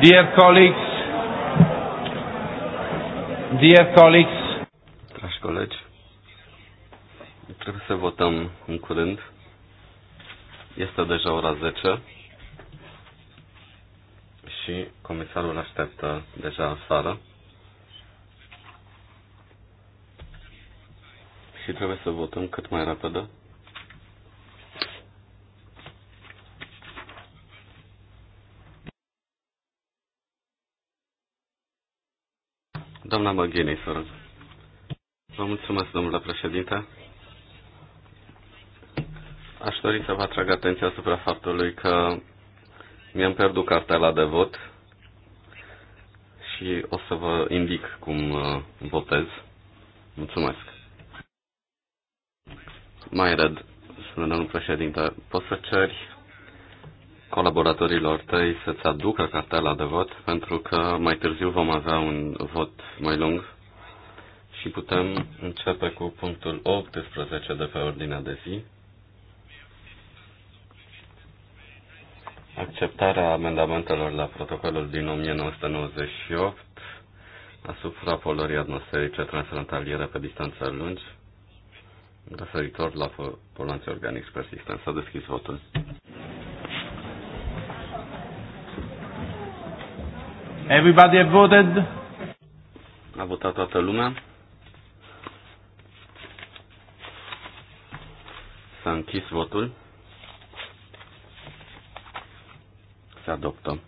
Dear colleagues, dear colleagues, dragi colegi, trebuie să votăm în curând. Este deja ora 10 și comisarul așteaptă deja afară. Și trebuie să votăm cât mai rapidă. Doamna Băghini, să rog. Vă mulțumesc, domnule președinte. Aș dori să vă atrag atenția asupra faptului că mi-am pierdut cartela de vot și o să vă indic cum uh, votez. Mulțumesc. Mai red, spune domnul președinte, poți să ceri colaboratorilor tăi să-ți aducă cartela de vot, pentru că mai târziu vom avea un vot mai lung și putem începe cu punctul 18 de pe ordinea de zi. Acceptarea amendamentelor la protocolul din 1998 asupra polorii atmosferice transfrontaliere pe distanță lungi referitor la poluanții organici persistenți. S-a deschis votul. Everybody have voted? A votat toată lumea. S-a închis votul. Se adoptă.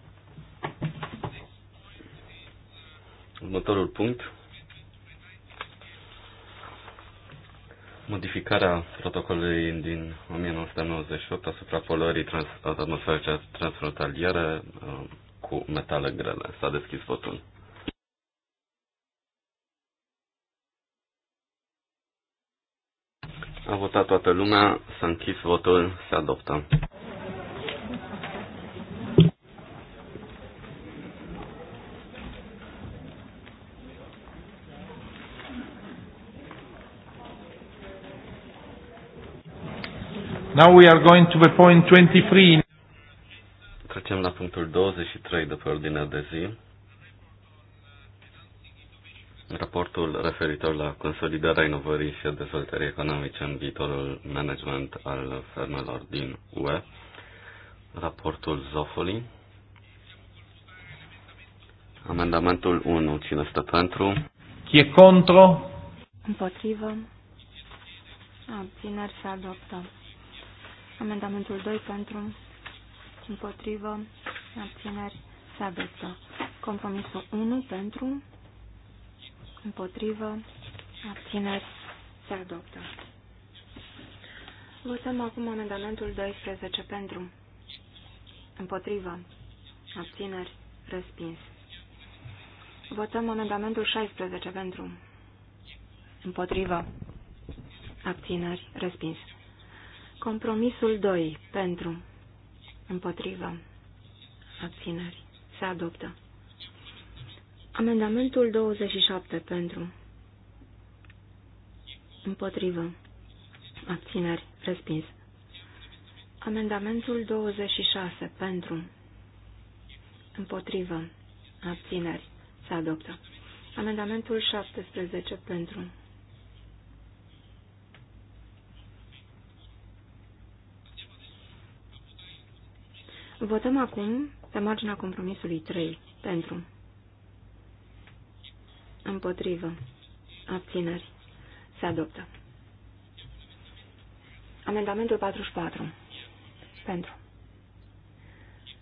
Următorul punct. Modificarea protocolului din 1998 asupra poluării trans- atmosferice transfrontaliere, uh, cu metale grele. S-a deschis votul. A votat toată lumea, s-a închis votul, se adoptă. Now we are going to the point 23. Trecem la punctul 23 de pe ordinea de zi. Raportul referitor la consolidarea inovării și a dezvoltării economice în viitorul management al fermelor din UE. Raportul Zofoli. Amendamentul 1. Cine stă pentru? Chi e contro? Împotrivă. Abțineri se adoptă. Amendamentul 2 pentru împotrivă, abțineri, se adoptă. Compromisul 1 pentru, împotrivă, abțineri, se adoptă. Votăm acum amendamentul 12 pentru, împotrivă, abțineri, respins. Votăm amendamentul 16 pentru, împotrivă, abțineri, respins. Compromisul 2 pentru, împotriva abținerii. Se adoptă. Amendamentul 27 pentru. Împotrivă. Abțineri. Respins. Amendamentul 26 pentru. Împotrivă. Abțineri. Se adoptă. Amendamentul 17 pentru. Votăm acum pe marginea compromisului 3. Pentru. Împotrivă. Abțineri. Se adoptă. Amendamentul 44. Pentru.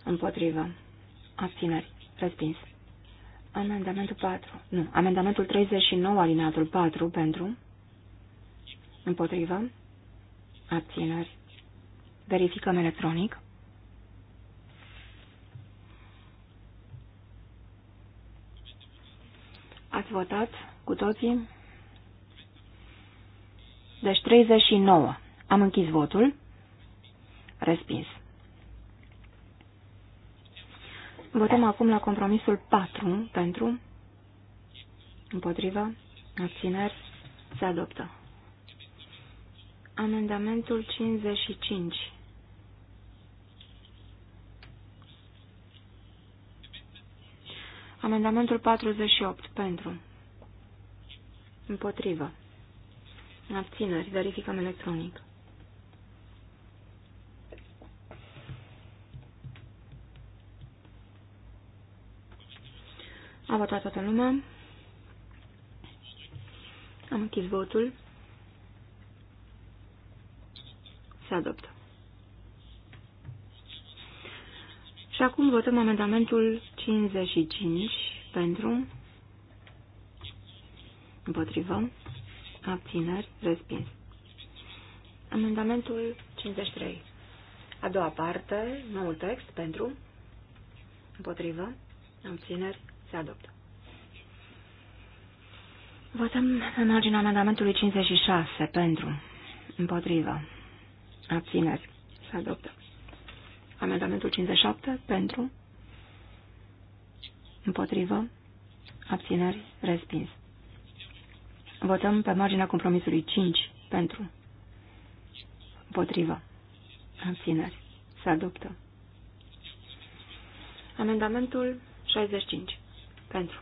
Împotrivă. Abțineri. Respins. Amendamentul 4. Nu. Amendamentul 39, alineatul 4, pentru. Împotrivă. Abțineri. Verificăm electronic. Ați votat cu toții? Deci 39. Am închis votul. Respins. Votăm acum la compromisul 4 pentru, împotriva, abțineri, se adoptă. Amendamentul 55. Amendamentul 48. Pentru. Împotrivă. Abțineri. Verificăm electronic. A votat toată lumea. Am închis votul. Se adoptă. Și acum votăm amendamentul 55 pentru, împotrivă, abțineri, respins. Amendamentul 53. A doua parte, noul text pentru, împotrivă, abțineri, se adoptă. Votăm în marginea amendamentului 56 pentru, împotrivă, abțineri, se adoptă. Amendamentul 57 pentru, Împotrivă. Abțineri. Respins. Votăm pe marginea compromisului 5. Pentru. Împotrivă. Abțineri. Se adoptă. Amendamentul 65. Pentru.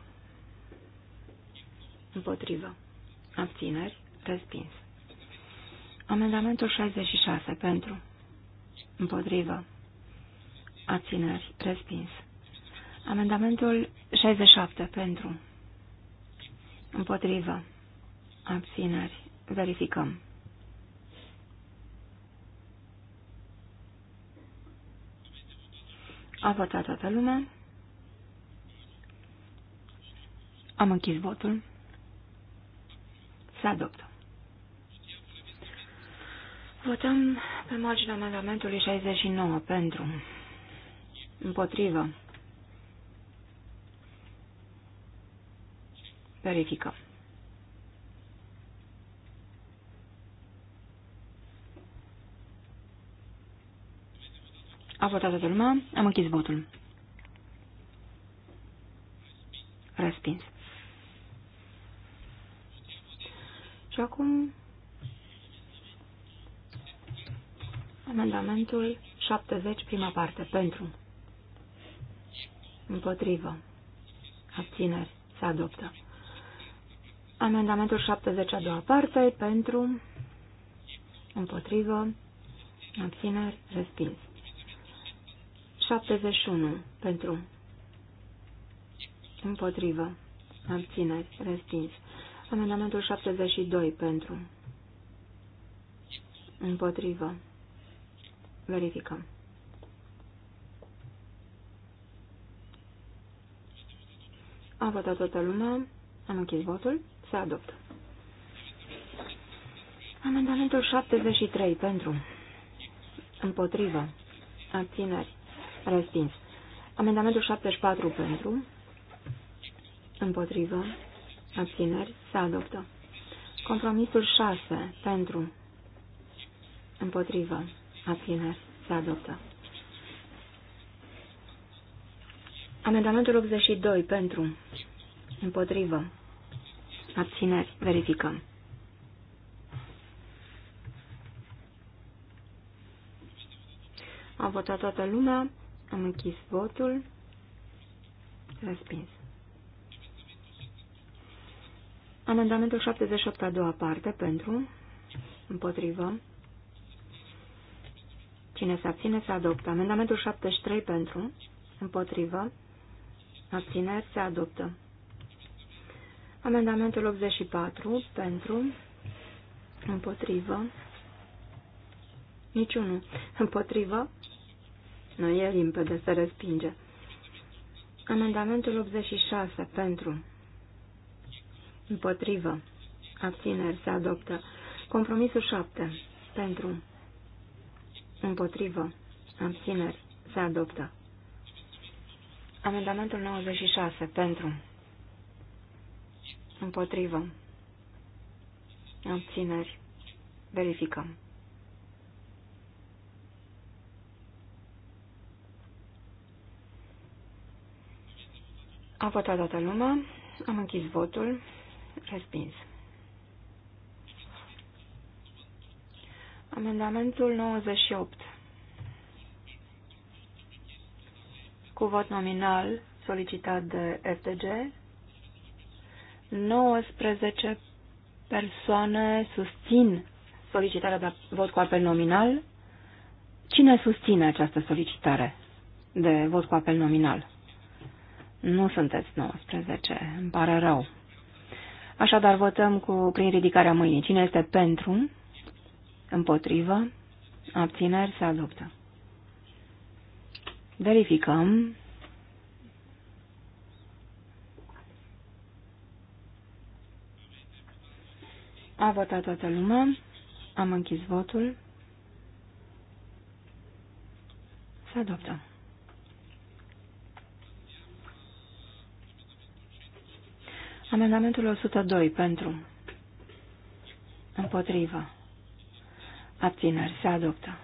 Împotrivă. Abțineri. Respins. Amendamentul 66. Pentru. Împotrivă. Abțineri. Respins. Amendamentul 67 pentru. Împotrivă. Abțineri. Verificăm. A votat toată lumea. Am închis votul. Se adoptă. Votăm pe marginea amendamentului 69 pentru. Împotrivă. Verificăm. A votat toată lumea. Am închis votul. Răspins. Și acum amendamentul 70, prima parte, pentru, împotrivă, abțineri, se adoptă. Amendamentul 70 a doua parte pentru, împotrivă, abțineri, respins. 71 pentru, împotrivă, abțineri, respins. Amendamentul 72 pentru, împotrivă, verificăm. A votat toată lumea, am închis votul. Se adoptă. Amendamentul 73 pentru. Împotrivă. Abțineri. Respins. Amendamentul 74 pentru. Împotrivă. Abțineri. Se adoptă. Compromisul 6 pentru. Împotrivă. Abțineri. Se adoptă. Amendamentul 82 pentru. Împotrivă abțineri, verificăm. A votat toată lumea, am închis votul, respins. Amendamentul 78 a doua parte pentru, împotrivă, cine se abține se adoptă. Amendamentul 73 pentru, împotrivă, abțineri se adoptă. Amendamentul 84 pentru, împotrivă, niciunul, împotrivă, nu e limpede, să respinge. Amendamentul 86 pentru, împotrivă, abțineri, se adoptă. Compromisul 7 pentru, împotrivă, abțineri, se adoptă. Amendamentul 96 pentru, Împotrivă. Abțineri. Verificăm. A votat toată lumea. Am închis votul. Respins. Amendamentul 98. Cu vot nominal solicitat de FDG 19 persoane susțin solicitarea de vot cu apel nominal. Cine susține această solicitare de vot cu apel nominal? Nu sunteți 19, îmi pare rău. Așadar, votăm cu, prin ridicarea mâinii. Cine este pentru? Împotrivă? Abțineri? Se adoptă. Verificăm. A votat toată lumea. Am închis votul. Să adoptă. Amendamentul 102 pentru. Împotrivă. Abțineri. Se adoptă.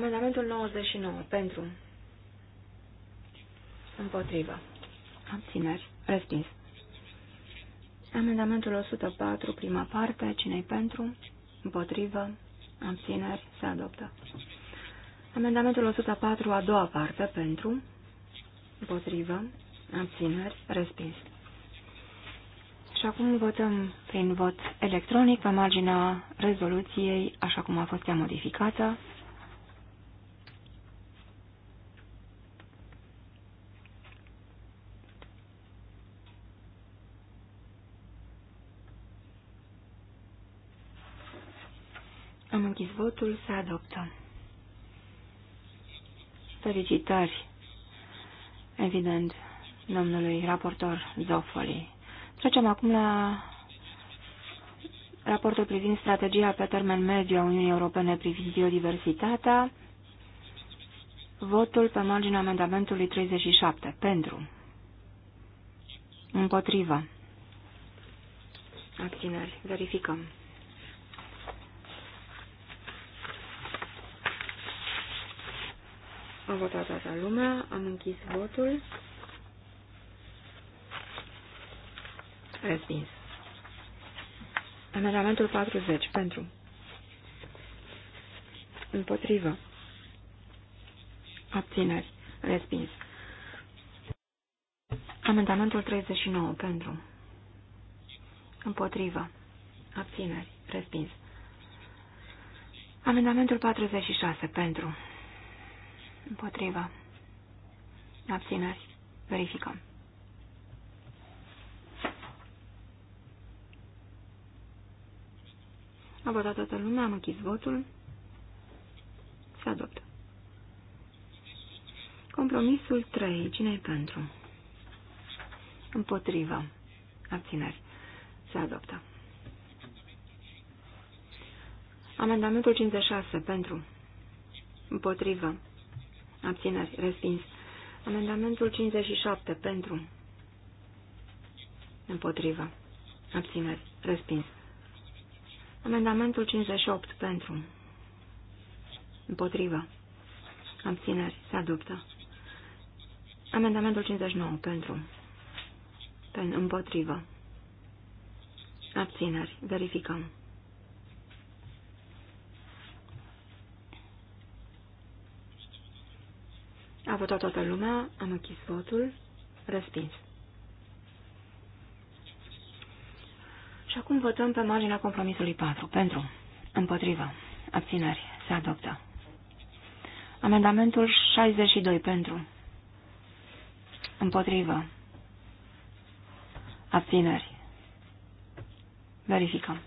Amendamentul 99. Pentru. Împotrivă. Abțineri. Respins. Amendamentul 104, prima parte, cine pentru? Împotrivă. Abțineri. Se adoptă. Amendamentul 104, a doua parte, pentru? Împotrivă. Abțineri. Respins. Și acum votăm prin vot electronic pe marginea rezoluției, așa cum a fost ea modificată. izvotul votul, se adoptă. Felicitări, evident, domnului raportor Zofoli. Trecem acum la raportul privind strategia pe termen mediu a Uniunii Europene privind biodiversitatea. Votul pe marginea amendamentului 37. Pentru. Împotrivă. Abțineri. Verificăm. A votat toată lumea, am închis votul. Respins. Amendamentul 40. Pentru. Împotrivă. Abțineri. Respins. Amendamentul 39. Pentru. Împotrivă. Abțineri. Respins. Amendamentul 46. Pentru. Împotriva. Abținări. Verificăm. A votat toată lumea, am închis votul. Se adoptă. Compromisul 3. Cine e pentru? Împotriva. Abținări. Se adoptă. Amendamentul 56. Pentru. Împotriva. Abțineri. Respins. Amendamentul 57. Pentru. Împotrivă. Abțineri. Respins. Amendamentul 58. Pentru. Împotrivă. Abțineri. Se adoptă. Amendamentul 59. Pentru. Pen, împotrivă. Abțineri. Verificăm. A votat toată lumea, am închis votul, respins. Și acum votăm pe marginea compromisului 4. Pentru, împotrivă, abțineri, se adoptă. Amendamentul 62 pentru, împotrivă, abțineri. Verificăm.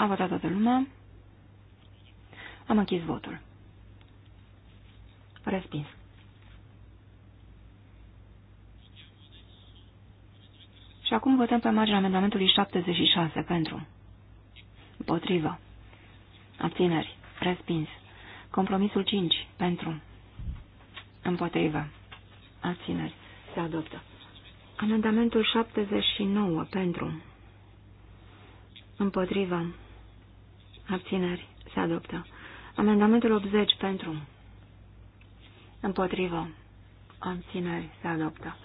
A votat toată lumea. Am închis votul. Respins. Și acum votăm pe marginea amendamentului 76 pentru. Împotrivă. Abțineri. Respins. Compromisul 5 pentru. Împotrivă. Abțineri. Se adoptă. Amendamentul 79 pentru. Împotrivă. Abțineri. Se adoptă. Amendamentul 80 pentru. Împotrivă. Abțineri. Se adoptă.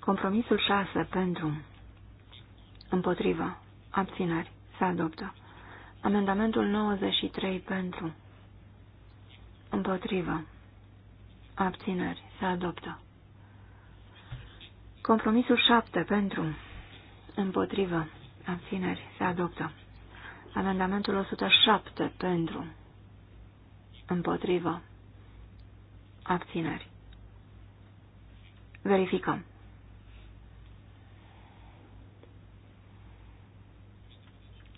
Compromisul 6 pentru. Împotrivă. Abțineri. Se adoptă. Amendamentul 93 pentru. Împotrivă. Abțineri. Se adoptă. Compromisul 7 pentru. Împotrivă. Abțineri. Se adoptă. Amendamentul 107 pentru. Împotrivă. Abțineri. Verificăm.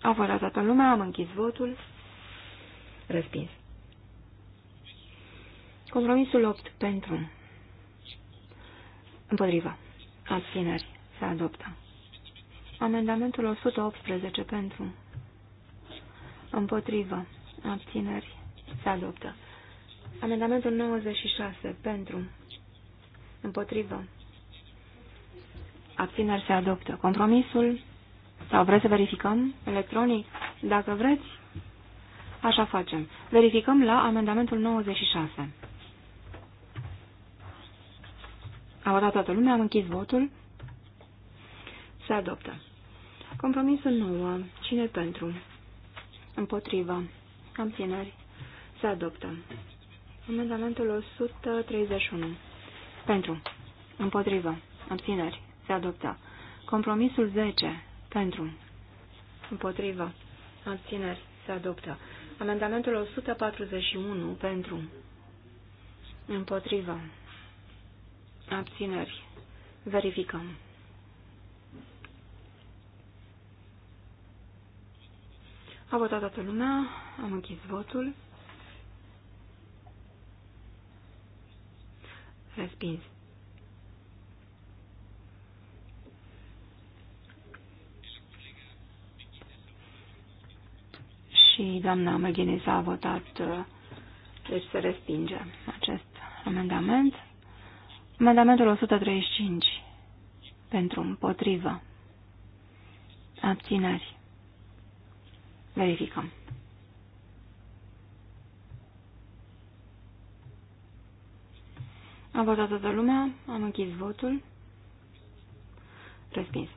A votat toată lumea, am închis votul. Respins. Compromisul 8 pentru. Împotrivă. Abțineri. Se adoptă. Amendamentul 118 pentru. Împotrivă. Abțineri. Se adoptă. Amendamentul 96. Pentru. Împotrivă. Abțineri se adoptă. Compromisul? Sau vreți să verificăm? Electronic? Dacă vreți, așa facem. Verificăm la amendamentul 96. A votat toată lumea, am închis votul. Se adoptă. Compromisul 9. Cine pentru? Împotrivă. Abțineri. Se adoptă. Amendamentul 131. Pentru. Împotrivă. Abțineri. Se adoptă. Compromisul 10. Pentru. Împotrivă. Abțineri. Se adoptă. Amendamentul 141. Pentru. Împotrivă. Abțineri. Verificăm. A votat toată lumea, am închis votul. Respins. Și doamna Măghine s-a votat, deci se respinge acest amendament. Amendamentul 135. Pentru împotrivă. Abținări. Verificăm. am votat toată lumea, am închis votul. Respins.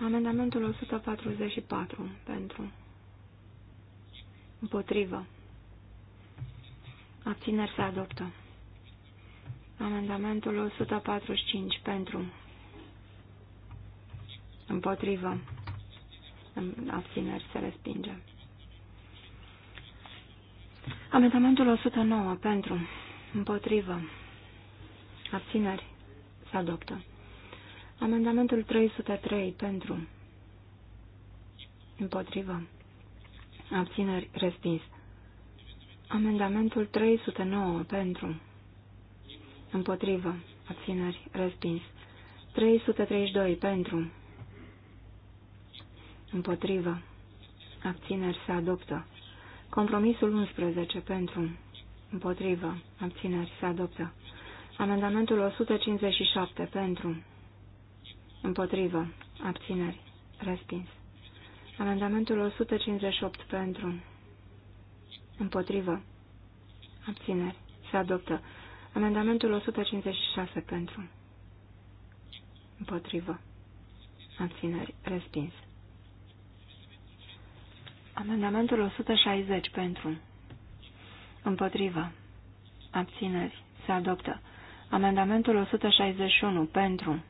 Amendamentul 144 pentru. Împotrivă. Abțineri se adoptă. Amendamentul 145 pentru. Împotrivă abțineri se respinge. Amendamentul 109 pentru, împotrivă, abțineri se adoptă. Amendamentul 303 pentru, împotrivă, abțineri respins. Amendamentul 309 pentru, împotrivă, abțineri respins. 332 pentru, Împotrivă. Abțineri se adoptă. Compromisul 11 pentru. Împotrivă. Abțineri se adoptă. Amendamentul 157 pentru. Împotrivă. Abțineri. Respins. Amendamentul 158 pentru. Împotrivă. Abțineri. Se adoptă. Amendamentul 156 pentru. Împotrivă. Abțineri. Respins. Amendamentul 160 pentru. Împotrivă. Abțineri. Se adoptă. Amendamentul 161 pentru.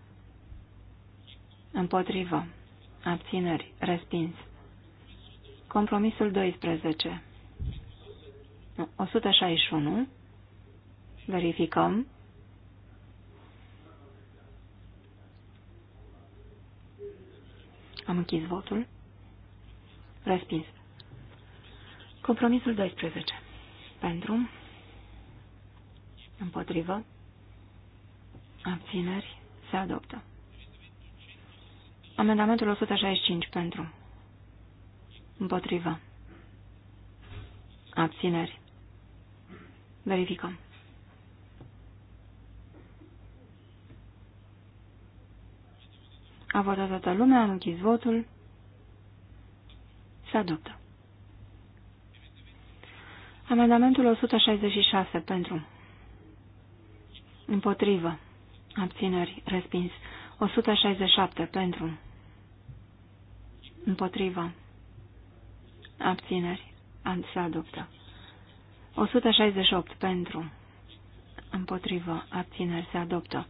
Împotrivă. Abțineri. Respins. Compromisul 12. 161. Verificăm. Am închis votul. Respins. Compromisul 12. Pentru. Împotrivă. Abțineri. Se adoptă. Amendamentul 165 pentru. Împotrivă. Abțineri. Verificăm. A votat toată lumea, am închis votul. Se adoptă. Amendamentul 166 pentru. Împotrivă. Abțineri. Respins. 167 pentru. Împotrivă. Abțineri. Se adoptă. 168 pentru. Împotrivă. Abțineri. Se adoptă.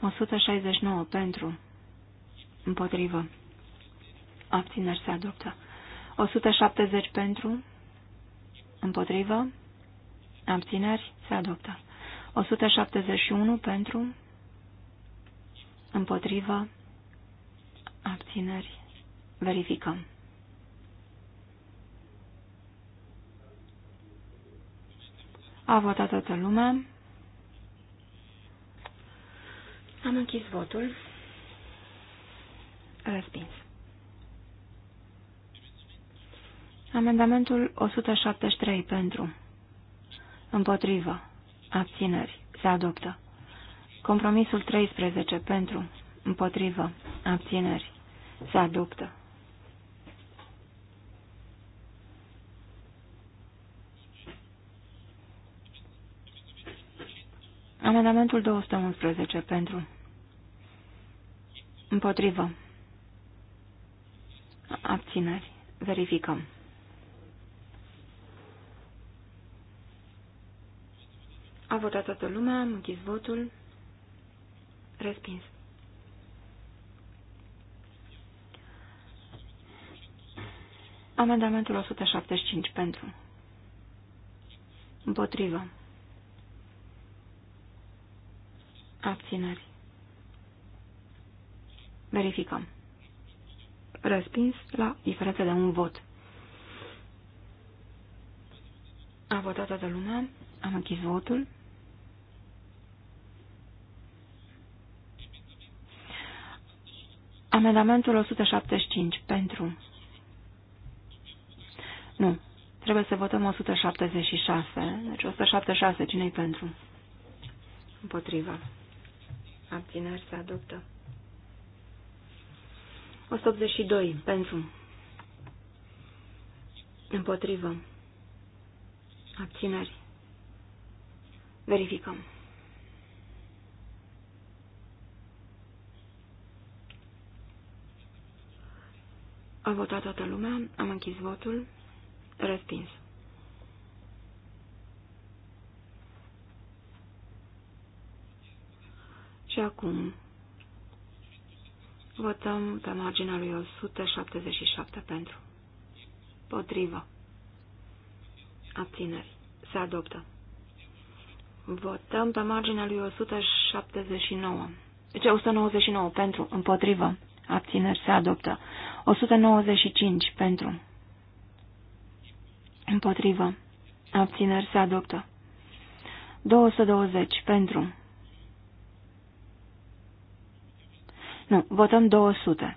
169 pentru. Împotrivă. Abțineri. Se adoptă. 170 pentru. Împotrivă. Abțineri. Se adoptă. 171 pentru. Împotrivă. Abțineri. Verificăm. A votat toată lumea. Am închis votul. Respins. Amendamentul 173 pentru. Împotrivă. Abțineri. Se adoptă. Compromisul 13 pentru. Împotrivă. Abțineri. Se adoptă. Amendamentul 211 pentru. Împotrivă. Abțineri. Verificăm. A votat toată lumea, am închis votul. Respins. Amendamentul 175 pentru. Împotrivă. Abținări. Verificăm. Răspins la diferență de un vot. A votat toată lumea, am închis votul. Amendamentul 175 pentru. Nu. Trebuie să votăm 176. Deci 176. Cine-i pentru? Împotriva. Abțineri se adoptă. 182. Pentru. Împotrivă. Abțineri. Verificăm. A votat toată lumea, am închis votul, respins. Și acum votăm pe marginea lui 177 pentru. Potrivă. Abțineri. Se adoptă. Votăm pe marginea lui 179. Deci 199 pentru. Împotrivă abțineri se adoptă. 195 pentru, împotrivă, abțineri se adoptă. 220 pentru. Nu, votăm 200.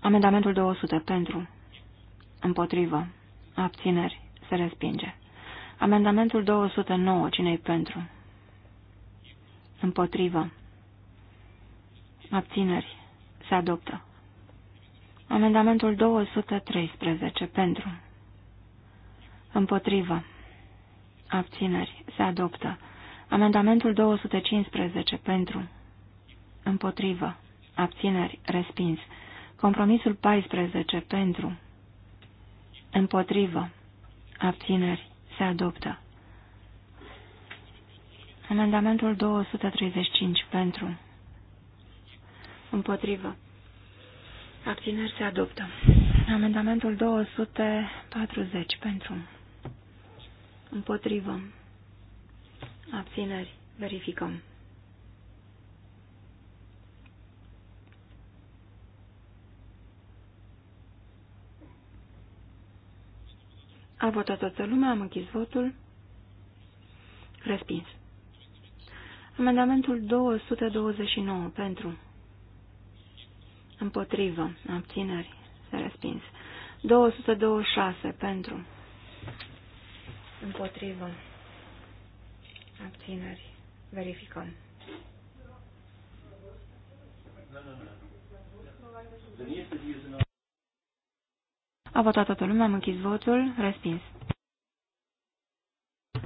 Amendamentul 200 pentru. Împotrivă. Abțineri. Se respinge. Amendamentul 209. Cine-i pentru? Împotrivă. Abțineri. Se adoptă. Amendamentul 213. Pentru. Împotrivă. Abțineri. Se adoptă. Amendamentul 215. Pentru. Împotrivă. Abțineri. Respins. Compromisul 14. Pentru. Împotrivă. Abțineri. Se adoptă. Amendamentul 235. Pentru. Împotrivă. Abțineri se adoptă. Amendamentul 240 pentru. Împotrivă. Abțineri. Verificăm. A votat toată lumea, am închis votul. Respins. Amendamentul 229 pentru. Împotrivă. Abțineri. Se respins. 226 pentru. Împotrivă. Abțineri. Verificăm. A votat toată lumea, am închis votul, respins.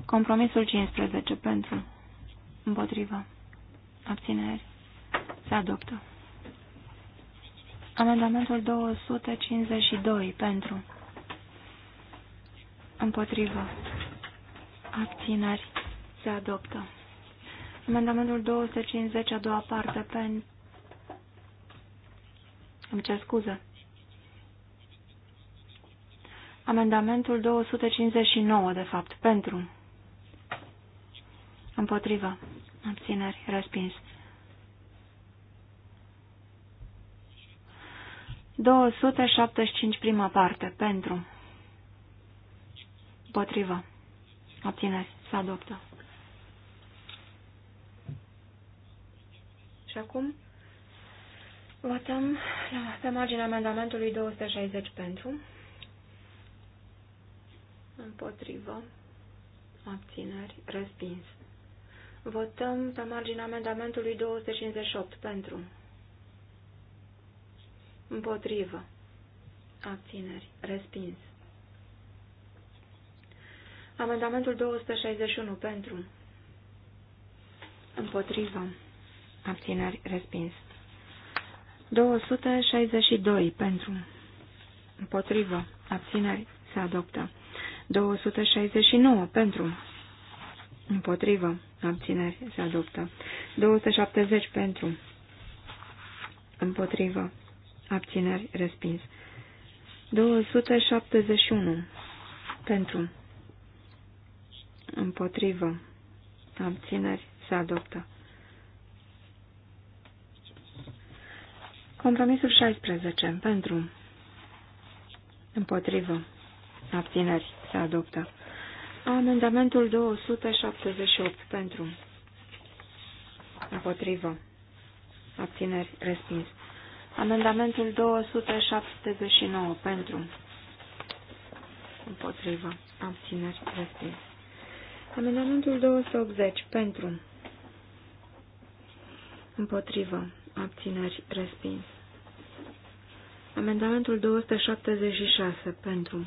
Compromisul 15 pentru. Împotrivă. Abțineri. Se adoptă. Amendamentul 252 pentru. Împotrivă. Abțineri. Se adoptă. Amendamentul 250, a doua parte, pentru... Îmi cer scuză. Amendamentul 259, de fapt, pentru. Împotrivă. Abțineri. Respins. 275 prima parte. Pentru. Potrivă. Abțineri. Să adoptă. Și acum votăm pe marginea amendamentului 260 pentru. Împotrivă. Abțineri. Respins. Votăm pe marginea amendamentului 258 pentru. Împotrivă. Abțineri. Respins. Amendamentul 261 pentru. Împotrivă. Abțineri. Respins. 262 pentru. Împotrivă. Abțineri. Se adoptă. 269 pentru. Împotrivă. Abțineri. Se adoptă. 270 pentru. Împotrivă abțineri, respins. 271 pentru, împotrivă, abțineri, se adoptă. Compromisul 16 pentru, împotrivă, abțineri, se adoptă. Amendamentul 278 pentru, împotrivă, abțineri, respins. Amendamentul 279 pentru. Împotrivă. Abțineri. Respins. Amendamentul 280 pentru. Împotrivă. Abțineri. Respins. Amendamentul 276 pentru.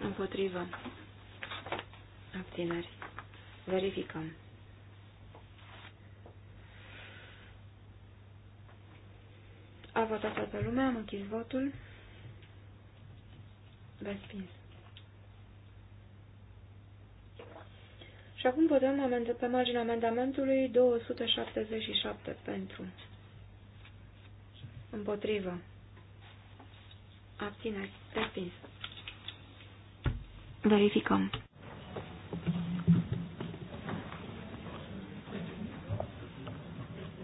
Împotrivă. Abțineri. Verificăm. A votat toată lumea, am închis votul. Respins. Și acum votăm pe marginea amendamentului 277 pentru. Împotrivă. Abțineri. Respins. Verificăm.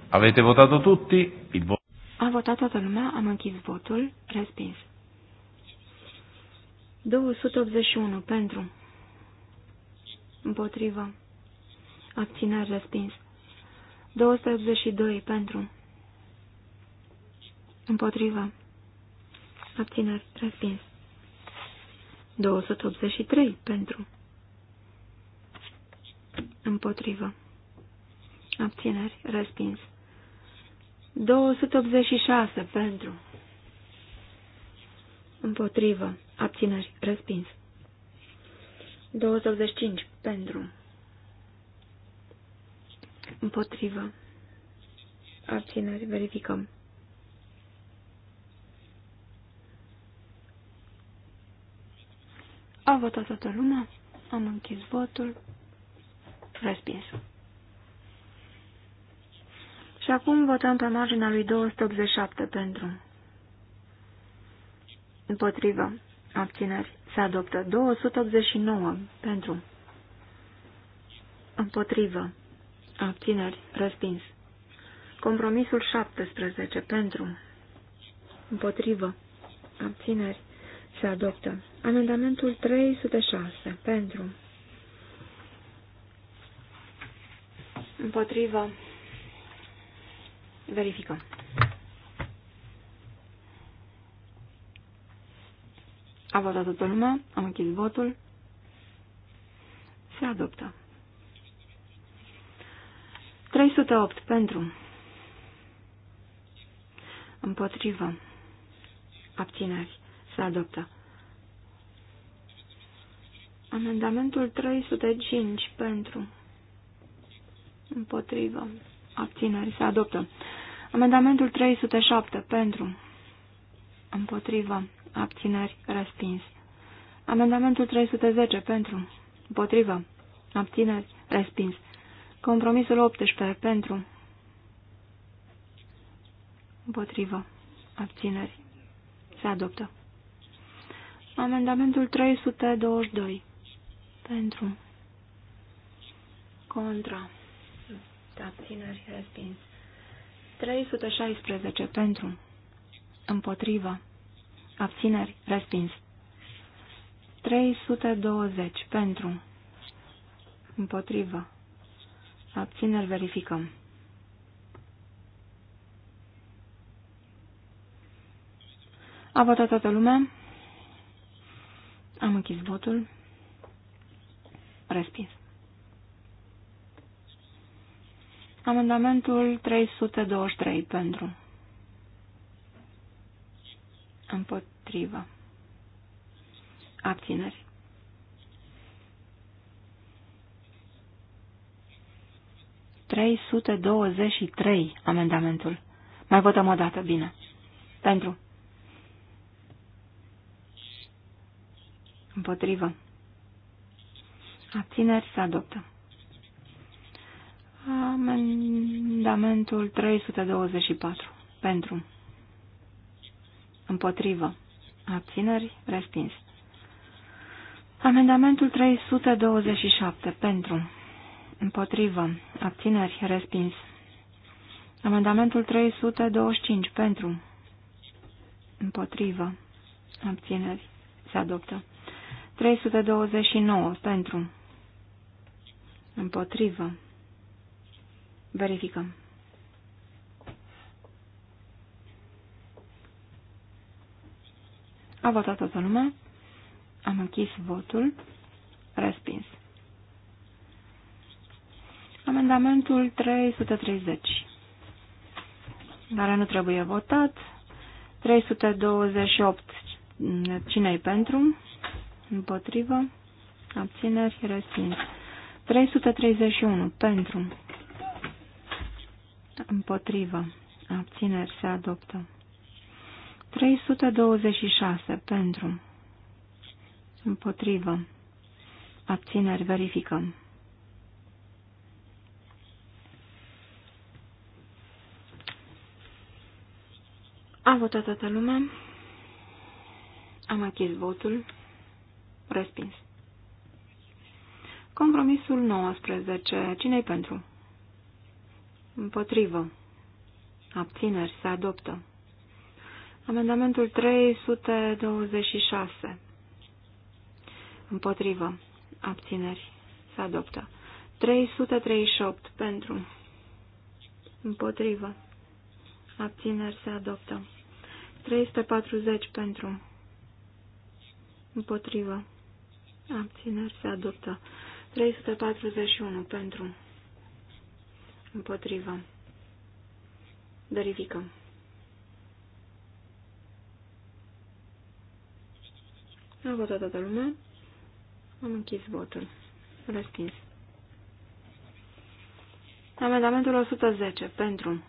Avete votato tutti? Il vo- votat toată lumea, am închis votul, respins. 281 pentru. Împotrivă. Abțineri respins. 282 pentru. Împotrivă. Abțineri respins. 283 pentru. Împotrivă. Abțineri respins. 286 pentru. Împotrivă. Abțineri. Respins. 285 pentru. Împotrivă. Abțineri. Verificăm. A votat toată lumea. Am închis votul. Respins. Și acum votăm pe marginea lui 287 pentru. Împotrivă. Abțineri. Se adoptă 289 pentru. Împotrivă. Abțineri. Răspins. Compromisul 17 pentru. Împotrivă. Abțineri. Se adoptă. Amendamentul 306 pentru. Împotrivă. Verificăm. A votat toată lumea, am închis votul. Se adoptă. 308 pentru. Împotrivă. Abțineri. Se adoptă. Amendamentul 305 pentru. Împotrivă. Abțineri. Se adoptă. Amendamentul 307 pentru. Împotrivă. Abțineri. Respins. Amendamentul 310 pentru. Împotrivă. Abțineri. Respins. Compromisul 18 pentru. Împotrivă. Abțineri. Se adoptă. Amendamentul 322. Pentru. Contra. Abțineri. Respins. 316 pentru. Împotrivă. Abțineri. Respins. 320 pentru. Împotrivă. Abțineri. Verificăm. A votat toată lumea. Am închis votul. Respins. Amendamentul 323 pentru. Împotrivă. Abțineri. Trei sute douăzeci și trei amendamentul. Mai votăm o dată, bine. Pentru. Împotrivă. Abțineri se adoptă. Amendamentul 324. Pentru. Împotrivă. Abțineri. Respins. Amendamentul 327. Pentru. Împotrivă. Abțineri. Respins. Amendamentul 325. Pentru. Împotrivă. Abțineri. Se adoptă. 329. Pentru. Împotrivă. Verificăm. A votat toată lumea. Am închis votul. Respins. Amendamentul 330 care nu trebuie votat. 328. cine e pentru? Împotrivă. Abțineri. Respins. 331. Pentru. Împotrivă. Abțineri se adoptă. 326. Pentru. Împotrivă. Abțineri verificăm. A votat toată lumea. Am achis votul. Respins. Compromisul 19. Cine-i pentru? Împotrivă. Abțineri. Se adoptă. Amendamentul 326. Împotrivă. Abțineri. Se adoptă. 338. Pentru. Împotrivă. Abțineri. Se adoptă. 340. Pentru. Împotrivă. Abțineri. Se adoptă. 341. Pentru. Împotrivă. Verificăm. A votat toată lumea. Am închis votul. Respins. Amendamentul 110. Pentru.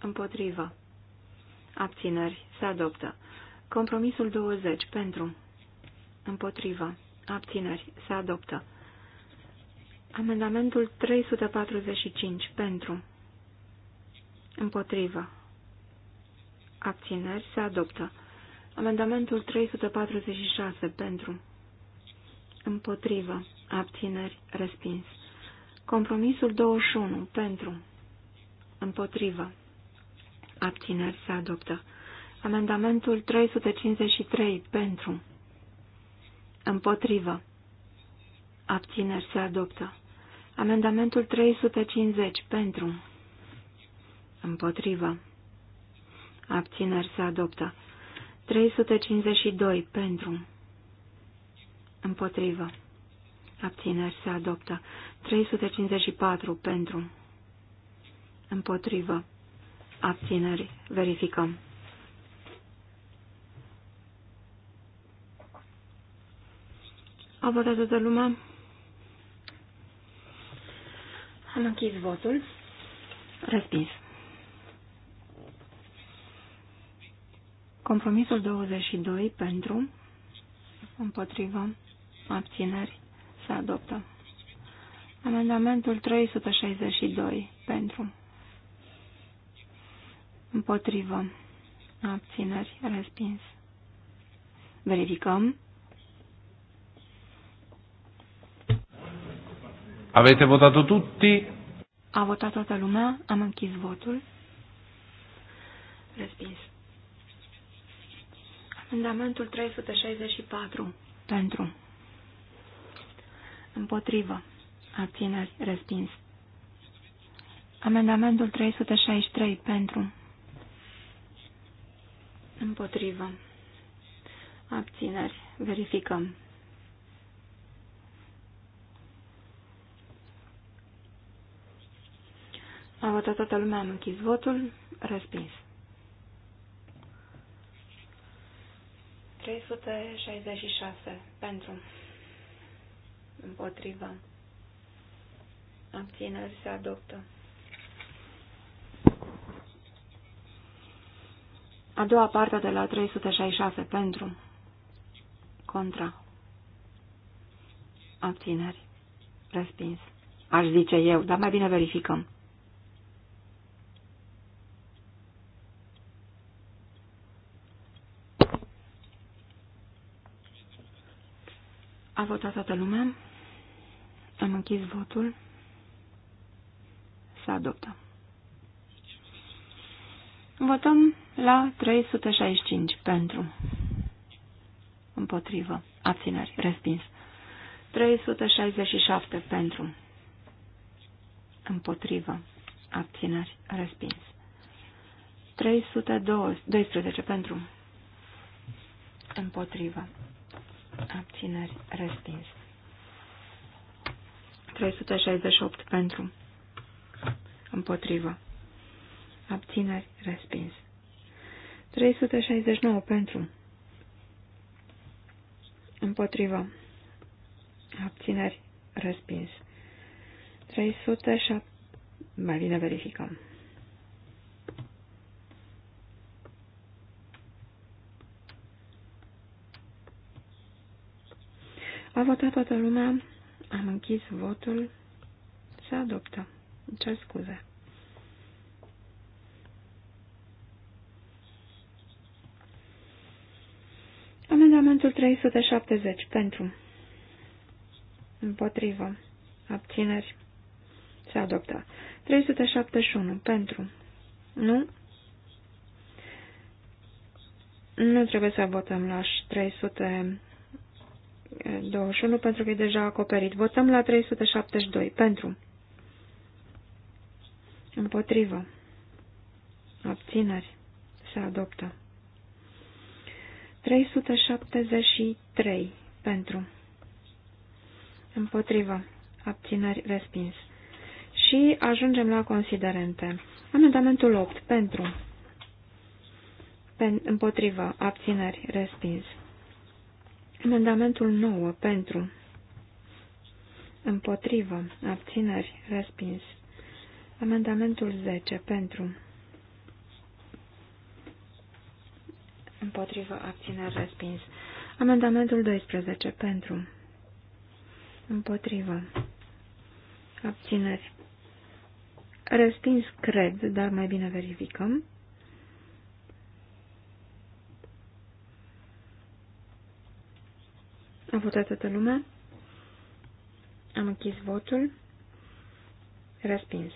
Împotrivă. Abțineri. Se adoptă. Compromisul 20. Pentru. Împotrivă. Abțineri. Se adoptă. Amendamentul 345 pentru. Împotrivă. Abțineri se adoptă. Amendamentul 346 pentru. Împotrivă. Abțineri respins. Compromisul 21 pentru. Împotrivă. Abțineri se adoptă. Amendamentul 353 pentru. Împotrivă. Abțineri se adoptă. Amendamentul 350 pentru. Împotrivă. Abțineri se adoptă. 352 pentru. Împotrivă. Abțineri se adoptă. 354 pentru. Împotrivă. Abțineri. Verificăm. A votat toată lumea? Am închis votul. Respins. Compromisul 22 pentru, împotrivă, abțineri, se adoptă. Amendamentul 362 pentru, împotrivă, abțineri, respins. Verificăm. Avete votato tutti? A votat toată lumea, am închis votul. Respins. Amendamentul 364. Pentru. Împotrivă. Abțineri. Respins. Amendamentul 363. Pentru. Împotrivă. Abțineri. Verificăm. A votat toată lumea, am închis votul, respins. 366 pentru, împotriva, abțineri se adoptă. A doua parte de la 366 pentru, contra, abțineri, respins. Aș zice eu, dar mai bine verificăm. A votat toată lumea. Am închis votul. Se adoptă. Votăm la 365 pentru. Împotrivă. Abțineri. Respins. 367 pentru. Împotrivă. Abțineri. Respins. 312 pentru. Împotrivă abțineri, respins. 368 pentru, împotrivă, abțineri, respins. 369 pentru, împotrivă, abțineri, respins. 307, mai bine verificăm. A votat toată lumea. Am închis votul. Se adoptă. Cer scuze. Amendamentul 370. Pentru. Împotrivă. Abțineri. Se adoptă. 371. Pentru. Nu. Nu trebuie să votăm la 300. 21 pentru că e deja acoperit. Votăm la 372. Pentru. Împotrivă. Abțineri. Se adoptă. 373. Pentru. Împotrivă. Abțineri. Respins. Și ajungem la considerente. Amendamentul 8. Pentru. Pen, împotrivă. Abțineri. Respins. Amendamentul 9 pentru împotrivă abțineri respins. Amendamentul 10 pentru împotrivă abțineri respins. Amendamentul 12 pentru împotrivă abțineri respins, cred, dar mai bine verificăm. A votat toată lumea. Am închis votul. Respins.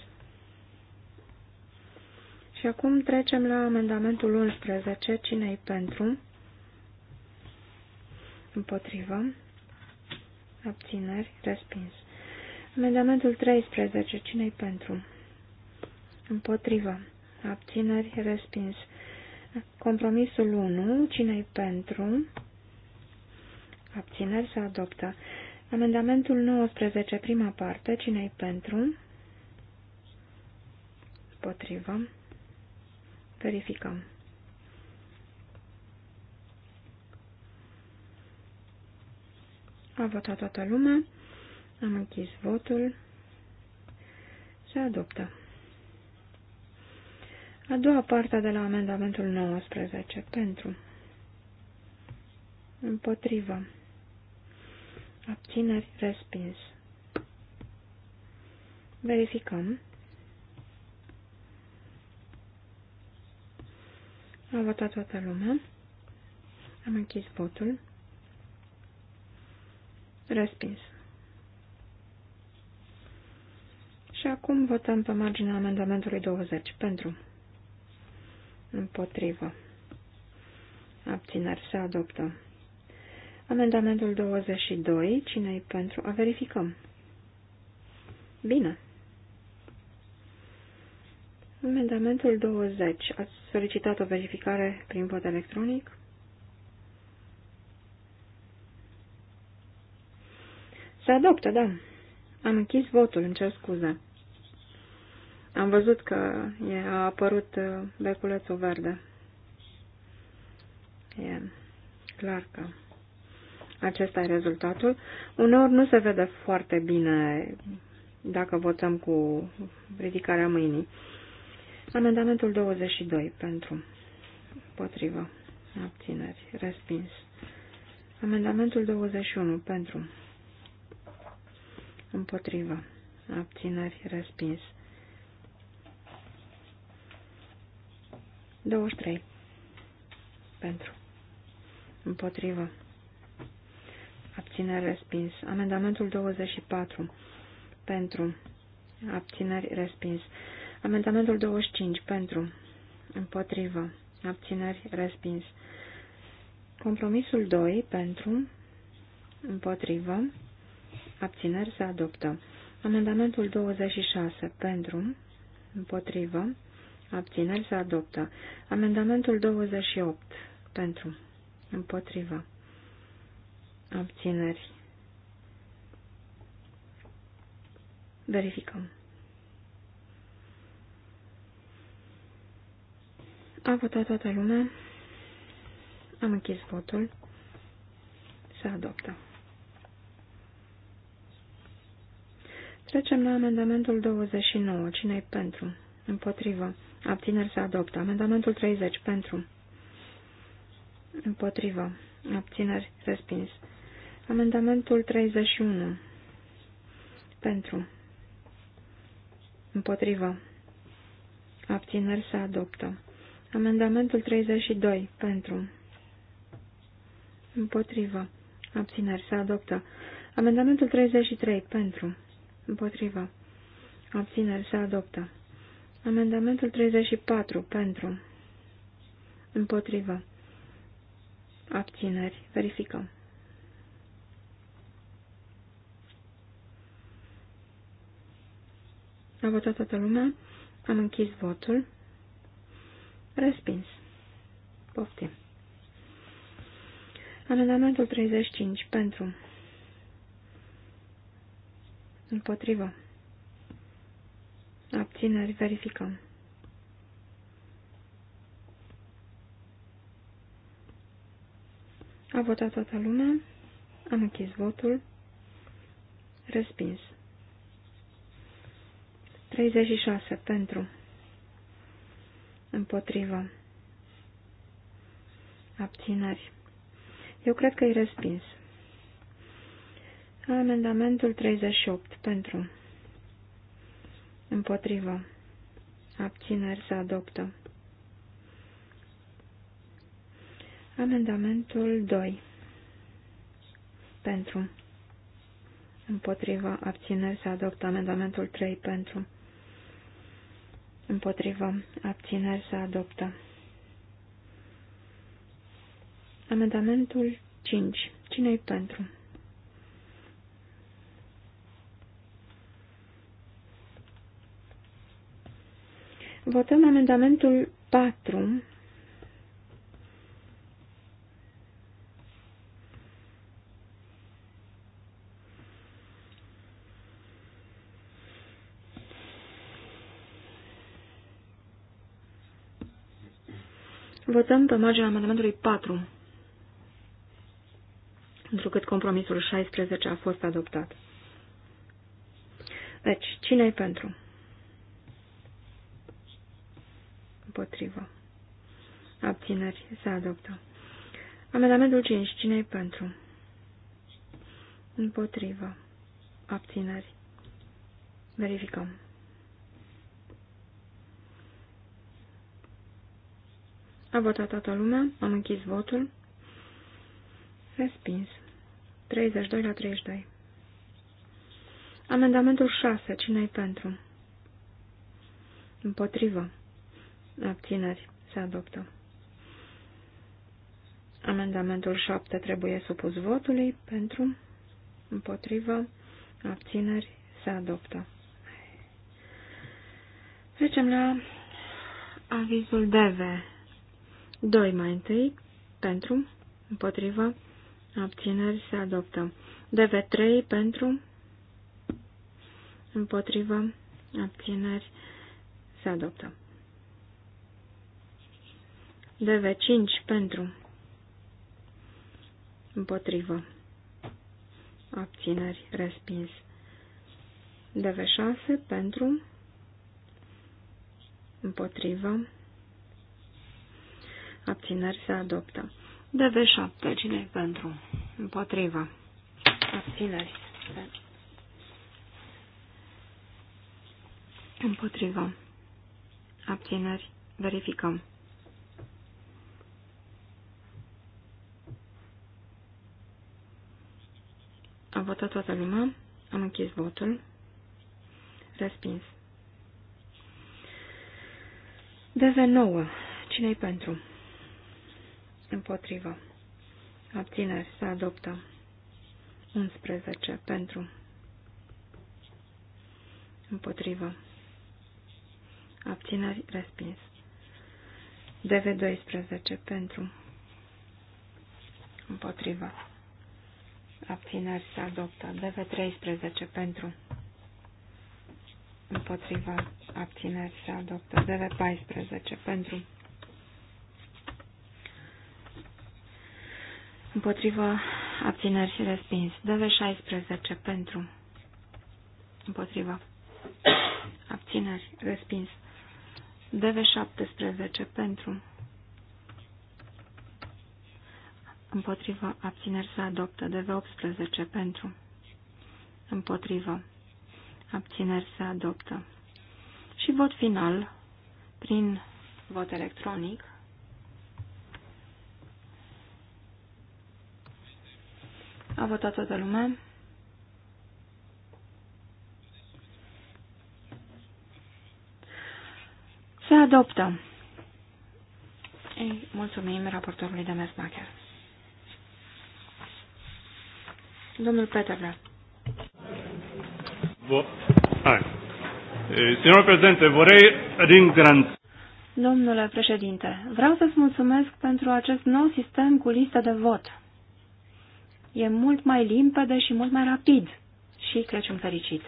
Și acum trecem la amendamentul 11. Cine-i pentru? Împotrivă. Abțineri. Respins. Amendamentul 13. Cine-i pentru? Împotrivă. Abțineri. Respins. Compromisul 1. Cine-i Pentru abțineri se adoptă. Amendamentul 19, prima parte, cine-i pentru? Potrivă. Verificăm. A votat toată lumea. Am închis votul. Se adoptă. A doua parte de la amendamentul 19. Pentru. Împotrivă abțineri, respins. Verificăm. A votat toată lumea. Am închis votul. Respins. Și acum votăm pe marginea amendamentului 20. Pentru. Împotrivă. Abțineri se adoptă. Amendamentul 22, cine e pentru? A verificăm. Bine. Amendamentul 20. Ați solicitat o verificare prin vot electronic? Se adoptă, da. Am închis votul, îmi cer scuze. Am văzut că e, a apărut uh, beculețul verde. E clar că acesta e rezultatul. Uneori nu se vede foarte bine dacă votăm cu ridicarea mâinii. Amendamentul 22 pentru potrivă abțineri respins. Amendamentul 21 pentru împotrivă abțineri respins. 23 pentru împotrivă abțineri respins. Amendamentul 24 pentru abțineri respins. Amendamentul 25 pentru împotrivă abțineri respins. Compromisul 2 pentru împotrivă abțineri se adoptă. Amendamentul 26 pentru împotrivă abțineri se adoptă. Amendamentul 28 pentru împotrivă abțineri. Verificăm. A votat toată lumea. Am închis votul. Se adoptă. Trecem la amendamentul 29. Cine-i pentru? Împotrivă. Abțineri se adoptă. Amendamentul 30. Pentru. Împotrivă. Abțineri. Respins. Amendamentul 31. Pentru. Împotrivă. Abțineri se adoptă. Amendamentul 32. Pentru. Împotrivă. Abțineri se adoptă. Amendamentul 33. Pentru. Împotrivă. Abțineri se adoptă. Amendamentul 34. Pentru. Împotrivă. Abțineri. Verificăm. A votat toată lumea. Am închis votul. Respins. Poftim. Amendamentul 35. Pentru. Împotrivă. Abțineri. Verificăm. A votat toată lumea. Am închis votul. Respins. 36 pentru. Împotrivă. Abținări. Eu cred că e respins. Amendamentul 38 pentru. Împotrivă. Abțineri se adoptă. Amendamentul 2. Pentru. Împotrivă. Abțineri se adoptă. Amendamentul 3 pentru. Împotrivă. Abțineri să adoptă. Amendamentul 5. cine e pentru? Votăm amendamentul 4 Votăm pe marginea amendamentului 4, întrucât compromisul 16 a fost adoptat. Deci, cine e pentru? Împotrivă. Abțineri. Se adoptă. Amendamentul 5. cine e pentru? Împotrivă. Abțineri. Verificăm. A votat toată lumea. Am închis votul. Respins. 32 la 32. Amendamentul 6. cine e pentru? Împotrivă. Abțineri. Se adoptă. Amendamentul 7 trebuie supus votului pentru, împotrivă, abțineri, se adoptă. Trecem la avizul DV. 2 mai întâi, pentru, împotrivă, abțineri se adoptă. DV3 pentru, împotrivă, abțineri se adoptă. DV5 pentru, împotrivă, abțineri respins. DV6 pentru, împotrivă, abțineri se adoptă. DV7, cine pentru? Împotriva. Abțineri. Împotriva. Abțineri. Verificăm. A votat toată lumea. Am închis votul. Respins. DV9. Cine-i pentru? împotrivă, abțineri, se adoptă. 11 pentru, împotrivă, abțineri, respins. DV12 pentru, împotrivă, abțineri, se adoptă. DV13 pentru, Împotrivă. abțineri se adoptă. DV14 pentru Împotriva abțineri și respins. DV16 pentru. Împotriva. Abțineri. Respins. DV17 pentru. Împotriva. Abțineri se adoptă. DV18 pentru. Împotriva. Abțineri se adoptă. Și vot final prin vot electronic. A votat toată lumea. Se adoptă. Ei, mulțumim raportorului de Mesmacher. Domnul Peterle. Domnul președinte, vorrei Domnule președinte, vreau să-ți mulțumesc pentru acest nou sistem cu listă de vot e mult mai limpede și mult mai rapid. Și Crăciun fericit!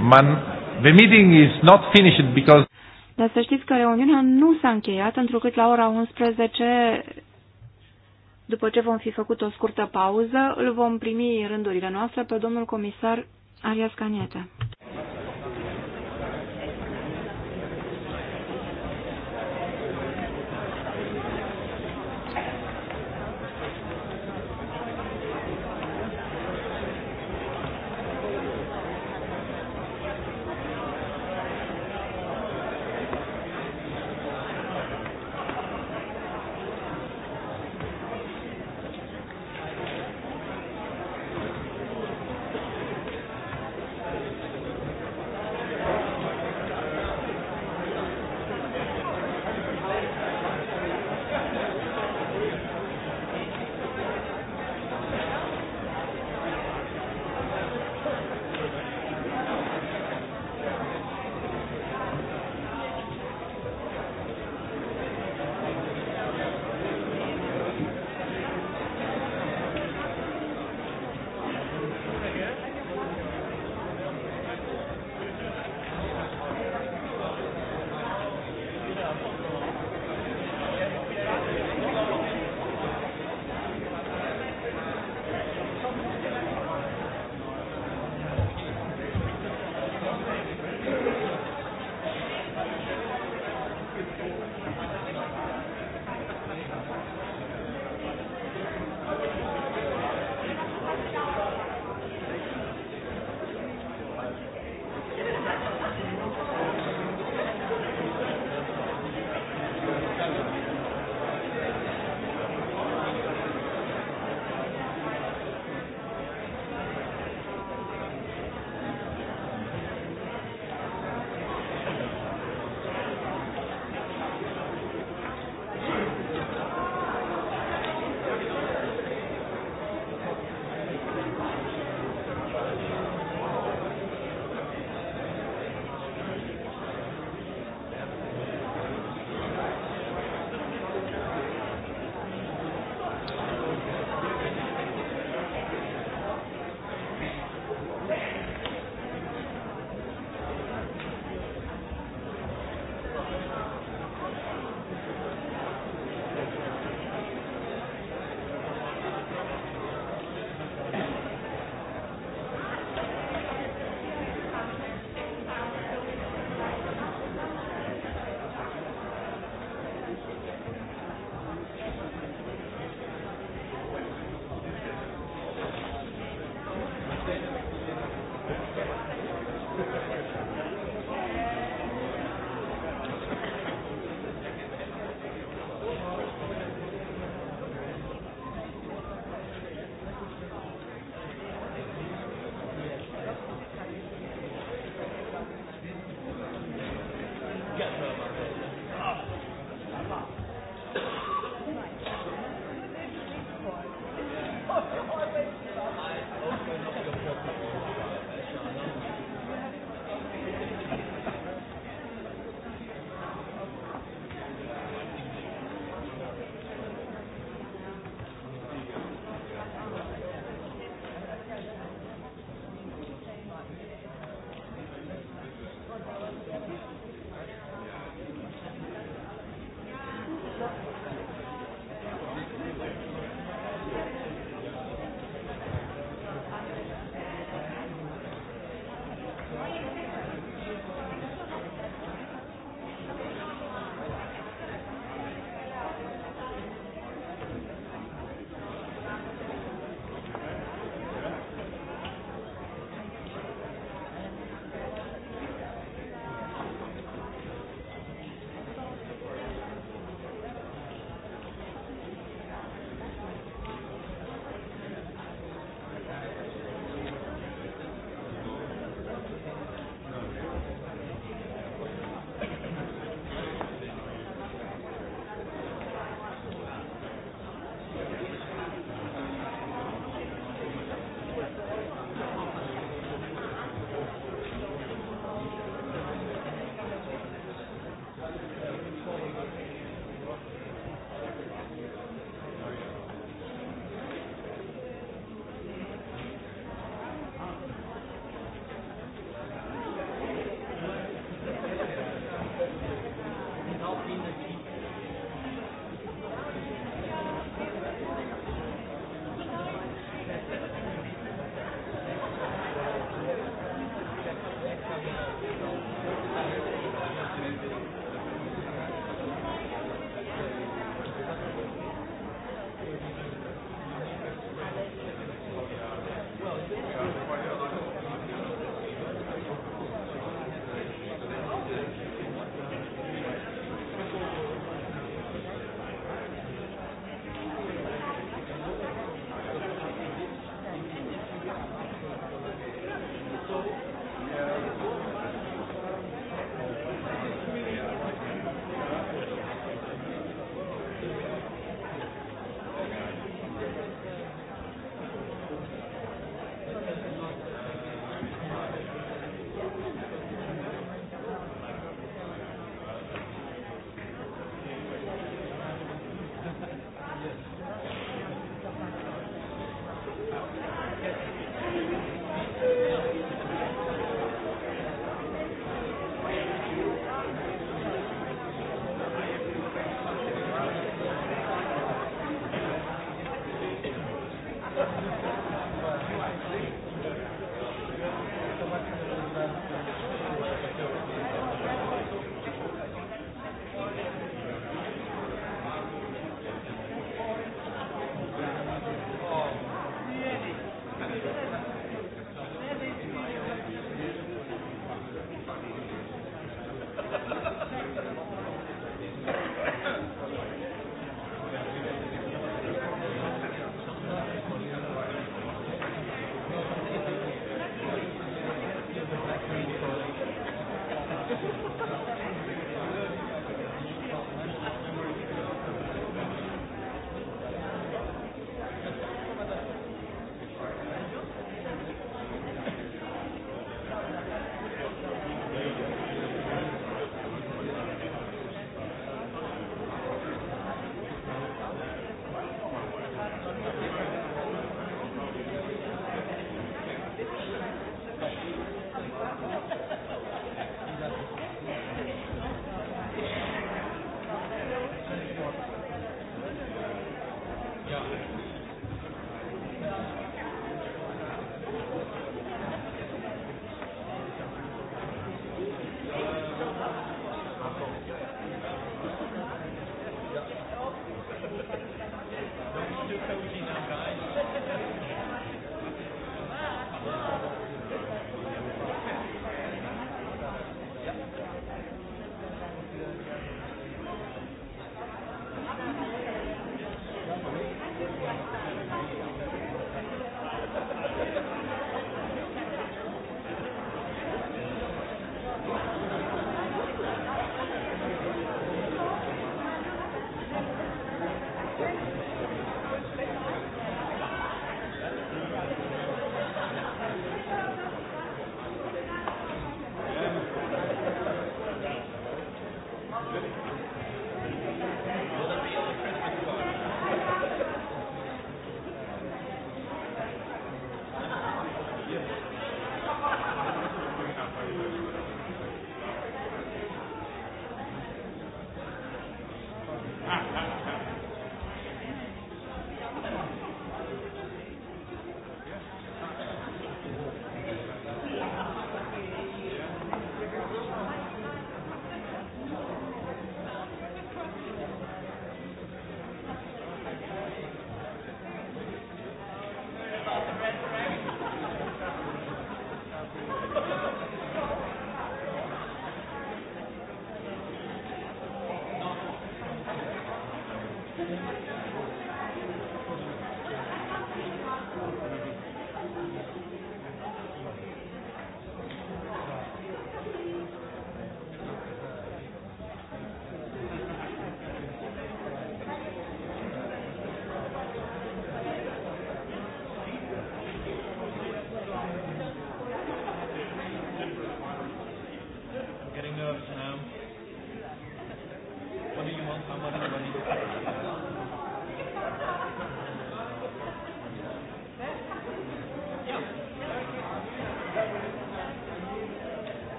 Man, the meeting is not finished because dar să știți că reuniunea nu s-a încheiat, întrucât la ora 11, după ce vom fi făcut o scurtă pauză, îl vom primi în rândurile noastre pe domnul comisar Arias Caniete.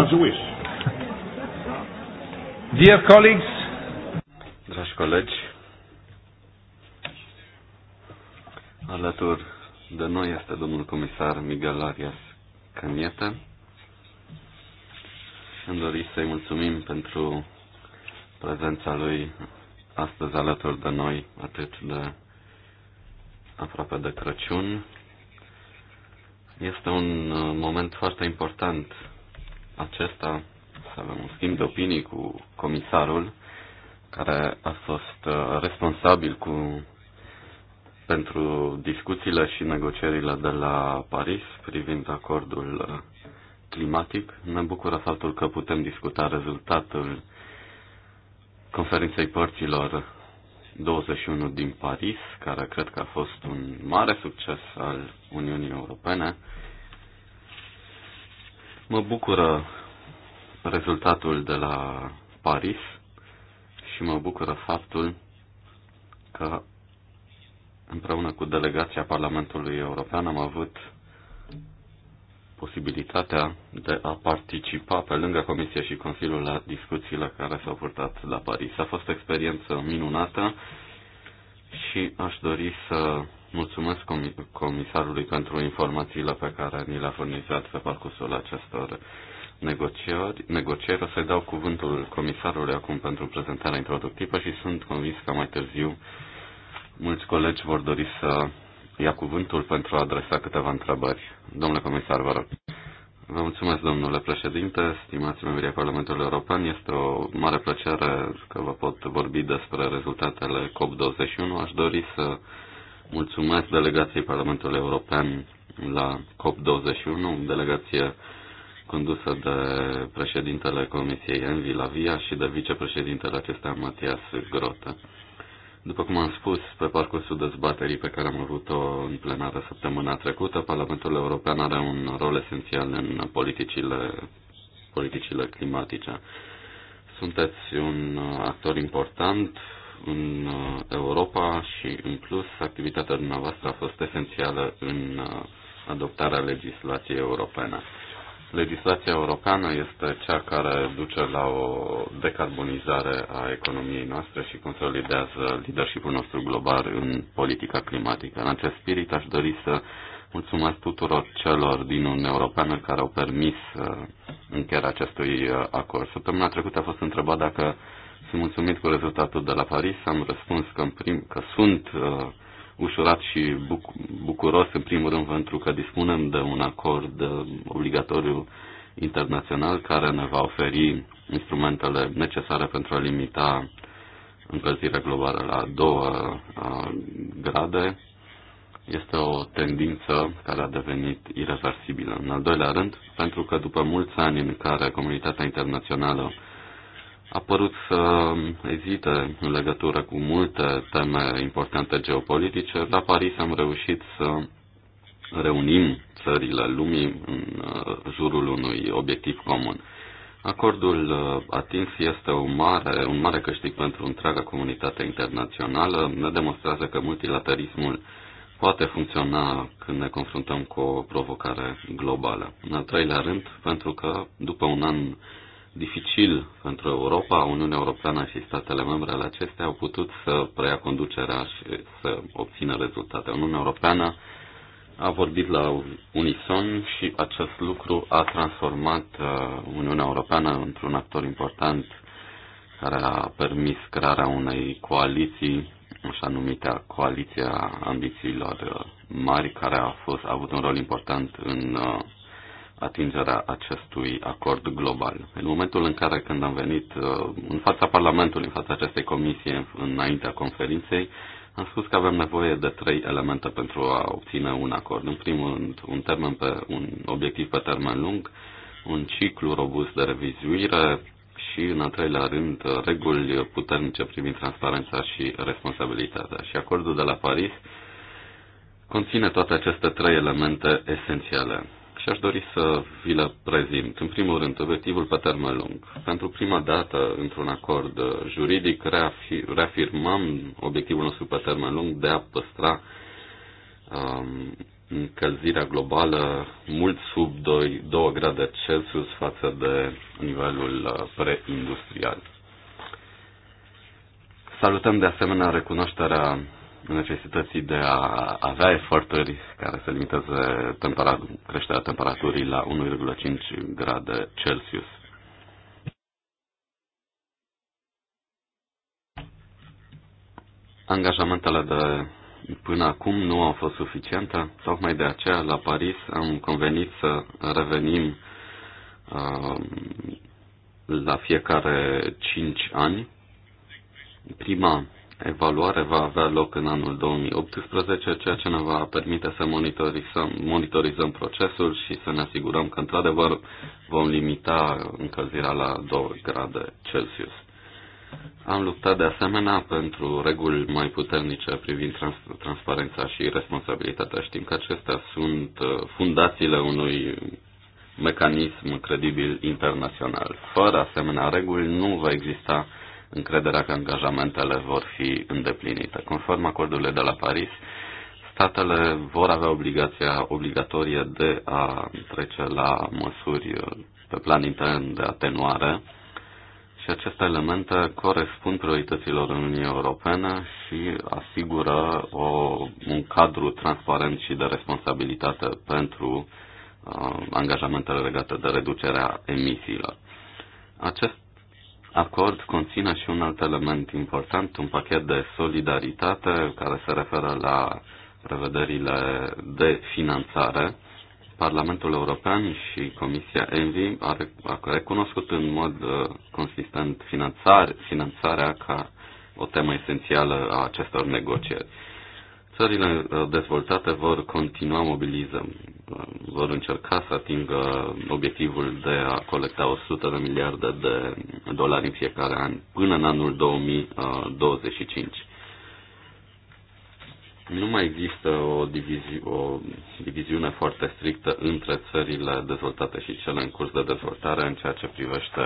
as Dear colleagues, dragi colegi, alături de noi este domnul comisar Miguel Arias Canieta. Îmi dori să-i mulțumim pentru prezența lui astăzi alături de noi, atât de aproape de Crăciun. Este un uh, moment foarte important acesta să avem un schimb de opinii cu comisarul care a fost uh, responsabil cu pentru discuțiile și negocierile de la Paris privind acordul uh, climatic. Ne bucură faptul că putem discuta rezultatul conferinței părților 21 din Paris, care cred că a fost un mare succes al Uniunii Europene Mă bucură rezultatul de la Paris și mă bucură faptul că împreună cu delegația Parlamentului European am avut posibilitatea de a participa pe lângă Comisie și Consiliul la discuțiile care s-au purtat la Paris. A fost o experiență minunată și aș dori să Mulțumesc comisarului pentru informațiile pe care ni le-a furnizat pe parcursul acestor negocieri. negocieri. O să-i dau cuvântul comisarului acum pentru prezentarea introductivă și sunt convins că mai târziu mulți colegi vor dori să ia cuvântul pentru a adresa câteva întrebări. Domnule comisar, vă rog. Vă mulțumesc, domnule președinte, stimați membri ai Parlamentului European. Este o mare plăcere că vă pot vorbi despre rezultatele COP21. Aș dori să Mulțumesc delegației Parlamentului European la COP21, delegație condusă de președintele Comisiei Envi Lavia și de vicepreședintele acesta Matias Grotă. După cum am spus, pe parcursul dezbaterii pe care am avut-o în plenară săptămâna trecută, Parlamentul European are un rol esențial în politicile, politicile climatice. Sunteți un actor important în uh, Europa și, în plus, activitatea dumneavoastră a fost esențială în uh, adoptarea legislației europene. Legislația europeană este cea care duce la o decarbonizare a economiei noastre și consolidează leadership-ul nostru global în politica climatică. În acest spirit aș dori să mulțumesc tuturor celor din Uniunea Europeană care au permis uh, încheierea acestui acord. Săptămâna trecută a fost întrebat dacă sunt mulțumit cu rezultatul de la Paris. Am răspuns că, în prim, că sunt uh, ușurat și buc- bucuros, în primul rând, pentru că dispunem de un acord uh, obligatoriu internațional care ne va oferi instrumentele necesare pentru a limita încălzirea globală la 2 uh, grade. Este o tendință care a devenit irreversibilă. În al doilea rând, pentru că după mulți ani în care comunitatea internațională a părut să ezite în legătură cu multe teme importante geopolitice. La Paris am reușit să reunim țările lumii în uh, jurul unui obiectiv comun. Acordul uh, atins este o mare, un mare câștig pentru întreaga comunitate internațională. Ne demonstrează că multilaterismul poate funcționa când ne confruntăm cu o provocare globală. În al treilea rând, pentru că după un an dificil pentru Europa, Uniunea Europeană și statele membre ale acestea au putut să preia conducerea și să obțină rezultate. Uniunea Europeană a vorbit la unison și acest lucru a transformat uh, Uniunea Europeană într-un actor important care a permis crearea unei coaliții, așa numită Coaliția Ambițiilor uh, Mari, care a, fost, a avut un rol important în uh, atingerea acestui acord global. În momentul în care când am venit uh, în fața Parlamentului, în fața acestei comisie, înaintea conferinței, am spus că avem nevoie de trei elemente pentru a obține un acord. În primul rând, un, termen pe, un obiectiv pe termen lung, un ciclu robust de revizuire și, în al treilea rând, reguli puternice privind transparența și responsabilitatea. Și acordul de la Paris conține toate aceste trei elemente esențiale și aș dori să vi le prezint. În primul rând, obiectivul pe termen lung. Pentru prima dată, într-un acord juridic, reafir- reafirmăm obiectivul nostru pe termen lung de a păstra um, încălzirea globală mult sub 2, 2 grade Celsius față de nivelul uh, preindustrial. Salutăm de asemenea recunoașterea necesității de a avea eforturi care să limiteze tempera- creșterea temperaturii la 1,5 grade Celsius. Angajamentele de până acum nu au fost suficiente, tocmai de aceea la Paris am convenit să revenim uh, la fiecare 5 ani. Prima evaluare va avea loc în anul 2018, ceea ce ne va permite să monitorizăm, monitorizăm procesul și să ne asigurăm că, într-adevăr, vom limita încălzirea la 2 grade Celsius. Am luptat de asemenea pentru reguli mai puternice privind trans- transparența și responsabilitatea. Știm că acestea sunt uh, fundațiile unui mecanism credibil internațional. Fără asemenea reguli nu va exista încrederea că angajamentele vor fi îndeplinite. Conform acordului de la Paris, statele vor avea obligația obligatorie de a trece la măsuri pe plan intern de atenuare și aceste elemente corespund priorităților Uniunii Europene și asigură o, un cadru transparent și de responsabilitate pentru uh, angajamentele legate de reducerea emisiilor. Acest acord conține și un alt element important, un pachet de solidaritate care se referă la prevederile de finanțare. Parlamentul European și Comisia ENVI a recunoscut în mod uh, consistent finanțarea ca o temă esențială a acestor negocieri. Țările uh, dezvoltate vor continua mobilizăm, uh, vor încerca să atingă obiectivul de a colecta 100 de miliarde de dolari în fiecare an până în anul 2025. Uh, nu mai există o, divizi- o diviziune foarte strictă între țările dezvoltate și cele în curs de dezvoltare în ceea ce privește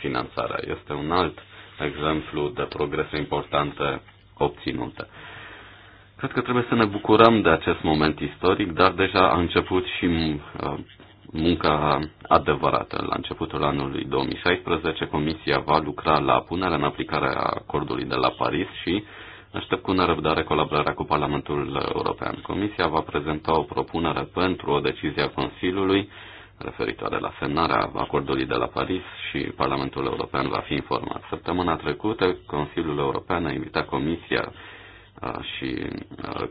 finanțarea. Este un alt exemplu de progrese importante obținute. Cred că trebuie să ne bucurăm de acest moment istoric, dar deja a început și uh, munca adevărată. La începutul anului 2016, Comisia va lucra la punerea în aplicare a acordului de la Paris și aștept cu nerăbdare colaborarea cu Parlamentul European. Comisia va prezenta o propunere pentru o decizie a Consiliului referitoare la semnarea acordului de la Paris și Parlamentul European va fi informat. Săptămâna trecută, Consiliul European a invitat Comisia și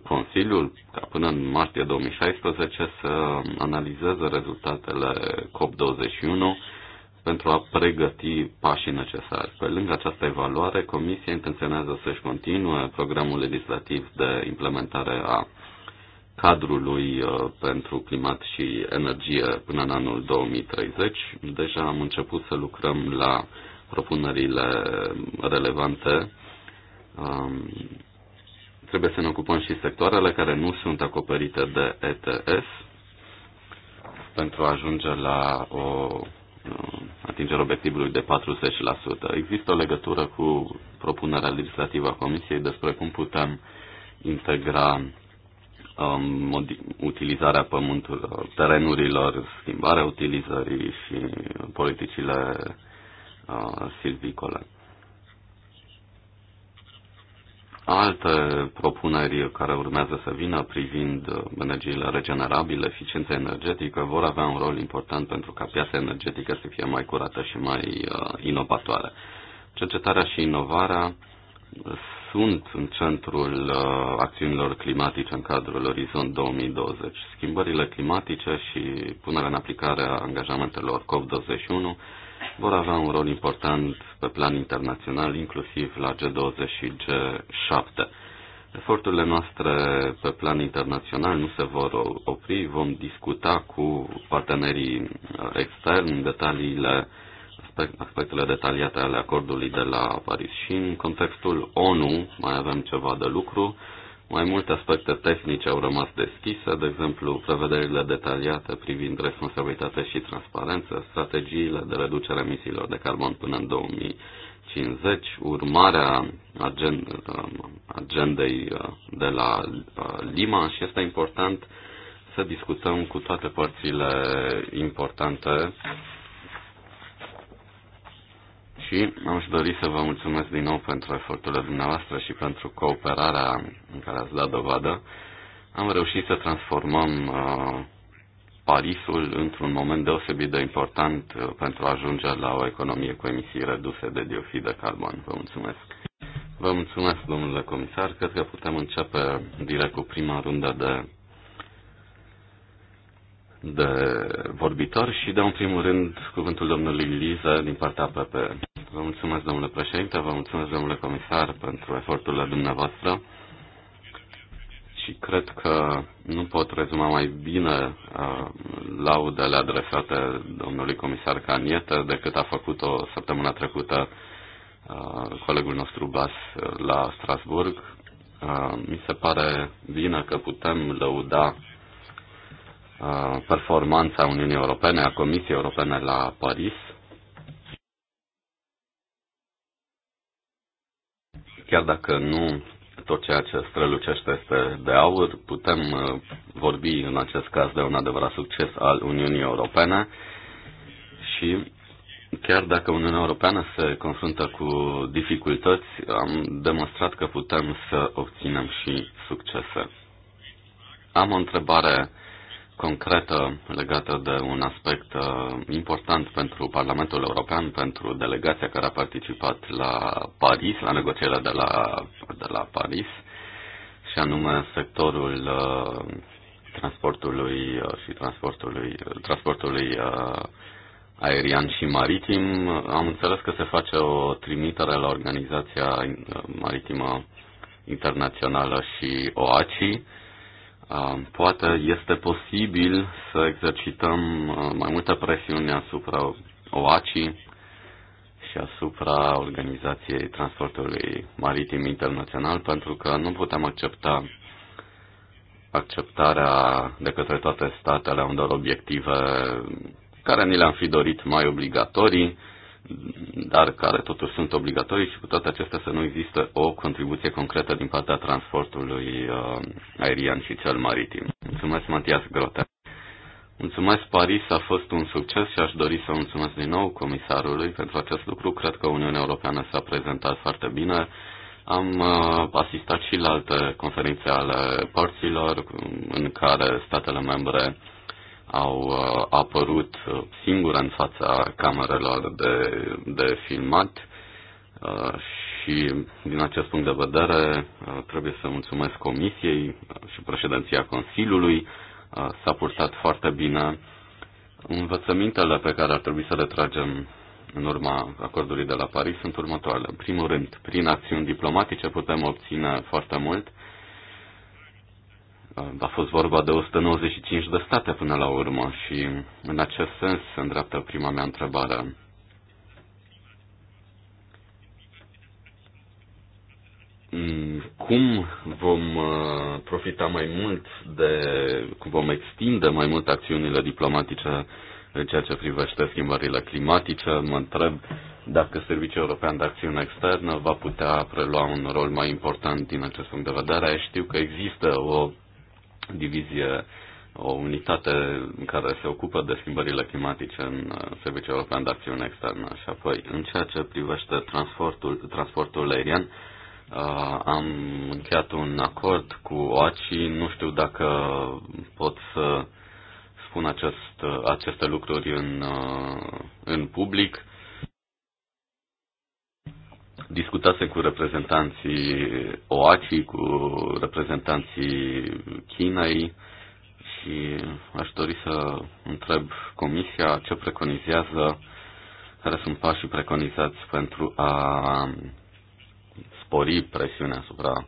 Consiliul, ca până în martie 2016, să analizeze rezultatele COP21 pentru a pregăti pașii necesari. Pe lângă această evaluare, Comisia intenționează să-și continue programul legislativ de implementare a cadrului pentru climat și energie până în anul 2030. Deja am început să lucrăm la propunerile relevante trebuie să ne ocupăm și sectoarele care nu sunt acoperite de ETS pentru a ajunge la o uh, atingerea obiectivului de 40%. Există o legătură cu propunerea legislativă a Comisiei despre cum putem integra um, utilizarea pământurilor, terenurilor, schimbarea utilizării și politicile uh, silvicole. alte propuneri care urmează să vină privind uh, energiile regenerabile, eficiența energetică, vor avea un rol important pentru ca piața energetică să fie mai curată și mai uh, inovatoare. Cercetarea și inovarea sunt în centrul uh, acțiunilor climatice în cadrul Orizont 2020. Schimbările climatice și punerea în aplicare a angajamentelor COP21 vor avea un rol important pe plan internațional, inclusiv la G20 și G7. Eforturile noastre pe plan internațional nu se vor opri, vom discuta cu partenerii externi detaliile, aspectele detaliate ale acordului de la Paris. Și în contextul ONU mai avem ceva de lucru. Mai multe aspecte tehnice au rămas deschise, de exemplu prevederile detaliate privind responsabilitate și transparență, strategiile de reducere emisiilor de carbon până în 2050, urmarea agendei uh, de la uh, Lima și este important să discutăm cu toate părțile importante și am și dori să vă mulțumesc din nou pentru eforturile dumneavoastră și pentru cooperarea în care ați dat dovadă. Am reușit să transformăm uh, Parisul într-un moment deosebit de important uh, pentru a ajunge la o economie cu emisii reduse de dioxid de carbon. Vă mulțumesc! Vă mulțumesc, domnule comisar. Cred că putem începe direct cu prima rundă de de vorbitor și dau în primul rând cuvântul domnului Liza din partea APP. Vă mulțumesc, domnule președinte, vă mulțumesc, domnule comisar, pentru la dumneavoastră și cred că nu pot rezuma mai bine uh, laudele adresate domnului comisar Canietă decât a făcut-o săptămâna trecută uh, colegul nostru Bas uh, la Strasburg. Uh, mi se pare bine că putem lăuda performanța Uniunii Europene, a Comisiei Europene la Paris. Chiar dacă nu tot ceea ce strălucește este de aur, putem vorbi în acest caz de un adevărat succes al Uniunii Europene și chiar dacă Uniunea Europeană se confruntă cu dificultăți, am demonstrat că putem să obținem și succese. Am o întrebare concretă legată de un aspect uh, important pentru Parlamentul European, pentru delegația care a participat la Paris, la negocierile de la, de la Paris, și anume sectorul uh, transportului uh, și transportului, transportului aerian și maritim. Am înțeles că se face o trimitere la Organizația Maritimă Internațională și OACI poate este posibil să exercităm mai multă presiune asupra OACI și asupra Organizației Transportului Maritim Internațional, pentru că nu putem accepta acceptarea de către toate statele unor obiective care ni le-am fi dorit mai obligatorii, dar care totuși sunt obligatorii și cu toate acestea să nu există o contribuție concretă din partea transportului uh, aerian și cel maritim. Mulțumesc, Matias Grote. Mulțumesc, Paris a fost un succes și aș dori să mulțumesc din nou comisarului pentru acest lucru. Cred că Uniunea Europeană s-a prezentat foarte bine. Am uh, asistat și la alte conferințe ale părților în care statele membre au uh, apărut uh, singure în fața camerelor de, de filmat uh, și din acest punct de vedere trebuie să mulțumesc Comisiei și președinția Consiliului. S-a purtat foarte bine învățămintele pe care ar trebui să le tragem în urma acordului de la Paris sunt următoarele. În primul rând, prin acțiuni diplomatice putem obține foarte mult a fost vorba de 195 de state până la urmă și în acest sens se îndreaptă prima mea întrebare. Mm, cum vom uh, profita mai mult de, cum vom extinde mai mult acțiunile diplomatice în ceea ce privește schimbările climatice? Mă întreb dacă Serviciul European de Acțiune Externă va putea prelua un rol mai important din acest punct de vedere. Știu că există o divizie, o unitate care se ocupă de schimbările climatice în uh, Serviciul European de Acțiune Externă. Și apoi, în ceea ce privește transportul, transportul aerian, Uh, am încheiat un acord cu OACI, nu știu dacă pot să spun acest, aceste lucruri în, uh, în public discutase cu reprezentanții OACI, cu reprezentanții Chinei și aș dori să întreb Comisia ce preconizează, care sunt pașii preconizați pentru a spori presiunea asupra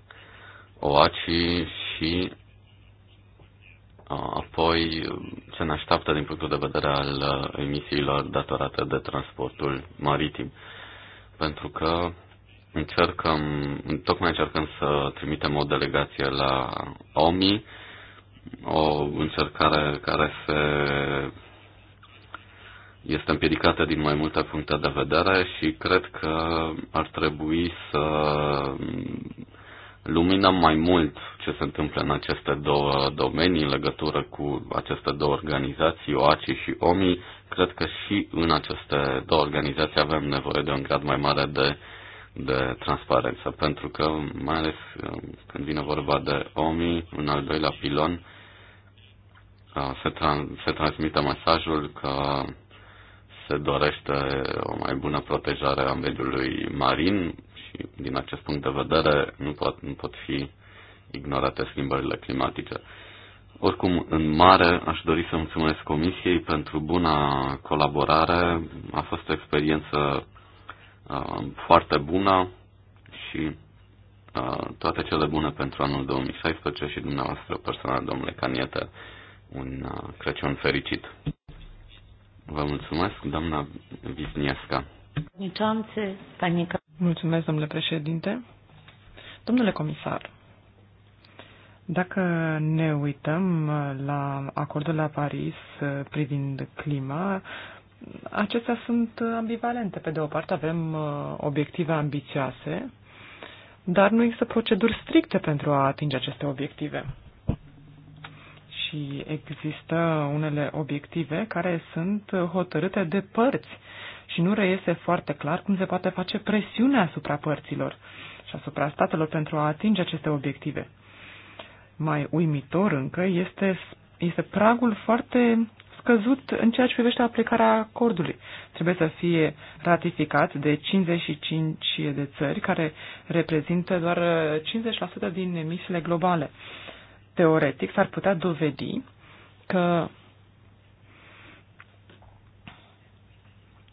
OACI și uh, apoi ce ne așteaptă din punctul de vedere al uh, emisiilor datorate de transportul maritim. Pentru că Încercăm, tocmai încercăm să trimitem o delegație la OMI, o încercare care se este împiedicată din mai multe puncte de vedere și cred că ar trebui să luminăm mai mult ce se întâmplă în aceste două domenii, în legătură cu aceste două organizații, OACI și OMI. Cred că și în aceste două organizații avem nevoie de un grad mai mare de de transparență, pentru că, mai ales um, când vine vorba de OMI, un al doilea pilon, uh, se, tran- se transmite mesajul că se dorește o mai bună protejare a mediului marin și, din acest punct de vedere, nu pot, nu pot fi ignorate schimbările climatice. Oricum, în mare, aș dori să mulțumesc Comisiei pentru buna colaborare. A fost o experiență foarte bună și toate cele bune pentru anul 2016 și dumneavoastră personal, domnule Caniete, un Crăciun fericit. Vă mulțumesc, doamna Vizniesca. Mulțumesc, domnule președinte. Domnule comisar, dacă ne uităm la acordul la Paris privind clima, acestea sunt uh, ambivalente. Pe de o parte avem uh, obiective ambițioase, dar nu există proceduri stricte pentru a atinge aceste obiective. Și există unele obiective care sunt uh, hotărâte de părți și nu reiese foarte clar cum se poate face presiunea asupra părților și asupra statelor pentru a atinge aceste obiective. Mai uimitor încă este, este pragul foarte scăzut în ceea ce privește aplicarea acordului. Trebuie să fie ratificat de 55 de țări, care reprezintă doar 50% uh, din emisiile globale. Teoretic, s-ar putea dovedi că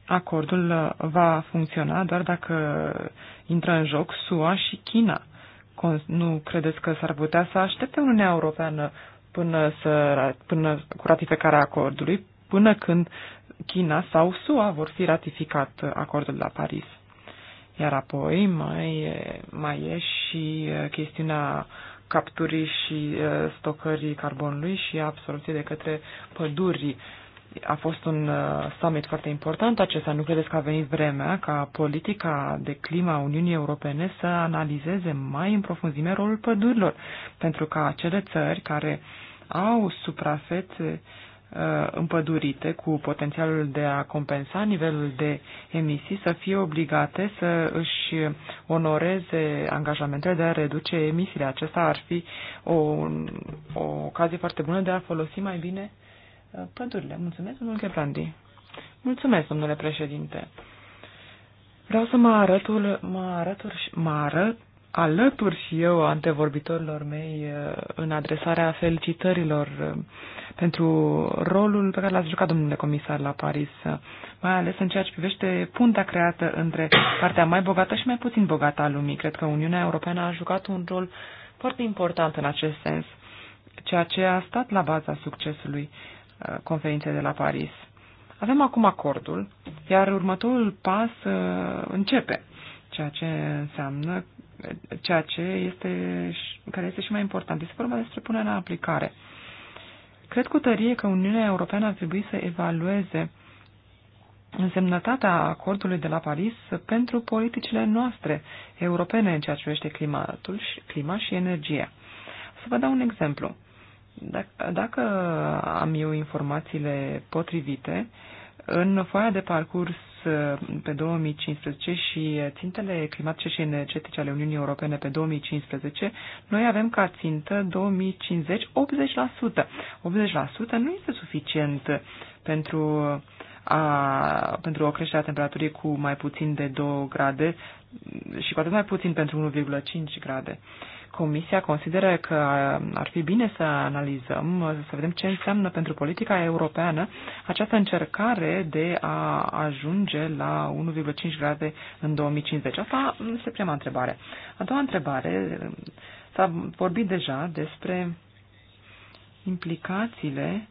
acordul uh, va funcționa doar dacă intră în joc SUA și China. Nu credeți că s-ar putea să aștepte Uniunea Europeană până, să, până cu ratificarea acordului, până când China sau SUA vor fi ratificat acordul la Paris. Iar apoi mai, mai e și chestiunea capturii și stocării carbonului și absorbției de către păduri. A fost un summit foarte important acesta. Nu credeți că a venit vremea ca politica de clima a Uniunii Europene să analizeze mai în profunzime rolul pădurilor, pentru ca acele țări care uh, au suprafețe uh, împădurite cu potențialul de a compensa nivelul de emisii să fie obligate să își onoreze angajamentele de a reduce emisiile. Acesta ar fi o, o ocazie foarte bună de a folosi mai bine uh, pădurile. Mulțumesc, domnul Gebrandi. Mulțumesc, domnule președinte. Vreau să mă arătul, mă arătur, mă arăt alături și eu antevorbitorilor mei uh, în adresarea felicitărilor uh, pentru rolul pe care l-ați jucat, domnule comisar, la Paris, uh, mai ales în ceea ce privește puntea creată între partea mai bogată și mai puțin bogată a lumii. Cred că Uniunea Europeană a jucat un rol foarte important în acest sens, ceea ce a stat la baza succesului conferinței de la Paris. Avem acum acordul, iar următorul pas începe, ceea ce înseamnă ceea ce este, care este și mai important. Este vorba despre punerea în aplicare. Cred cu tărie că Uniunea Europeană ar trebui să evalueze însemnătatea acordului de la Paris pentru politicile noastre europene în ceea ce privește climatul și, clima și energia. Să vă dau un exemplu. Dacă, dacă am eu informațiile potrivite, în foaia de parcurs Uh, pe 2015 și uh, țintele climatice și energetice ale Uniunii Europene pe 2015, noi avem ca țintă 2050 80%. 80% nu este suficient pentru, a, pentru o creștere a temperaturii cu mai puțin de 2 grade și cu atât mai puțin pentru 1,5 grade. Comisia consideră că ar fi bine să analizăm, să vedem ce înseamnă pentru politica europeană această încercare de a ajunge la 1,5 grade în 2050. Asta este prima întrebare. A doua întrebare, s-a vorbit deja despre implicațiile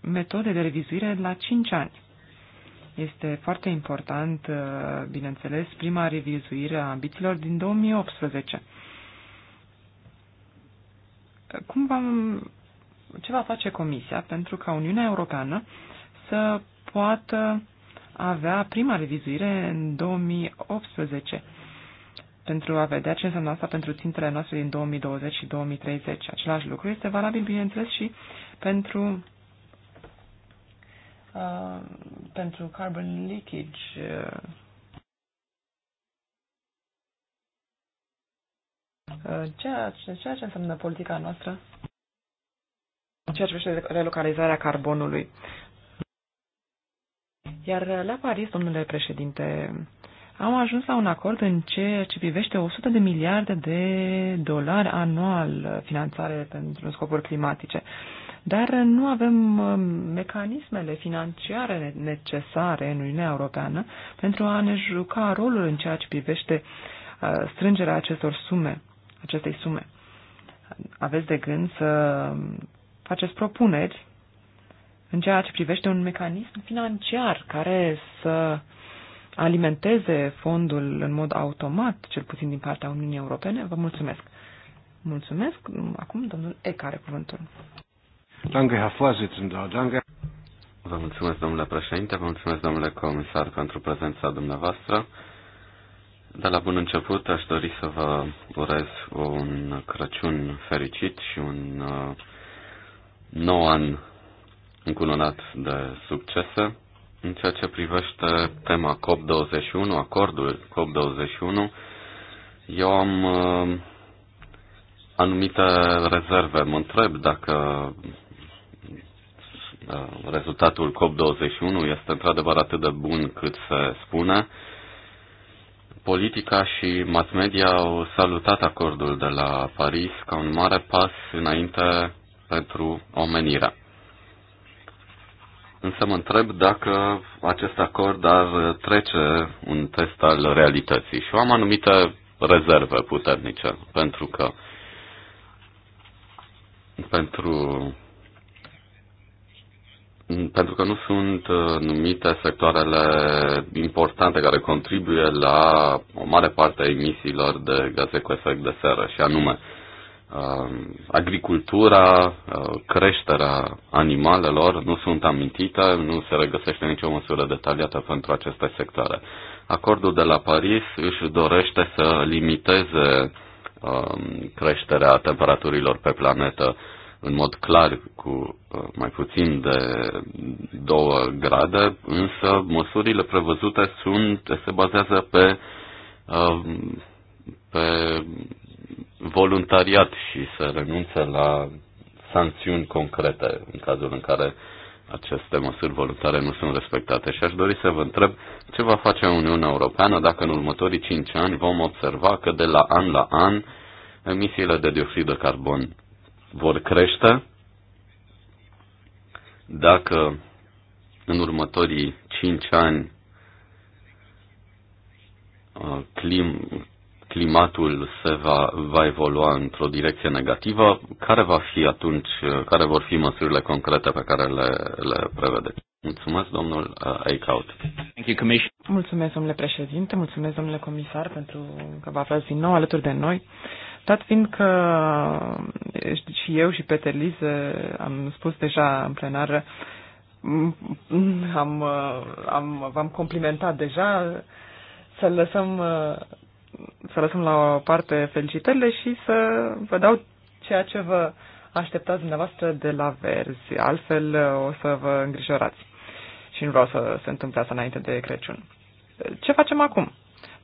metodei de revizuire la 5 ani. Este foarte important, uh, bineînțeles, prima revizuire a ambițiilor din 2018. Cum va, ce va face Comisia pentru ca Uniunea Europeană să poată avea prima revizuire în 2018 pentru a vedea ce înseamnă asta pentru țintele noastre din 2020 și 2030. Același lucru este valabil, bineînțeles, și pentru uh, pentru carbon leakage. Uh, ceea, ce, ceea ce înseamnă politica noastră ceea ce privește relocalizarea carbonului. Iar la Paris, domnule președinte, am ajuns la un acord în ceea ce privește 100 de miliarde de dolari anual uh, finanțare pentru scopuri climatice. Uh, dar nu avem um, mecanismele financiare necesare în Uniunea Europeană pentru a ne juca rolul în ceea ce privește uh, strângerea acestor sume, acestei sume. Aveți de gând să um, faceți propuneri în ceea ce privește un mecanism financiar care să alimenteze fondul în mod automat, cel puțin din partea Uniunii Europene? Vă mulțumesc! Mulțumesc! Acum domnul E care cuvântul. Danke, Herr Vorsitzender. Danke. Vă mulțumesc, domnule președinte, vă mulțumesc, domnule comisar, pentru prezența dumneavoastră. De la bun început aș dori să vă urez un Crăciun fericit și un uh, nou an încununat de succese. În ceea ce privește tema COP21, acordul COP21, eu am uh, anumite rezerve. Mă întreb dacă Uh, rezultatul COP21 este într-adevăr atât de bun cât se spune. Politica și mass media au salutat acordul de la Paris ca un mare pas înainte pentru omenire. Însă mă întreb dacă acest acord ar trece un test al realității și eu am anumite rezerve puternice, pentru că pentru pentru că nu sunt uh, numite sectoarele importante care contribuie la o mare parte a emisiilor de gaze cu efect de seră, și anume uh, agricultura, uh, creșterea animalelor nu sunt amintite, nu se regăsește nicio măsură detaliată pentru aceste sectoare. Acordul de la Paris își dorește să limiteze creșterea temperaturilor pe planetă în mod clar cu uh, mai puțin de 2 grade, însă măsurile prevăzute sunt, se bazează pe, uh, pe voluntariat și se renunță la sancțiuni concrete în cazul în care aceste măsuri voluntare nu sunt respectate. Și aș dori să vă întreb ce va face Uniunea Europeană dacă în următorii 5 ani vom observa că de la an la an emisiile de dioxid de carbon vor crește dacă în următorii 5 ani uh, clim, climatul se va, va evolua într-o direcție negativă, care va fi atunci, uh, care vor fi măsurile concrete pe care le, le prevedeți? Mulțumesc, domnul uh, Eichhout. Mulțumesc, domnule președinte, mulțumesc, domnule comisar, pentru că vă aflați din nou alături de noi. Dat fiindcă că și eu și Peter Lise am spus deja în plenară, am, am, v-am complimentat deja, să lăsăm, să lăsăm la o parte felicitările și să vă dau ceea ce vă așteptați dumneavoastră de la verzi, altfel o să vă îngrijorați. Și nu vreau să se întâmple asta înainte de Crăciun. Ce facem acum?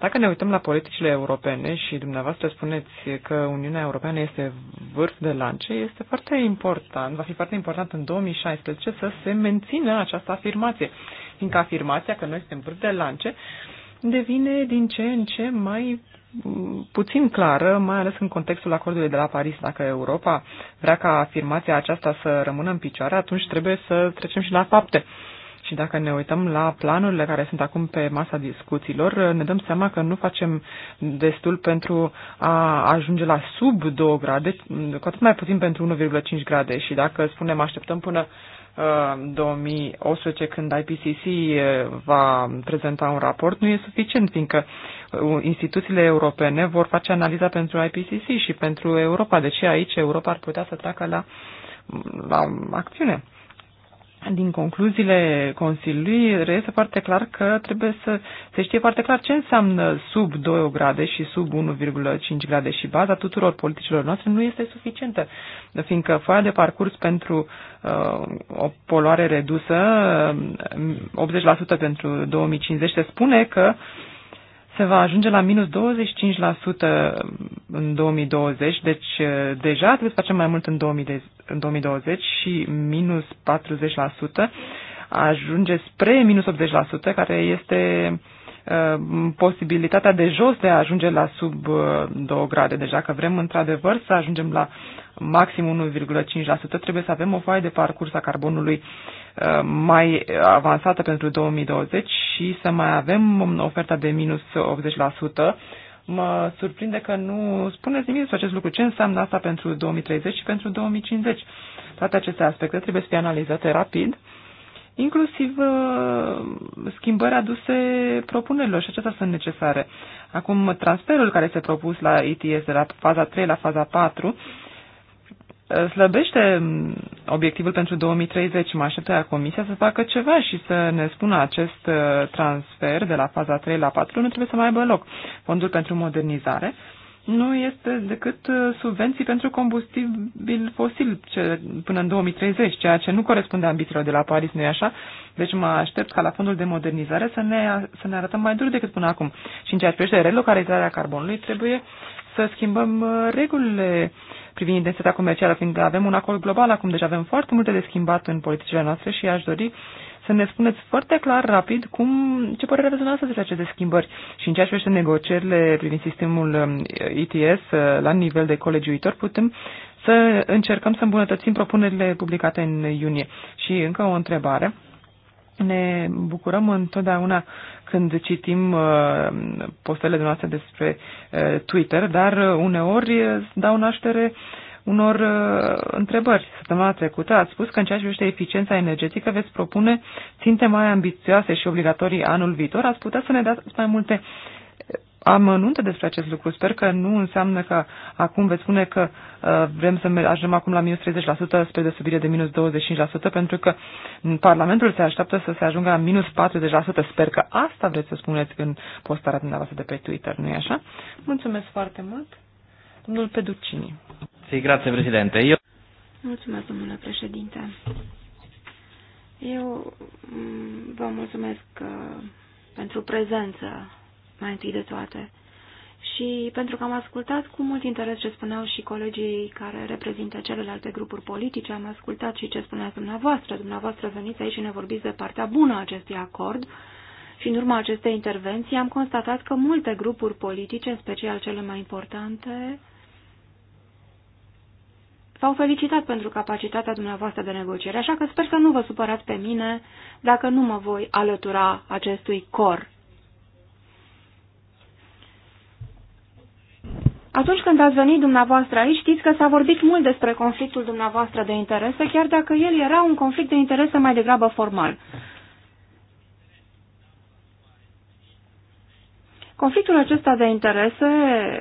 Dacă ne uităm la politicile europene și dumneavoastră spuneți că Uniunea Europeană este vârf de lance, este foarte important, va fi foarte important în 2016 să se mențină această afirmație, fiindcă afirmația că noi suntem vârf de lance devine din ce în ce mai mm, puțin clară, mai ales în contextul acordului de la Paris. Dacă Europa vrea ca afirmația aceasta să rămână în picioare, atunci trebuie să trecem și la fapte. Și dacă ne uităm la planurile care sunt acum pe masa discuțiilor, ne dăm seama că nu facem destul pentru a ajunge la sub 2 grade, cu atât mai puțin pentru 1,5 grade. Și dacă spunem așteptăm până 2018, uh, când IPCC uh, va prezenta un raport, nu e suficient, fiindcă uh, instituțiile europene vor face analiza pentru IPCC și pentru Europa. De Deci aici Europa ar putea să treacă la, la acțiune din concluziile Consiliului reiese foarte clar că trebuie să se știe foarte clar ce înseamnă sub 2 grade și sub 1,5 grade și baza tuturor politicilor noastre nu este suficientă, fiindcă foaia de parcurs pentru uh, o poluare redusă, 80% um, pentru 2050, se spune că uh, se va ajunge la minus 25% în 2020, deci uh, deja trebuie să facem mai mult în 2020 și minus 40% ajunge spre minus 80%, care este uh, posibilitatea de jos de a ajunge la sub 2 uh, grade. Deja că vrem într-adevăr să ajungem la maxim 1,5%, trebuie să avem o foaie de parcurs a carbonului uh, mai avansată pentru 2020 și să mai avem oferta de minus 80%. Mă surprinde că nu spuneți nimic despre acest lucru. Ce înseamnă asta pentru 2030 și pentru 2050? Toate aceste aspecte trebuie să fie analizate rapid inclusiv uh, schimbări aduse propunerilor și acestea sunt necesare. Acum, transferul care se propus la ETS de la faza 3 la faza 4 slăbește obiectivul pentru 2030. Mă aștept la Comisia să facă ceva și să ne spună acest uh, transfer de la faza 3 la 4 nu trebuie să mai aibă loc. Fondul pentru modernizare nu este decât uh, subvenții pentru combustibil fosil ce, până în 2030, ceea ce nu corespunde ambițiilor de la Paris, nu-i așa? Deci mă aștept ca la fondul de modernizare să ne, să ne arătăm mai dur decât până acum. Și în ceea ce privește relocalizarea carbonului, trebuie să schimbăm uh, regulile uh, privind intensitatea comercială, fiindcă avem un acord global acum, deci avem foarte multe de schimbat în politicile noastre și aș dori să ne spuneți foarte clar, rapid, cum, ce părere aveți dumneavoastră despre aceste schimbări și în ceea ce privește negocierile privind sistemul um, ETS uh, la nivel de uitor, putem să încercăm să îmbunătățim propunerile publicate în iunie. Și încă o întrebare. Ne bucurăm întotdeauna când citim uh, postele noastre despre uh, Twitter, dar uh, uneori dau naștere unor întrebări. Săptămâna trecută ați spus că în ceea ce privește eficiența energetică veți propune ținte mai ambițioase și obligatorii anul viitor. Ați putea să ne dați mai multe uh, amănunte despre acest lucru. Sper că nu înseamnă că acum veți spune că uh, vrem să ajungem acum la minus 30% spre desubire de minus 25%, pentru că Parlamentul se așteaptă să se ajungă la minus 40%. Sper că asta vreți să spuneți în postarea dumneavoastră de pe Twitter, nu-i așa? Mulțumesc foarte mult. Domnul Peducini. Sí, grazie Presidente. Eu Mulțumesc, domnule președinte. Eu mm, vă mulțumesc uh, pentru prezență mai întâi de toate. Și pentru că am ascultat cu mult interes ce spuneau și colegii care reprezintă celelalte grupuri politice, am ascultat și ce spunea dumneavoastră. Dumneavoastră veniți aici și ne vorbiți de partea bună a acestui acord și în urma acestei intervenții am constatat că multe grupuri politice, în special cele mai importante, V-au felicitat pentru capacitatea dumneavoastră de negociere, așa că sper să nu vă supărați pe mine dacă nu mă voi alătura acestui cor Atunci când ați venit dumneavoastră aici, știți că s-a vorbit mult despre conflictul dumneavoastră de interese, chiar dacă el era un conflict de interese mai degrabă formal. Conflictul acesta de interese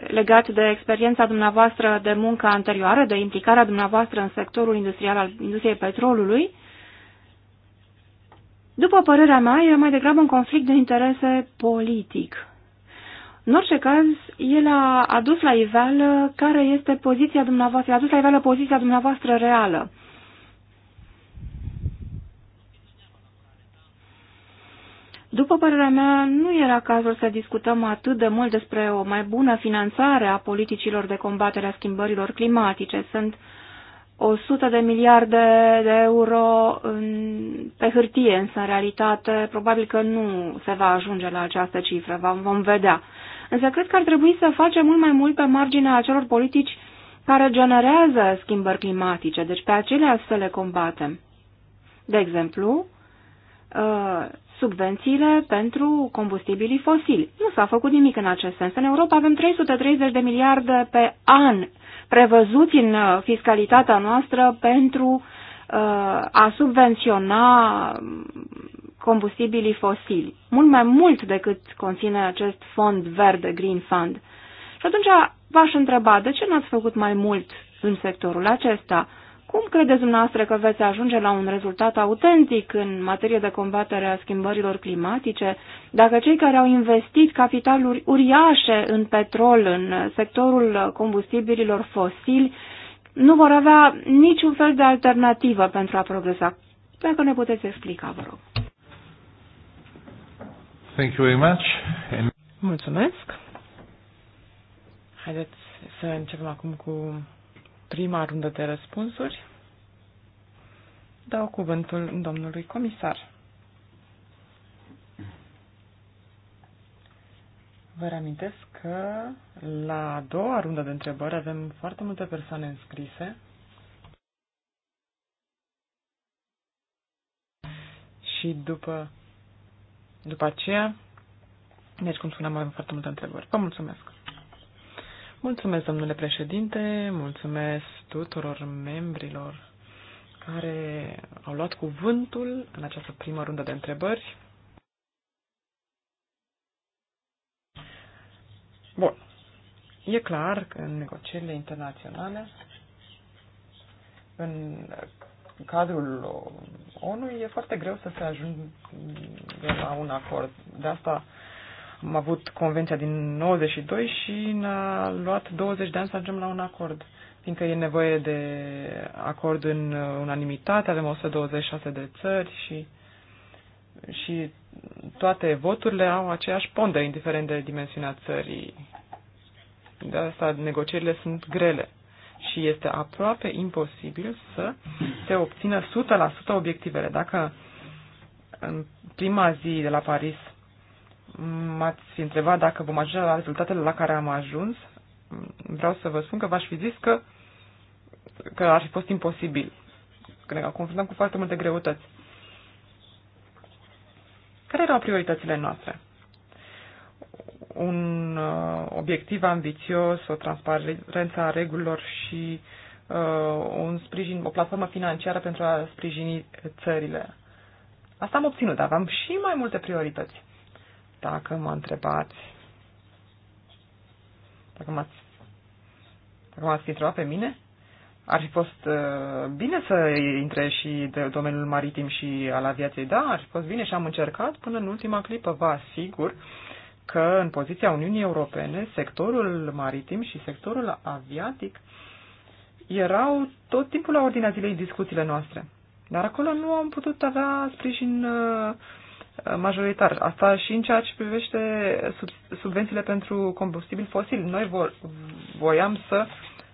legat de experiența dumneavoastră de muncă anterioară, de implicarea dumneavoastră în sectorul industrial al industriei petrolului, după părerea mea, e mai degrabă un conflict de interese politic. În orice caz, el a adus la iveală care este poziția dumneavoastră, a adus la iveală poziția dumneavoastră reală. După părerea mea, nu era cazul să discutăm atât de mult despre o mai bună finanțare a politicilor de combatere a schimbărilor climatice. Sunt 100 de miliarde de euro în, pe hârtie, însă în realitate probabil că nu se va ajunge la această cifră, vom, vom vedea. Însă cred că ar trebui să facem mult mai mult pe marginea acelor politici care generează schimbări climatice, deci pe acelea să le combatem. De exemplu, uh, subvențiile pentru combustibilii fosili. Nu s-a făcut nimic în acest sens. În Europa avem 330 de miliarde pe an prevăzuți în uh, fiscalitatea noastră pentru uh, a subvenționa combustibilii fosili, mult mai mult decât conține acest fond verde, Green Fund. Și atunci v-aș întreba, de ce n-ați făcut mai mult în sectorul acesta? Cum credeți dumneavoastră că veți ajunge la un rezultat autentic în materie de combatere a schimbărilor climatice dacă cei care au investit capitaluri uriașe în petrol, în sectorul combustibililor fosili, nu vor avea niciun fel de alternativă pentru a progresa? Dacă ne puteți explica, vă rog. Thank you very much. And... Mulțumesc. Haideți să începem acum cu prima rundă de răspunsuri. Dau cuvântul domnului comisar. Vă reamintesc că la a doua rundă de întrebări avem foarte multe persoane înscrise. Și după după aceea, deci, cum spuneam, avem foarte multe întrebări. Vă mulțumesc! Mulțumesc, domnule președinte, mulțumesc tuturor membrilor care au luat cuvântul în această primă rundă de întrebări. Bun. E clar că în negocierile internaționale, în cadrul ONU, e foarte greu să se ajungă la un acord. De asta am avut convenția din 92 și ne-a luat 20 de ani să ajungem la un acord. Fiindcă e nevoie de acord în unanimitate, avem 126 de țări și, și toate voturile au aceeași pondere, indiferent de dimensiunea țării. De asta negocierile sunt grele și este aproape imposibil să se obțină 100% obiectivele. Dacă în prima zi de la Paris m-ați întrebat dacă vom ajunge la rezultatele la care am ajuns, vreau să vă spun că v-aș fi zis că, că ar fi fost imposibil. Că ne confruntăm cu foarte multe greutăți. Care erau prioritățile noastre? un uh, obiectiv ambițios, o transparență a regulilor și uh, un sprijin, o platformă financiară pentru a sprijini țările. Asta am obținut, aveam și mai multe priorități. Dacă mă întrebați, dacă m-ați, dacă m-ați întrebat pe mine, ar fi fost uh, bine să intre și de domeniul maritim și al aviației, da, ar fi fost bine și am încercat până în ultima clipă, vă asigur. Uh, că în poziția Uniunii Europene, sectorul maritim și sectorul aviatic erau tot timpul la ordinea zilei discuțiile noastre. Dar acolo nu am putut avea sprijin uh, majoritar. Asta și în ceea ce privește subvențiile pentru combustibil fosil. Noi vo voiam să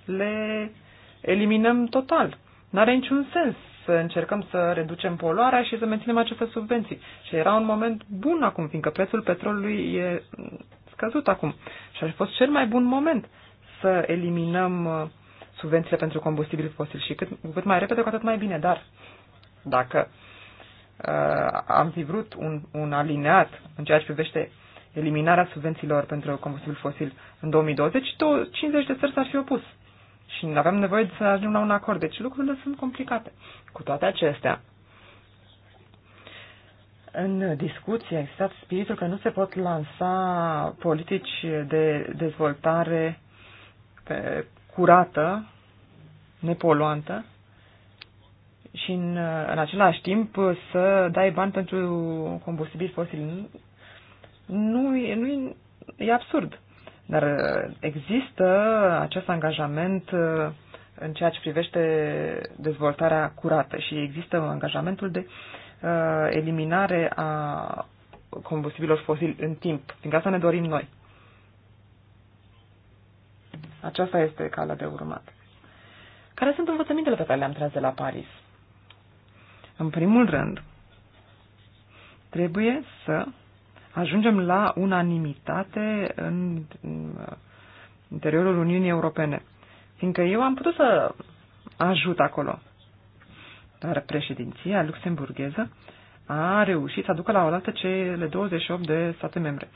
le eliminăm total. N-are niciun sens să încercăm să reducem poluarea și să menținem aceste subvenții. Și era un moment bun acum, fiindcă prețul petrolului e scăzut acum. Și ar fi fost cel mai bun moment să eliminăm uh, subvențiile pentru combustibili fosili și cât, cât mai repede, cu atât mai bine. Dar dacă uh, am fi vrut un, un alineat în ceea ce privește eliminarea subvențiilor pentru combustibil fosil în 2020, 50 de țări s-ar fi opus și avem nevoie să ajungem la un acord. Deci lucrurile sunt complicate. Cu toate acestea, în discuție a existat spiritul că nu se pot lansa politici de dezvoltare pe curată, nepoluantă, și în, în același timp să dai bani pentru combustibil fosil. Nu, nu e absurd. Dar uh, există acest angajament uh, în ceea ce privește dezvoltarea curată și există angajamentul de uh, eliminare a combustibilor fosili în timp. Din asta ne dorim noi. Aceasta este calea de urmat. Care sunt învățămintele pe care le-am tras de la Paris? În primul rând, trebuie să ajungem la unanimitate în interiorul Uniunii Europene. Fiindcă eu am putut să ajut acolo. Dar președinția luxemburgheză a reușit să aducă la dată cele 28 de state membre.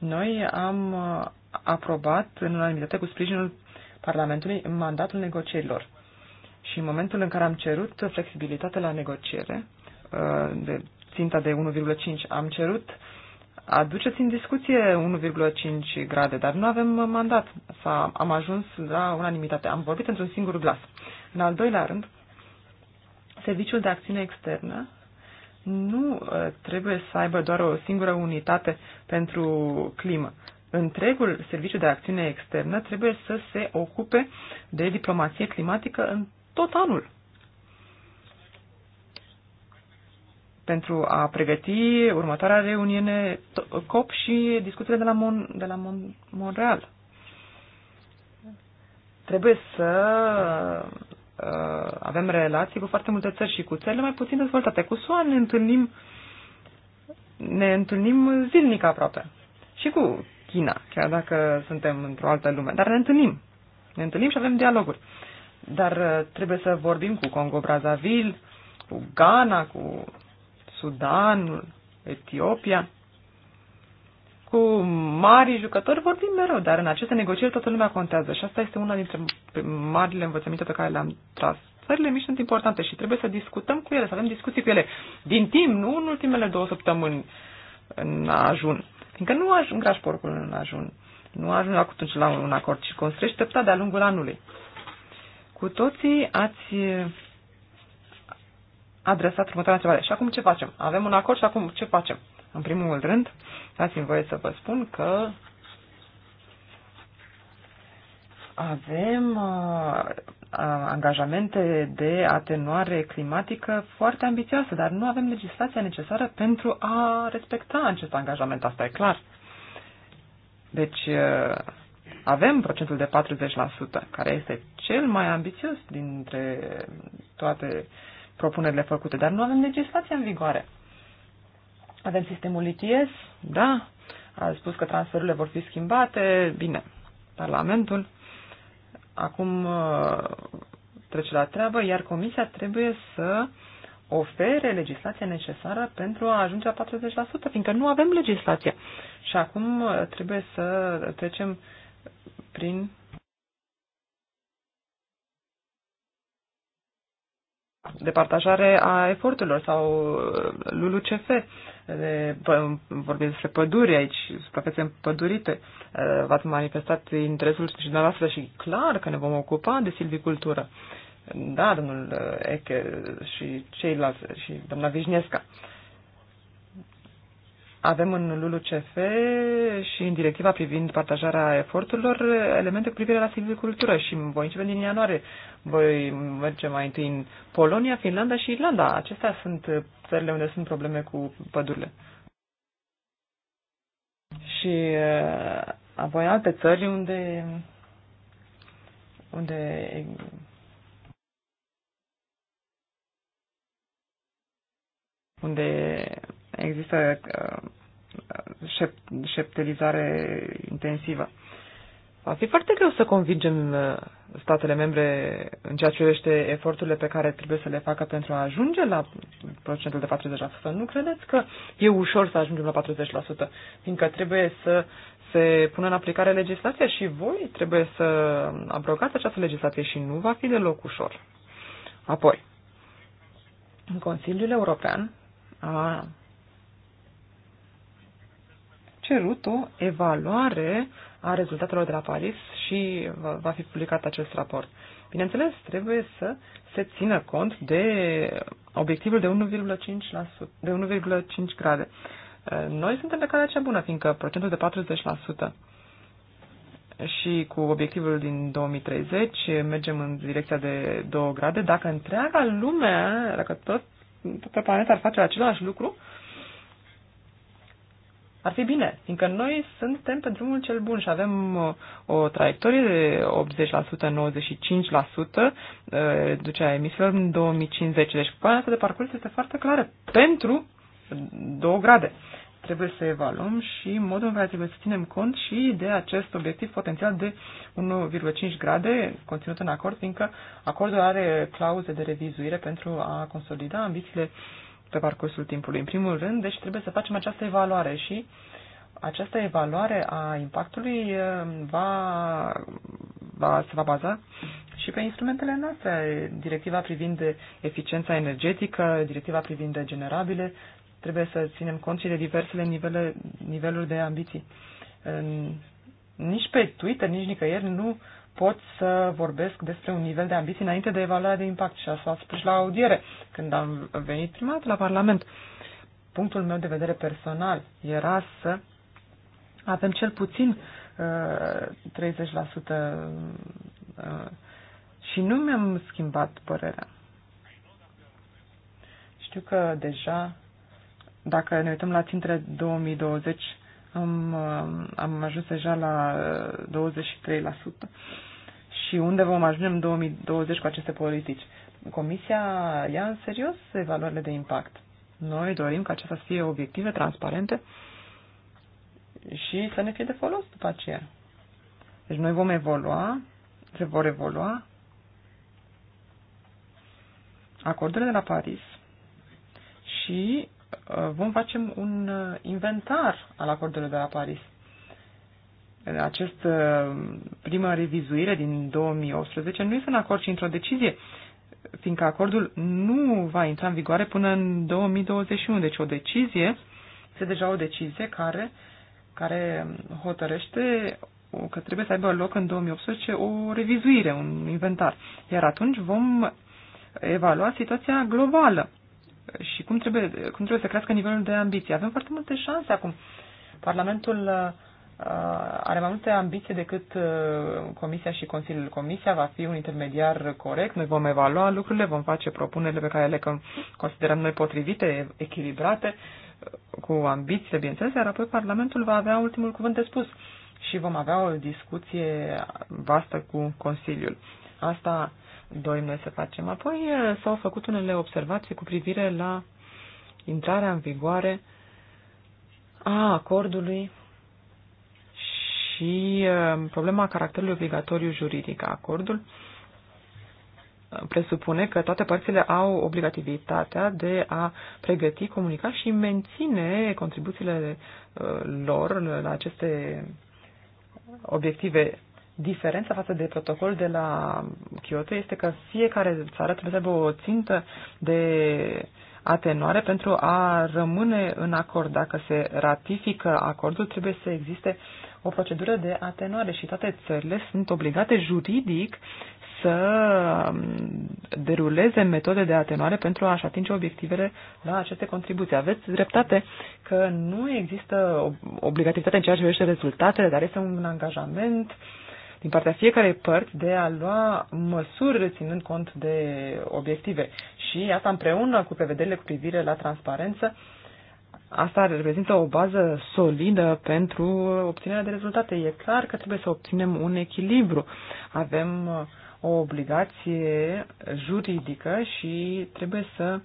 Noi am uh, aprobat în unanimitate cu sprijinul Parlamentului în mandatul negocierilor. Și în momentul în care am cerut flexibilitate la negociere, uh, de ținta de 1,5, am cerut aduceți în discuție 1,5 grade, dar nu avem mandat. S-a, am ajuns la unanimitate. Am vorbit într-un singur glas. În al doilea rând, Serviciul de Acțiune Externă nu ă, trebuie să aibă doar o singură unitate pentru climă. Întregul Serviciu de Acțiune Externă trebuie să se ocupe de diplomație climatică în tot anul. pentru a pregăti următoarea reuniune COP și discuțiile de la, Mon, de la Mon, Montreal. Trebuie să uh, avem relații cu foarte multe țări și cu țările mai puțin dezvoltate. Cu SUA ne întâlnim, ne întâlnim zilnic aproape. Și cu China, chiar dacă suntem într-o altă lume. Dar ne întâlnim. Ne întâlnim și avem dialoguri. Dar uh, trebuie să vorbim cu Congo Brazzaville, cu Ghana, cu Sudanul, Etiopia. Cu mari jucători vorbim mereu, dar în aceste negocieri toată lumea contează și asta este una dintre marile învățăminte pe care le-am tras. Țările mici sunt importante și trebuie să discutăm cu ele, să avem discuții cu ele din timp, nu în ultimele două săptămâni în ajun. Fiindcă nu ajung graș porcul în ajun. Nu ajung atunci la un acord, ci construiești treptat de-a lungul anului. Cu toții ați adresat următoarea întrebare. Și acum ce facem? Avem un acord și acum ce facem? În primul rând, dați-mi voie să vă spun că avem uh, uh angajamente de atenuare climatică foarte ambițioase, dar nu avem legislația necesară pentru a respecta acest angajament, asta e clar. Deci uh, avem procentul de 40%, care este cel mai ambițios dintre toate uh, propunerile făcute, dar nu avem legislația în vigoare. Avem sistemul ITS, da, a spus că transferurile vor fi schimbate, bine, Parlamentul acum uh, trece la treabă, iar Comisia trebuie să ofere legislația necesară pentru a ajunge la 40%, fiindcă nu avem legislație. Și acum uh, trebuie să trecem prin departajare a eforturilor sau uh, LULUCF. De, vorbim despre păduri aici, suprafețe împădurite. Uh, v-ați manifestat interesul și dumneavoastră și clar că ne vom ocupa de silvicultură. Da, domnul uh, Eche și ceilalți și doamna Vișnesca. Avem în LULUCF și în directiva privind partajarea eforturilor elemente cu privire la silvicultură și voi începe din ianuarie. Voi merge mai întâi în Polonia, Finlanda și Irlanda. Acestea sunt țările unde sunt probleme cu pădurile. Și uh, apoi alte țări unde unde unde există uh, șep, șeptelizare intensivă. Va fi foarte greu să convingem uh, statele membre în ceea ce privește eforturile pe care trebuie să le facă pentru a ajunge la procentul de 40%. Nu credeți că e ușor să ajungem la 40%, fiindcă trebuie să se pună în aplicare legislația și voi trebuie să abrogați această legislație și nu va fi deloc ușor. Apoi, Consiliul European a cerut o evaluare a rezultatelor de la Paris și va fi publicat acest raport. Bineînțeles, trebuie să se țină cont de obiectivul de 1,5 de 1,5 grade. Uh, noi suntem pe calea cea bună, fiindcă procentul de 40% și cu obiectivul din 2030 mergem în direcția de 2 grade. Dacă întreaga lume, dacă tot, toată planeta ar face același lucru, uh, ar fi bine, fiindcă noi suntem pe drumul cel bun și avem uh, o traiectorie de 80%-95% uh, reducerea emisiilor în 2050. Deci planul de parcurs este foarte clară pentru două grade. Trebuie să evaluăm și modul în care trebuie să ținem cont și de acest obiectiv potențial de 1,5 grade conținut în acord, fiindcă acordul are clauze de revizuire pentru a consolida ambițiile uh, pe parcursul timpului. În primul rând, deci trebuie să facem această evaluare și această evaluare a impactului eh, va, va, se va baza și pe instrumentele noastre, directiva privind eficiența energetică, directiva privind regenerabile, trebuie să ținem cont și de diversele nivele, niveluri de ambiții. Nici pe Twitter, nici nicăieri nu pot să vorbesc despre un nivel de ambiție înainte de evaluarea de impact și asta a spus la audiere când am venit prima dată la Parlament. Punctul meu de vedere personal era să avem cel puțin uh, 30% uh, și nu mi-am schimbat părerea. Știu că deja, dacă ne uităm la țintele 2020, am, uh, am ajuns deja la 23%. Uh, și unde vom ajunge în 2020 cu aceste politici. Comisia ia în serios evaluările de impact. Noi dorim ca acestea să fie obiective, transparente și să ne fie de folos după aceea. Deci noi vom evolua, se vor evolua acordurile de la Paris și uh, vom face un uh, inventar al acordurilor de la Paris această uh, primă revizuire din 2018 nu este în acord, și într-o decizie, fiindcă acordul nu va intra în vigoare până în 2021. Deci o decizie, este deja o decizie care, care hotărăște că trebuie să aibă loc în 2018 o revizuire, un inventar. Iar atunci vom evalua situația globală și cum trebuie, cum trebuie să crească nivelul de ambiție. Avem foarte multe șanse acum. Parlamentul uh, Uh, are mai multe ambiții decât uh, Comisia și Consiliul. Comisia va fi un intermediar corect, noi vom evalua lucrurile, vom face propunerile pe care le considerăm noi potrivite, echilibrate, uh, cu ambiție, bineînțeles, iar apoi Parlamentul va avea ultimul cuvânt de spus și vom avea o discuție vastă cu Consiliul. Asta dorim noi să facem. Apoi s-au făcut unele observații cu privire la intrarea în vigoare a acordului și um, problema caracterului obligatoriu juridic a acordului uh, presupune că toate părțile au obligativitatea de a pregăti, comunica și menține contribuțiile uh, lor la aceste obiective. Diferența față de protocol de la Kyoto este că fiecare țară trebuie să aibă o țintă de atenuare pentru a rămâne în acord. Dacă se ratifică acordul, trebuie să existe o procedură de atenuare și toate țările sunt obligate juridic să um, deruleze metode de atenuare pentru a-și atinge obiectivele la aceste contribuții. Aveți dreptate că nu există obligativitate în ceea ce privește rezultatele, dar este un angajament din partea fiecarei părți de a lua măsuri ținând cont de obiective. Și asta împreună cu prevederile cu privire la transparență Asta reprezintă o bază solidă pentru obținerea de rezultate. E clar că trebuie să obținem un echilibru. Avem uh, o obligație juridică și trebuie să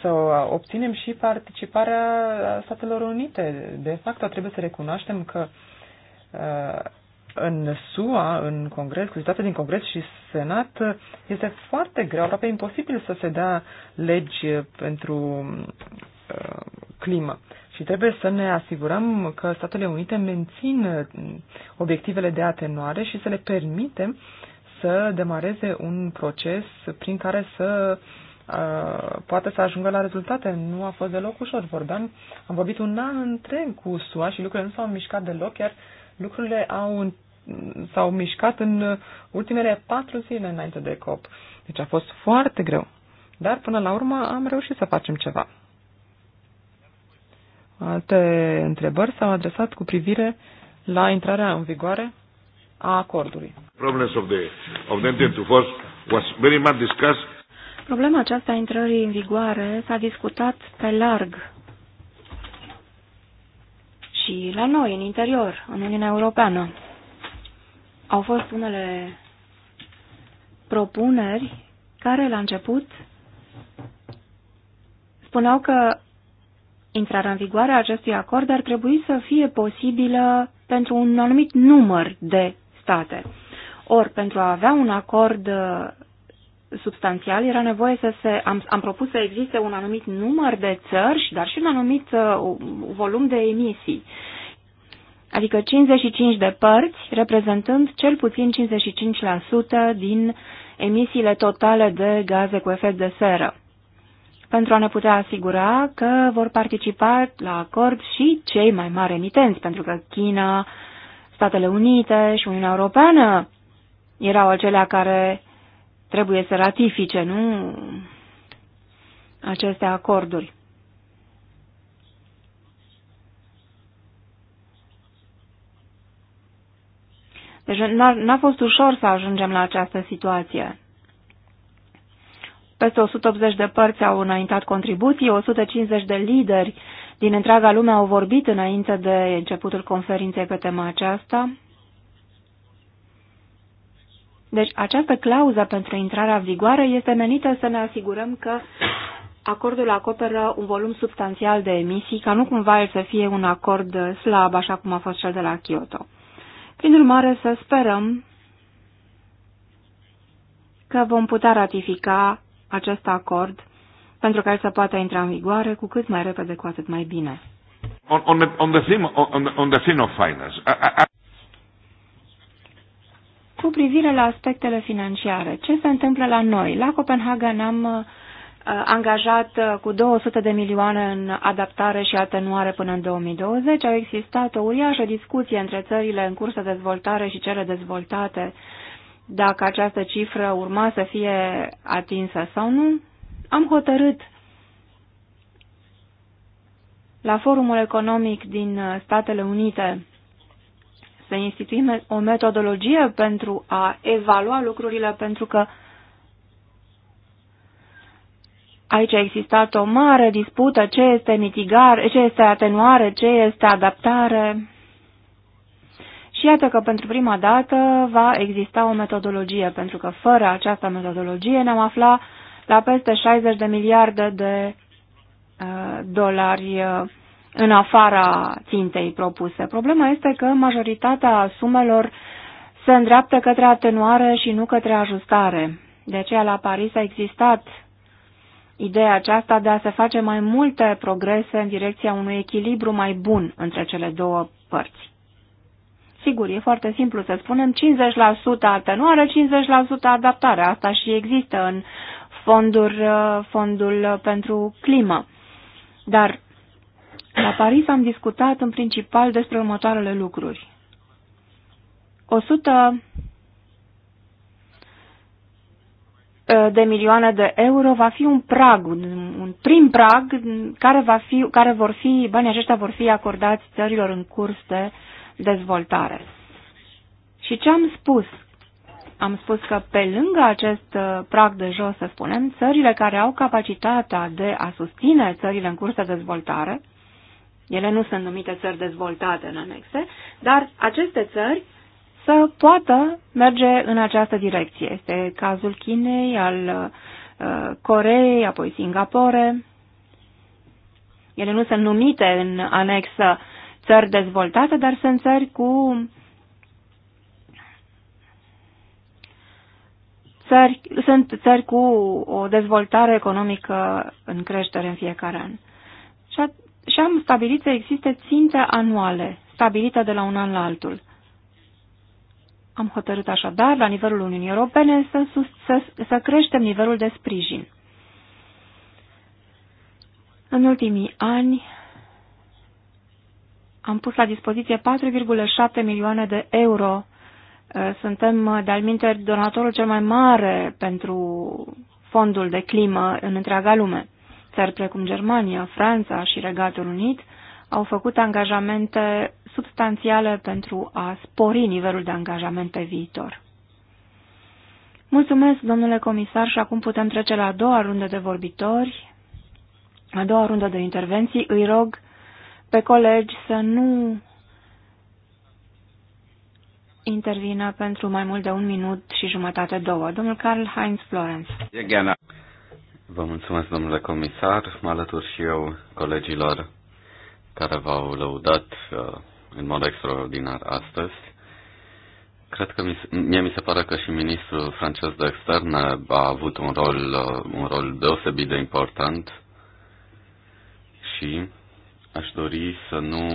să obținem și participarea Statelor Unite. De fapt, trebuie să recunoaștem că uh, în SUA, în Congres, cu citatea din Congres și Senat, este foarte greu, aproape imposibil să se dea legi pentru uh, climă. Și trebuie să ne asigurăm că Statele Unite mențin uh, obiectivele de atenuare și să le permitem să demareze un proces prin care să uh, poate să ajungă la rezultate. Nu a fost deloc ușor. Vorbeam, am vorbit un an întreg cu SUA și lucrurile nu s-au mișcat deloc, chiar lucrurile au s-au mișcat în ultimele patru zile înainte de COP. Deci a fost foarte greu. Dar până la urmă am reușit să facem ceva. Alte întrebări s-au adresat cu privire la intrarea în vigoare a acordului. Problema aceasta a intrării în vigoare s-a discutat pe larg și la noi, în interior, în Uniunea Europeană. Au fost unele propuneri care la început spuneau că intrarea în vigoare a acestui acord ar trebui să fie posibilă pentru un anumit număr de state. Ori, pentru a avea un acord uh, substanțial, era nevoie să se... Am, am propus să existe un anumit număr de țări, dar și un anumit uh, volum de emisii. Uh, adică 55 de părți, reprezentând cel puțin 55% din emisiile totale de gaze cu efect de seră, pentru a ne putea asigura că vor participa la acord și cei mai mari emitenți, pentru că China, Statele Unite și Uniunea Europeană erau acelea care trebuie să ratifice, nu? Aceste acorduri. Deci n-a fost ușor să ajungem la această situație. Peste 180 de părți au înaintat contribuții, 150 de lideri din întreaga lume au vorbit înainte de începutul conferinței pe tema aceasta. Deci această clauză pentru intrarea în vigoare este menită să ne asigurăm că acordul acoperă un volum substanțial de emisii, ca nu cumva el să fie un acord slab, așa cum a fost cel de la Kyoto. Prin urmare, să sperăm că vom putea ratifica acest acord pentru ca el să poată intra în vigoare cu cât mai repede, cu atât mai bine. Cu privire la aspectele financiare, ce se întâmplă la noi? La Copenhagen am am Uh, angajat uh, cu 200 de milioane în adaptare și atenuare până în 2020. Au existat o uriașă discuție între țările în curs de dezvoltare și cele dezvoltate dacă această cifră urma să fie atinsă sau nu. Am hotărât la Forumul Economic din uh, Statele Unite să instituim o metodologie pentru a evalua lucrurile, pentru că Aici a existat o mare dispută ce este mitigare, ce este atenuare, ce este adaptare. Și iată că pentru prima dată va exista o metodologie, pentru că fără această metodologie ne-am afla la peste 60 de miliarde de uh, dolari uh, în afara țintei propuse. Problema este că majoritatea sumelor se îndreaptă către atenuare și nu către ajustare. De aceea la Paris a existat ideea aceasta de a se face mai multe progrese în direcția unui echilibru mai bun între cele două părți. Sigur, e foarte simplu să spunem 50% atenuare, 50% adaptare. Asta și există în fonduri, uh, fondul pentru climă. Dar la Paris am discutat în principal despre următoarele lucruri. 100 Uh, de milioane de euro va fi un prag, un, un prim prag care, va fi, care vor fi, banii aceștia vor fi acordați țărilor în curs de dezvoltare. Și ce am spus? Am spus că pe lângă acest uh, prag de jos, să spunem, țările care au capacitatea de a susține țările în curs de dezvoltare, ele nu sunt numite țări dezvoltate în anexe, dar aceste țări să poată merge în această direcție. Este cazul Chinei, al uh, Coreei, apoi Singapore. Ele nu sunt numite în anexă țări dezvoltate, dar sunt țări cu țări, sunt țări cu o dezvoltare economică în creștere în fiecare an. Și am stabilit să existe ținte anuale, stabilite de la un an la altul. Am hotărât așadar, la nivelul Uniunii Europene, să, sus, să, să creștem nivelul de sprijin. În ultimii ani am pus la dispoziție 4,7 milioane de euro. Eh, suntem, eh, de-al donatorul cel mai mare pentru fondul de climă în întreaga lume. Țări precum Germania, Franța și Regatul Unit au făcut angajamente substanțiale pentru a spori nivelul de angajament pe viitor. Mulțumesc, domnule comisar, și acum putem trece la a doua rundă de vorbitori, a doua rundă de intervenții. Îi rog pe colegi să nu intervină pentru mai mult de un minut și jumătate, două. Domnul Karl Heinz Florenz. Vă mulțumesc, domnule comisar. Mă alătur și eu colegilor care v-au lăudat uh, în mod extraordinar astăzi. Cred că mi, mie mi se pare că și ministrul francez de externe a avut un rol, uh, un rol deosebit de important și aș dori să nu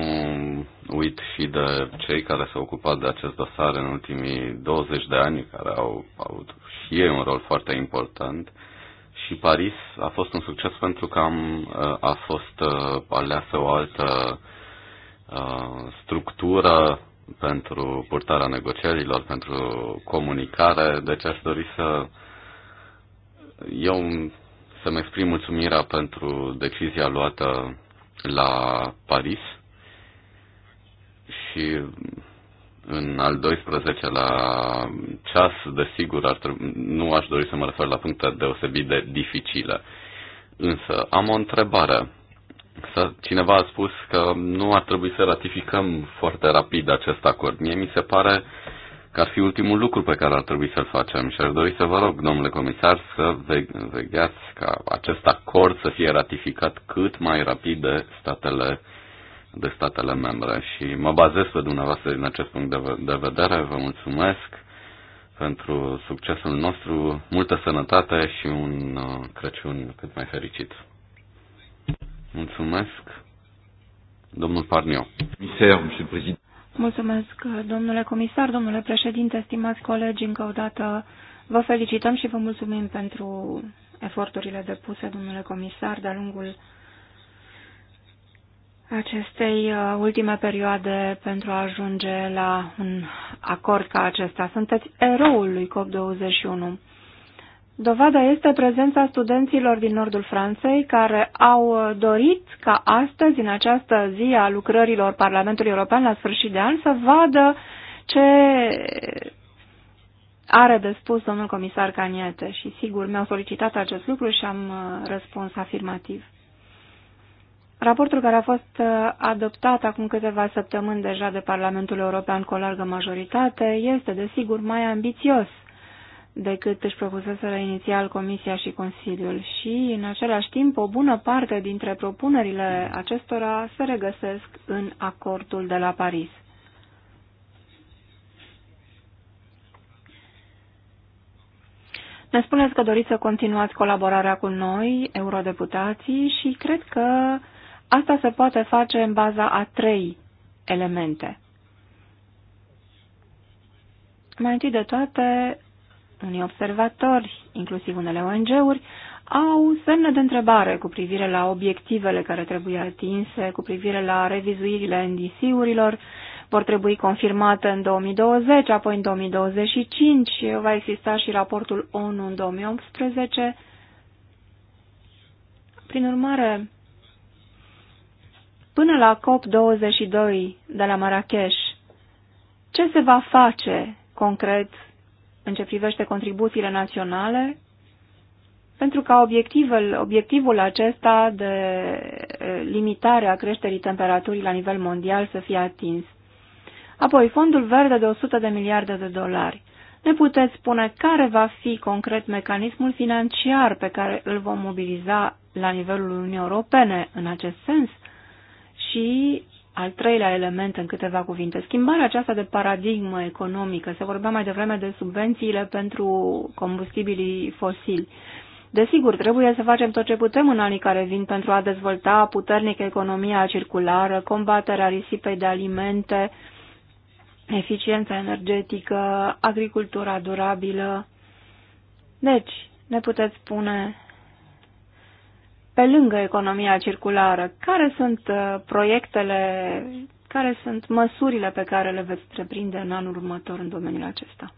uit și de cei care s-au ocupat de acest dosar în ultimii 20 de ani, care au, au avut și ei un rol foarte important. Și Paris a fost un succes pentru că am, uh, a fost uh, aleasă o altă structură pentru purtarea negocierilor, pentru comunicare. Deci aș dori să eu să-mi exprim mulțumirea pentru decizia luată la Paris și în al 12 la ceas, desigur, ar trebui, nu aș dori să mă refer la puncte deosebit de dificile. Însă am o întrebare cineva a spus că nu ar trebui să ratificăm foarte rapid acest acord. Mie mi se pare că ar fi ultimul lucru pe care ar trebui să-l facem și aș dori să vă rog, domnule comisar, să ve- vegheați ca acest acord să fie ratificat cât mai rapid de statele, de statele membre. Și mă bazez pe dumneavoastră din acest punct de, de vedere. Vă mulțumesc pentru succesul nostru, multă sănătate și un uh, Crăciun cât mai fericit. Mulțumesc. Domnul Parniu. Mulțumesc, domnule comisar, domnule președinte, stimați colegi, încă o dată vă felicităm și vă mulțumim pentru eforturile depuse, domnule comisar, de-a lungul acestei uh, ultime perioade pentru a ajunge la un acord ca acesta. Sunteți eroul lui COP21. Dovada este prezența studenților din nordul Franței care au uh, dorit ca astăzi, în această zi a lucrărilor Parlamentului European la sfârșit de an, să vadă ce are de spus domnul comisar Caniete și sigur mi-au solicitat acest lucru și am uh, răspuns afirmativ. Raportul care a fost uh, adoptat acum câteva săptămâni deja de Parlamentul European cu o largă majoritate este, desigur, mai ambițios decât își propuseseră inițial Comisia și Consiliul și, în același timp, o bună parte dintre propunerile acestora se regăsesc în acordul de la Paris. Ne spuneți că doriți să continuați colaborarea cu noi, eurodeputații, și cred că asta se poate face în baza a trei elemente. Mai întâi de toate, unii observatori, inclusiv unele ONG-uri, au semne de întrebare cu privire la obiectivele care trebuie atinse, cu privire la revizuirile NDC-urilor, vor trebui confirmate în 2020, apoi în 2025, va exista și raportul ONU în 2018. Prin urmare, până la COP22 de la Marrakesh, ce se va face concret în ce privește contribuțiile naționale, pentru ca obiectivul, obiectivul acesta de limitare a creșterii temperaturii la nivel mondial să fie atins. Apoi, fondul verde de 100 de miliarde de dolari. Ne puteți spune care va fi concret mecanismul financiar pe care îl vom mobiliza la nivelul Uniunii Europene în acest sens? Și al treilea element în câteva cuvinte. Schimbarea aceasta de paradigmă economică, se vorbea mai devreme de subvențiile pentru combustibilii fosili. Desigur, trebuie să facem tot ce putem în anii care vin pentru a dezvolta puternic economia circulară, combaterea risipei de alimente, eficiența energetică, agricultura durabilă. Deci, ne puteți spune pe lângă economia circulară, care sunt uh, proiectele, care sunt măsurile pe care le veți întreprinde în anul următor în domeniul acesta?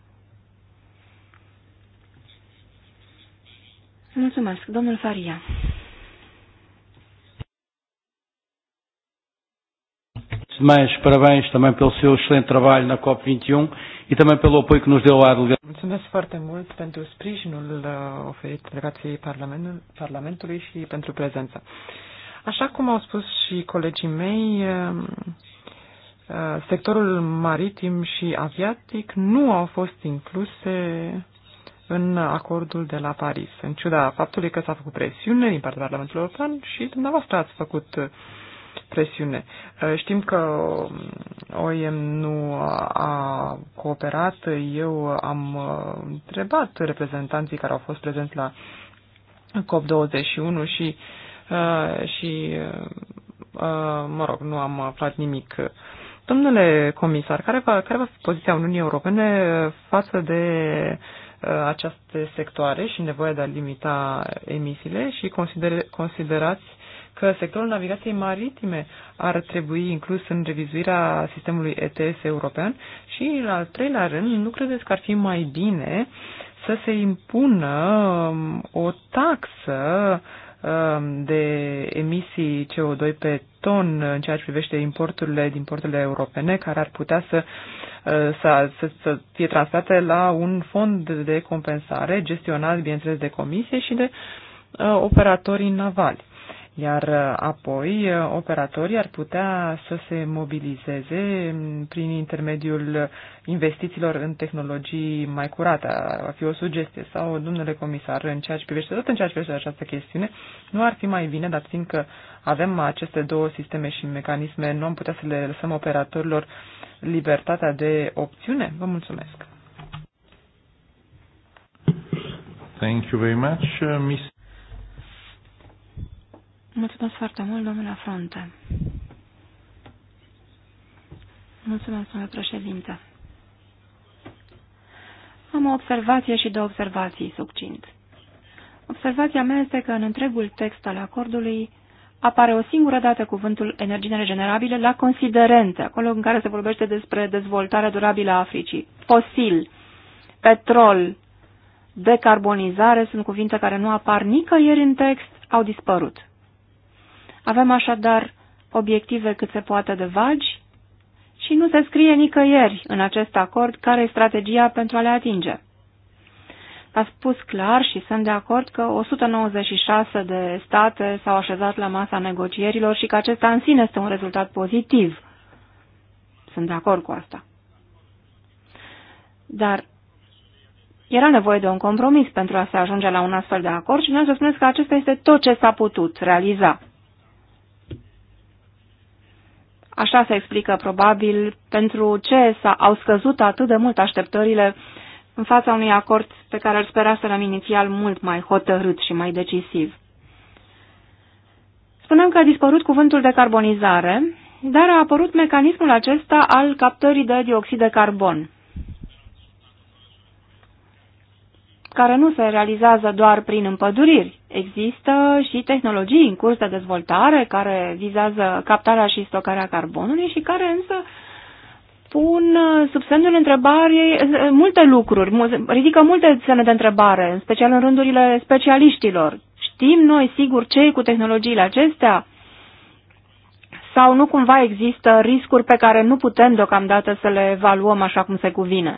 Mulțumesc, domnul Faria. Mais parabéns também pelo seu excelente trabalho na COP21 și também pelo apoio que nos deu a delegação. Mulțumesc foarte mult pentru sprijinul uh, oferit delegației Parlamentului și pentru prezența. Așa cum au spus și colegii mei, um, uh, sectorul maritim și aviatic nu au fost incluse în acordul de la Paris, în ciuda faptului că s-a făcut presiune din partea Parlamentului European și dumneavoastră ați făcut uh, presiune. Uh, știm că OIM um, nu a cooperat. Eu am uh, întrebat reprezentanții care au fost prezenți la COP21 și, și uh, mă rog, nu am aflat nimic. Domnule comisar, care va, care va fi poziția Uniunii Europene față de aceste sectoare și nevoia de a limita emisiile și consider, considerați că sectorul navigației maritime ar trebui inclus în revizuirea sistemului ETS european și, în al treilea rând, nu credeți că ar fi mai bine să se impună um, o taxă um, de emisii CO2 pe ton în ceea ce privește importurile din porturile europene, care ar putea să, uh, să, să, să fie transferate la un fond de compensare gestionat, bineînțeles, de comisie și de uh, operatorii navali. Iar uh, apoi uh, operatorii ar putea să se mobilizeze mm, prin intermediul investițiilor în tehnologii mai curate. Ar fi o sugestie sau, domnule comisar, în ceea ce privește, tot în ceea ce privește această chestiune, nu ar fi mai bine, dar fiindcă avem aceste două sisteme și mecanisme, nu am putea să le lăsăm operatorilor libertatea de opțiune? Vă mulțumesc! Thank you very much, uh, Mr. Mulțumesc foarte mult, domnule Fronte. Mulțumesc, domnule președinte. Am o observație și două observații succint. Observația mea este că în întregul text al acordului apare o singură dată cuvântul energie regenerabile la considerente, acolo în care se vorbește despre dezvoltarea durabilă a Africii. Fosil, petrol, decarbonizare sunt cuvinte care nu apar nicăieri în text, au dispărut. Avem așadar obiective cât se poate de vagi și nu se scrie nicăieri în acest acord care e strategia pentru a le atinge. A spus clar și sunt de acord că 196 de state s-au așezat la masa negocierilor și că acesta în sine este un rezultat pozitiv. Sunt de acord cu asta. Dar era nevoie de un compromis pentru a se ajunge la un astfel de acord și noi să spuneți că acesta este tot ce s-a putut realiza. Așa se explică probabil pentru ce s au scăzut atât de mult așteptările în fața unui acord pe care îl rămân inițial mult mai hotărât și mai decisiv. Spunem că a dispărut cuvântul de carbonizare, dar a apărut mecanismul acesta al captării de dioxid de carbon. care nu se realizează doar prin împăduriri. Există și tehnologii în curs de dezvoltare care vizează captarea și stocarea carbonului și care însă pun sub semnul întrebării multe lucruri, ridică multe semne de întrebare, în special în rândurile specialiștilor. Știm noi sigur ce e cu tehnologiile acestea? Sau nu cumva există riscuri pe care nu putem deocamdată să le evaluăm așa cum se cuvine?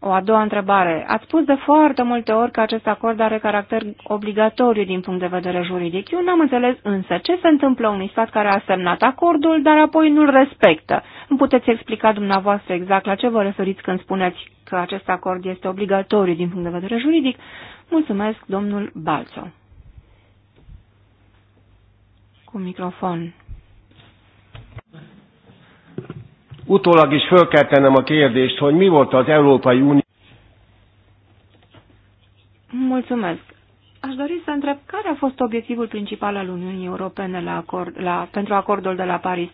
O a doua întrebare. Ați spus de foarte multe ori că acest acord are caracter obligatoriu din punct de vedere juridic. Eu n-am înțeles însă ce se întâmplă unui stat care a semnat acordul, dar apoi nu-l respectă. Îmi puteți explica dumneavoastră exact la ce vă referiți când spuneți că acest acord este obligatoriu din punct de vedere juridic? Mulțumesc, domnul Balțo. Cu microfon. Utólag is föl kell tennem a kérdést, hogy mi volt az Európai Unió. Mulțumesc. Aș dori să întreb care a fost obiectivul principal al Uniunii Europene la acord, la, pentru acordul de la Paris.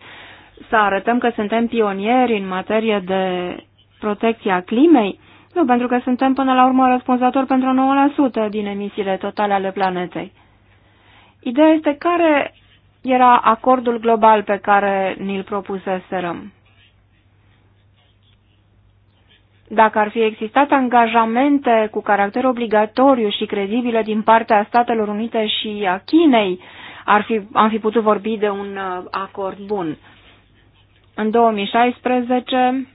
Să arătăm că suntem pionieri în materie de protecție a climei? Nu, pentru că suntem până la urmă răspunzători pentru 9% din emisiile totale ale planetei. Ideea este care era acordul global pe care ni-l propuseserăm. Dacă ar fi existat angajamente cu caracter obligatoriu și credibile din partea Statelor Unite și a Chinei, ar fi, am fi putut vorbi de un uh, acord bun. În 2016,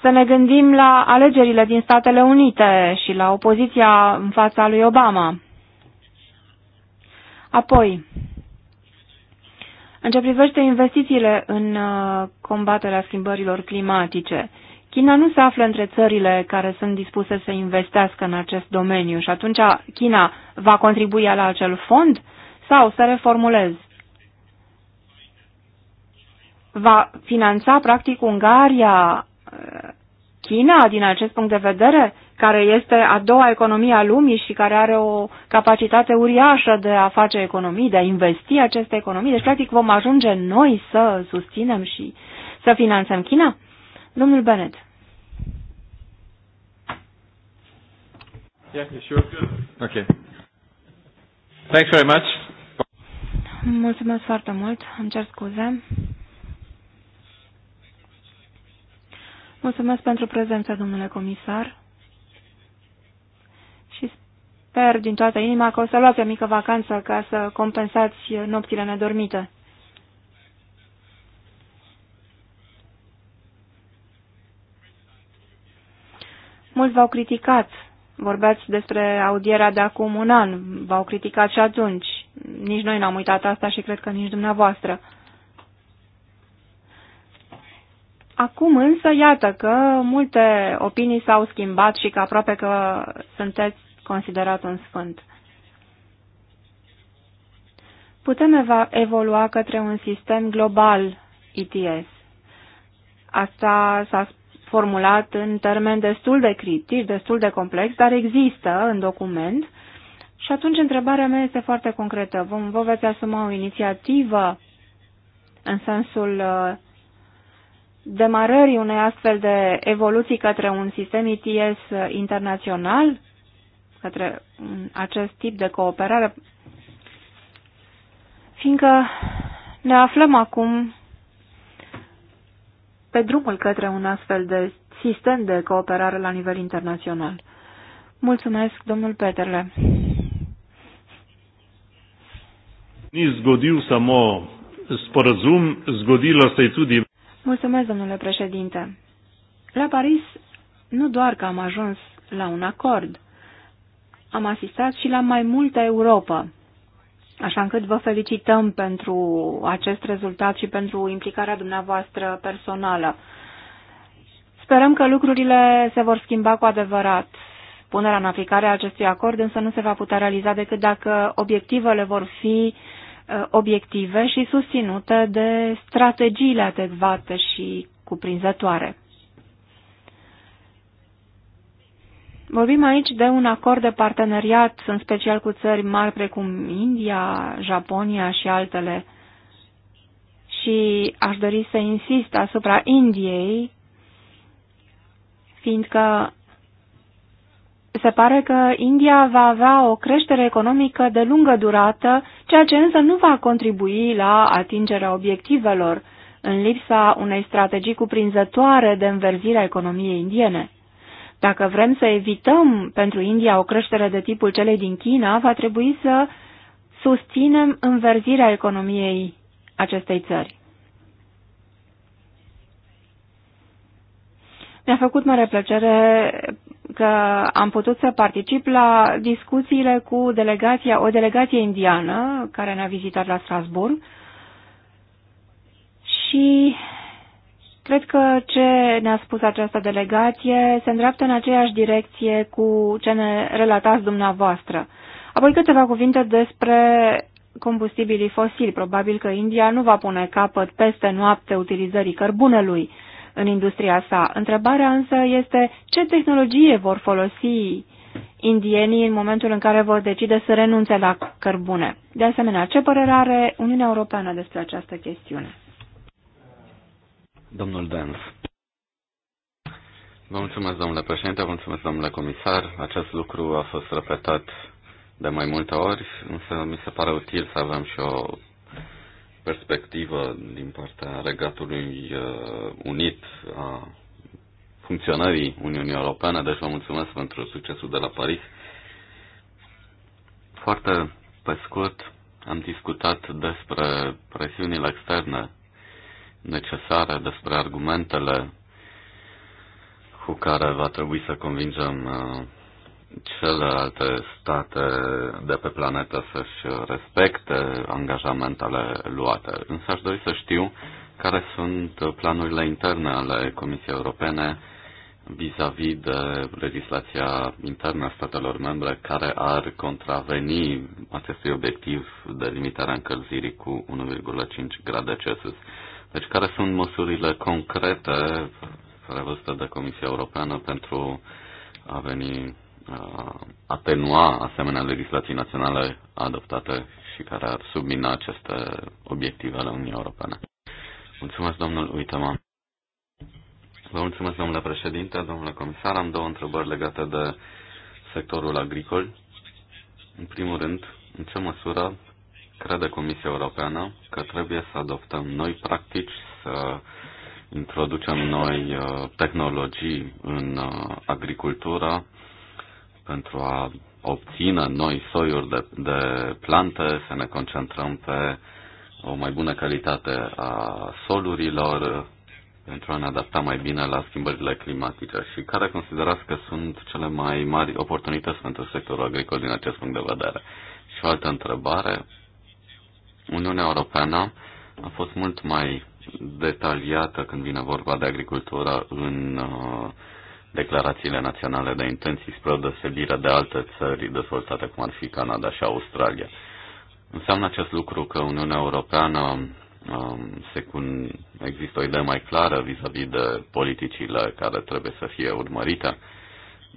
să ne gândim la alegerile din Statele Unite și la opoziția în fața lui Obama. Apoi, în ce privește investițiile în uh, combaterea schimbărilor climatice, China nu se află între țările care sunt dispuse să investească în acest domeniu și atunci China va contribui la acel fond sau să reformulez? Va finanța practic Ungaria uh, China din acest punct de vedere? care este a doua economie a lumii și care are o capacitate uriașă de a face economii, de a investi aceste economii. Deci, practic, vom ajunge noi să susținem și să finanțăm China? Domnul Bennett. Yeah, sure. Okay. Thanks very much. Mulțumesc foarte mult. Îmi cer scuze. Mulțumesc pentru prezența, domnule comisar sper din toată inima că o să luați o mică vacanță ca să compensați nopțile nedormite. Mulți v-au criticat. Vorbeați despre audierea de acum un an. V-au criticat și atunci. Nici noi n-am uitat asta și cred că nici dumneavoastră. Acum însă, iată că multe opinii s-au schimbat și că aproape că sunteți considerat un sfânt. Putem evolua către un sistem global ETS. Asta s-a formulat în termen destul de critic, destul de complex, dar există în document. Și atunci întrebarea mea este foarte concretă. Vom, vă veți asuma o inițiativă în sensul uh, demarării unei astfel de evoluții către un sistem ITS internațional? către acest tip de cooperare, fiindcă ne aflăm acum pe drumul către un astfel de sistem de cooperare la nivel internațional. Mulțumesc, domnul Peterle. Ni să samo sporazum, zgodila se tudi... Mulțumesc, domnule președinte. La Paris nu doar că am ajuns la un acord, am asistat și la mai multă Europa. Așa încât vă felicităm pentru acest rezultat și pentru implicarea dumneavoastră personală. Sperăm că lucrurile se vor schimba cu adevărat. Punerea în aplicare a acestui acord însă nu se va putea realiza decât dacă obiectivele vor fi uh, obiective și susținute de strategiile adecvate și cuprinzătoare. Vorbim aici de un acord de parteneriat, în special cu țări mari precum India, Japonia și altele. Și aș dori să insist asupra Indiei, fiindcă se pare că India va avea o creștere economică de lungă durată, ceea ce însă nu va contribui la atingerea obiectivelor, în lipsa unei strategii cuprinzătoare de înverzire a economiei indiene. Dacă vrem să evităm pentru India o creștere de tipul celei din China, va trebui să susținem înverzirea economiei acestei țări. Mi-a făcut mare plăcere că am putut să particip la discuțiile cu delegația, o delegație indiană care ne-a vizitat la Strasburg și Cred că ce ne-a spus această delegație se îndreaptă în aceeași direcție cu ce ne relatați dumneavoastră. Apoi câteva cuvinte despre combustibilii fosili. Probabil că India nu va pune capăt peste noapte utilizării cărbunelui în industria sa. Întrebarea însă este ce tehnologie vor folosi indienii în momentul în care vor decide să renunțe la cărbune. De asemenea, ce părere are Uniunea Europeană despre această chestiune? Domnul Dens. Vă mulțumesc, domnule președinte, vă mulțumesc, domnule comisar. Acest lucru a fost repetat de mai multe ori, însă mi se pare util să avem și o perspectivă din partea Regatului uh, Unit a funcționării Uniunii Europene, deci vă mulțumesc pentru succesul de la Paris. Foarte pe scurt, am discutat despre presiunile externe necesare, despre argumentele cu care va trebui să convingem uh, celelalte state de pe planetă să-și respecte angajamentele luate. Însă aș dori să știu care sunt planurile interne ale Comisiei Europene vis-a-vis -vis de legislația internă a statelor membre care ar contraveni acestui obiectiv de limitare a încălzirii cu 1,5 grade Celsius. Deci care sunt măsurile concrete prevăzute de Comisia Europeană pentru a veni a atenua asemenea legislații naționale adoptate și care ar submina aceste obiective ale Uniunii Europene? Mulțumesc, domnul Uitema. Vă mulțumesc, domnule președinte, domnule comisar. Am două întrebări legate de sectorul agricol. În primul rând, în ce măsură crede Comisia Europeană că trebuie să adoptăm noi practici, să introducem noi uh, tehnologii în uh, agricultură pentru a obține noi soiuri de, de plante, să ne concentrăm pe o mai bună calitate a solurilor pentru a ne adapta mai bine la schimbările climatice și care considerați că sunt cele mai mari oportunități pentru sectorul agricol din acest punct de vedere? Și o altă întrebare, Uniunea Europeană a fost mult mai detaliată când vine vorba de agricultură în uh, declarațiile naționale de intenții spre deosebire de alte țări dezvoltate, cum ar fi Canada și Australia. Înseamnă acest lucru că Uniunea Europeană um, secund, există o idee mai clară vis-a-vis -vis de politicile care trebuie să fie urmărite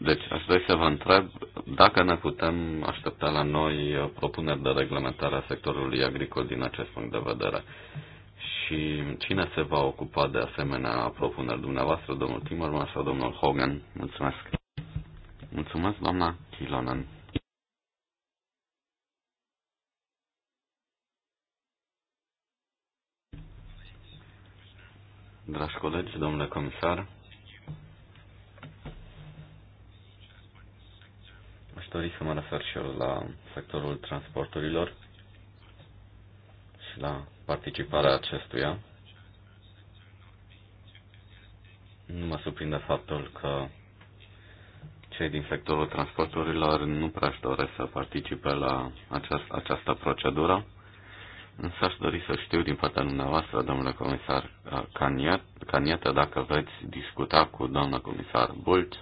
deci, aș dori să vă întreb dacă ne putem aștepta la noi propuneri de reglementare a sectorului agricol din acest punct de vedere. Și cine se va ocupa de asemenea propuneri dumneavoastră, domnul Timmermans sau domnul Hogan? Mulțumesc. Mulțumesc, doamna Kilonen. Dragi colegi, domnule comisar, dori să mă refer și eu la sectorul transporturilor și la participarea acestuia. Nu mă surprinde faptul că cei din sectorul transporturilor nu prea își doresc să participe la această, această procedură, însă aș dori să știu din partea dumneavoastră, domnule comisar uh, Caniet, dacă veți discuta cu doamna comisar Bulci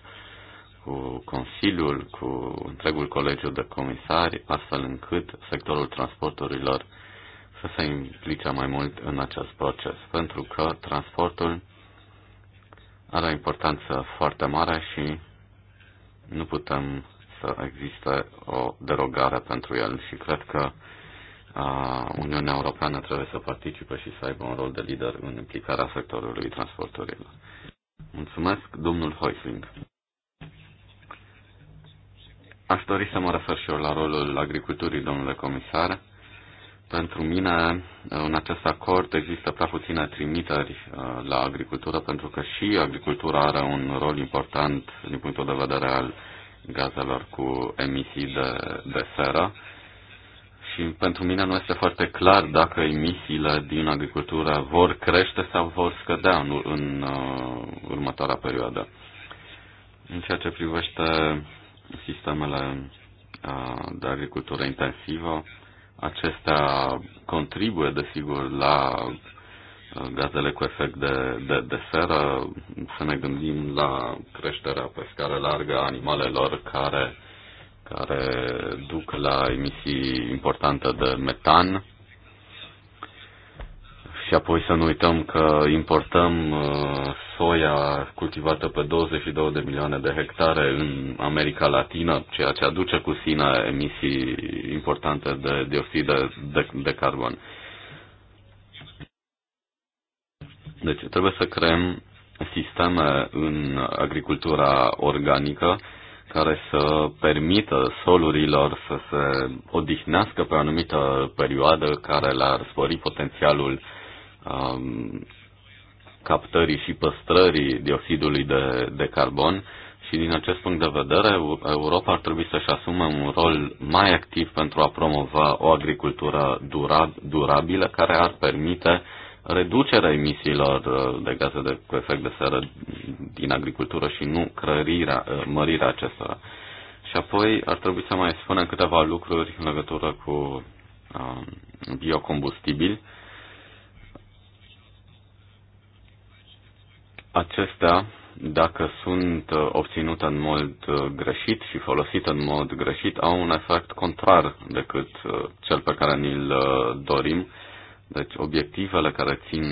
cu Consiliul, cu întregul colegiu de comisari, astfel încât sectorul transporturilor să se implice mai mult în acest proces, pentru că transportul are o importanță foarte mare și nu putem să existe o derogare pentru el și cred că Uniunea Europeană trebuie să participe și să aibă un rol de lider în implicarea sectorului transporturilor. Mulțumesc, domnul Hoisling. Aș dori să mă refer și eu la rolul agriculturii, domnule comisar. Pentru mine, în acest acord există prea puține trimiteri uh, la agricultură, pentru că și agricultura are un rol important din punctul de vedere al gazelor cu emisii de, de seră. Și pentru mine nu este foarte clar dacă emisiile din agricultură vor crește sau vor scădea în, în în uh, următoarea perioadă. În ceea ce privește sistemele de agricultură intensivă. Acestea contribuie, desigur, la gazele cu efect de, de, de seră. Să ne gândim la creșterea pe scară largă a animalelor care, care duc la emisii importante de metan și apoi să nu uităm că importăm uh, soia cultivată pe 22 de milioane de hectare în America Latină, ceea ce aduce cu sine emisii importante de dioxid de, de, de carbon. Deci trebuie să creăm sisteme în agricultura organică care să permită solurilor să se odihnească pe o anumită perioadă care le-ar spori potențialul um, captării și păstrării dioxidului de, de carbon și din acest punct de vedere Europa ar trebui să-și asume un rol mai activ pentru a promova o agricultură durab- durabilă care ar permite reducerea emisiilor uh, de gaze de, cu efect de seră din agricultură și nu crărirea, uh, mărirea acestora. Și apoi ar trebui să mai spunem câteva lucruri în legătură cu um, biocombustibili acestea, dacă sunt uh, obținute în mod uh, greșit și folosite în mod greșit, au un efect contrar decât uh, cel pe care ni-l dorim. Deci obiectivele care țin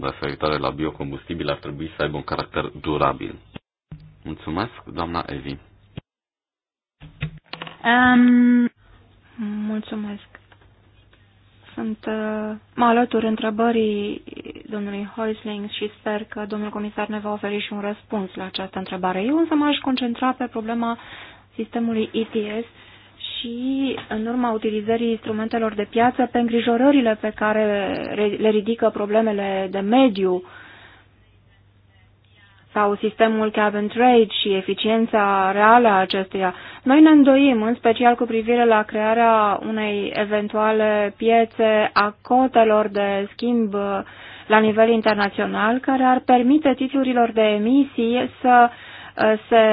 referitoare la biocombustibil ar trebui să aibă un caracter durabil. Mulțumesc, doamna Evi. Um, mulțumesc, sunt, uh, mă alătur întrebării domnului Heusling și sper că domnul comisar ne va oferi și un răspuns la această întrebare. Eu însă m-aș concentra pe problema sistemului ETS și în urma utilizării instrumentelor de piață pe îngrijorările pe care le ridică problemele de mediu uh, sau sistemul cap and trade și eficiența reală a acesteia. Noi ne îndoim, în special cu privire la crearea unei eventuale piețe a cotelor de schimb uh, la nivel internațional, care ar permite titlurilor de emisii să uh, se,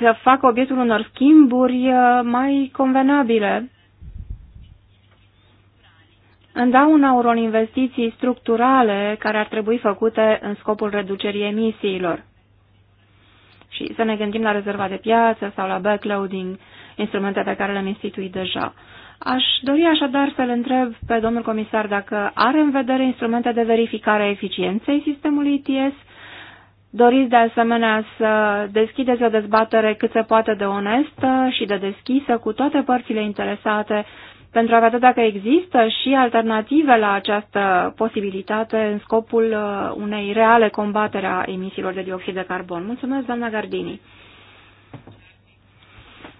să facă obiectul unor schimburi uh, mai convenabile Îndauna unor investiții structurale care ar trebui făcute în scopul reducerii emisiilor. Și să ne gândim la rezerva de piață sau la backloading, instrumente pe care le-am instituit deja. Aș dori așadar să-l întreb pe domnul comisar dacă are în vedere instrumente de verificare a eficienței sistemului ITS. Doriți de asemenea să deschideți o dezbatere cât se poate de onestă și de deschisă cu toate părțile interesate pentru a vedea dacă există și alternative la această posibilitate în scopul uh, unei reale combatere a emisiilor de dioxid de carbon. Mulțumesc, doamna Gardini.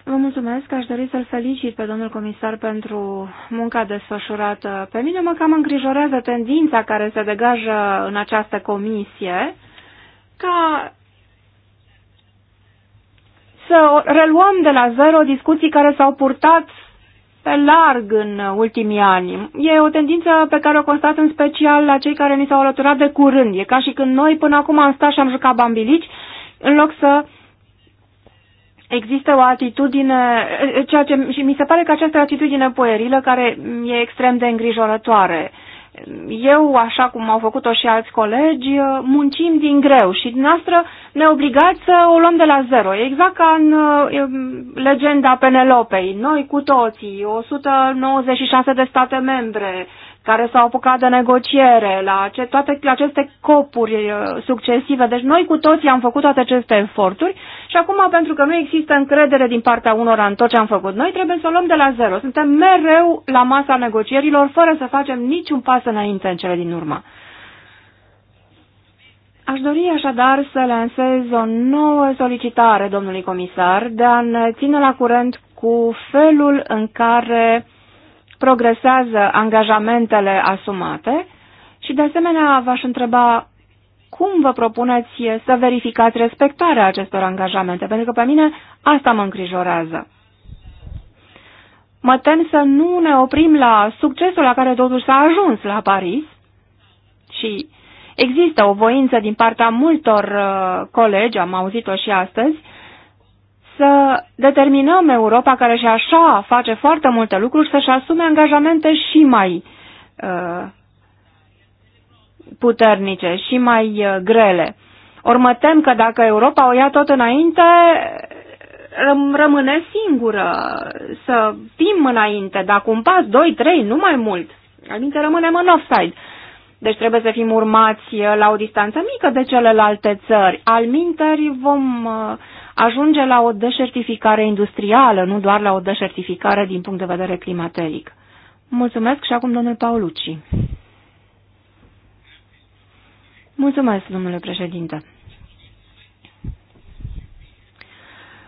Vă mulțumesc, aș dori să-l felicit pe domnul comisar pentru munca desfășurată. Pe mine mă cam îngrijorează tendința care se degajă în această comisie ca să reluăm de la zero discuții care s-au purtat pe larg în ultimii ani. E o tendință pe care o constat în special la cei care ni s-au alăturat de curând. E ca și când noi până acum am stat și am jucat bambilici, în loc să există o atitudine, ceea ce, și mi se pare că această atitudine puerilă care e extrem de îngrijorătoare eu, așa cum au făcut-o și alți colegi, muncim din greu și noastră ne obligați să o luăm de la zero. Exact ca în legenda Penelopei. Noi cu toții, 196 de state membre, care s-au apucat de negociere, la ce, toate aceste copuri uh, succesive. Deci noi cu toții am făcut toate aceste eforturi și acum, pentru că nu există încredere din partea unora în tot ce am făcut, noi trebuie să o luăm de la zero. Suntem mereu la masa negocierilor, fără să facem niciun pas înainte în cele din urmă. Aș dori așadar să lansez o nouă solicitare, domnului comisar, de a ne ține la curent cu felul în care uh, progresează angajamentele asumate și, de asemenea, v-aș întreba cum vă propuneți să verificați respectarea acestor angajamente, pentru că pe mine asta mă îngrijorează. Mă tem să nu ne oprim la succesul la care totuși s-a ajuns la Paris și există o voință din partea multor uh, colegi, am auzit-o și astăzi, să determinăm Europa, care și așa face foarte multe lucruri, să-și asume angajamente și mai uh, puternice și mai uh, grele. Ori mă tem că dacă Europa o ia tot înainte, rămâne singură, să fim înainte, dacă un pas, doi, trei, nu mai mult. Adică rămânem în offside. Deci trebuie să fim urmați uh, la o distanță mică de celelalte țări. Al minteri vom ajunge la o deșertificare industrială, nu doar la o deșertificare din punct de vedere climateric. Mulțumesc și acum domnul Paulucci. Mulțumesc, domnule președinte.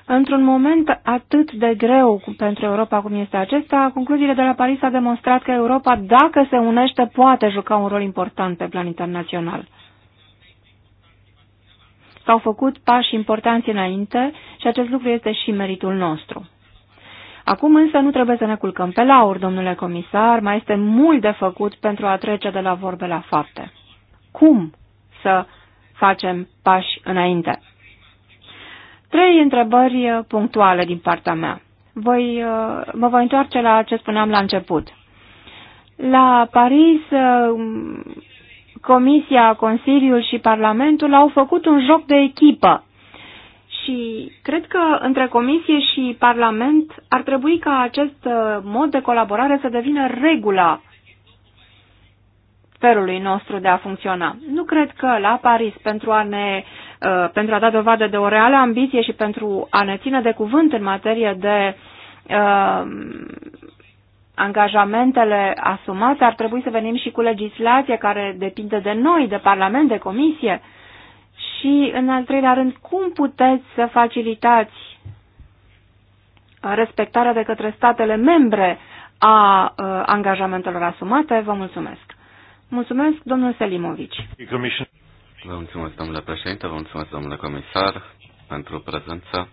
Într-un moment atât de greu pentru Europa cum este acesta, concluziile de la Paris a demonstrat că Europa, dacă se unește, poate juca un rol important pe plan internațional că au făcut pași importanți înainte și acest lucru este și meritul nostru. Acum însă nu trebuie să ne culcăm pe laur, domnule comisar, mai este mult de făcut pentru a trece de la vorbe la fapte. Cum să facem pași înainte? Trei întrebări uh, punctuale din partea mea. Voi, uh, mă voi întoarce la ce spuneam la început. La Paris uh, Comisia, Consiliul și Parlamentul au făcut un joc de echipă. Și cred că între Comisie și Parlament ar trebui ca acest uh, mod de colaborare să devină regula felului nostru de a funcționa. Nu cred că la Paris, pentru a, ne, uh, pentru a da dovadă de o reală ambiție și pentru a ne ține de cuvânt în materie de uh, angajamentele asumate, ar trebui să venim și cu legislația care depinde de noi, de Parlament, de Comisie. Și, în al treilea rând, cum puteți să facilitați respectarea de către statele membre a angajamentelor asumate? Vă mulțumesc. Mulțumesc, domnul Selimovici. Vă mulțumesc, domnule președinte, vă mulțumesc, domnule comisar, pentru prezență.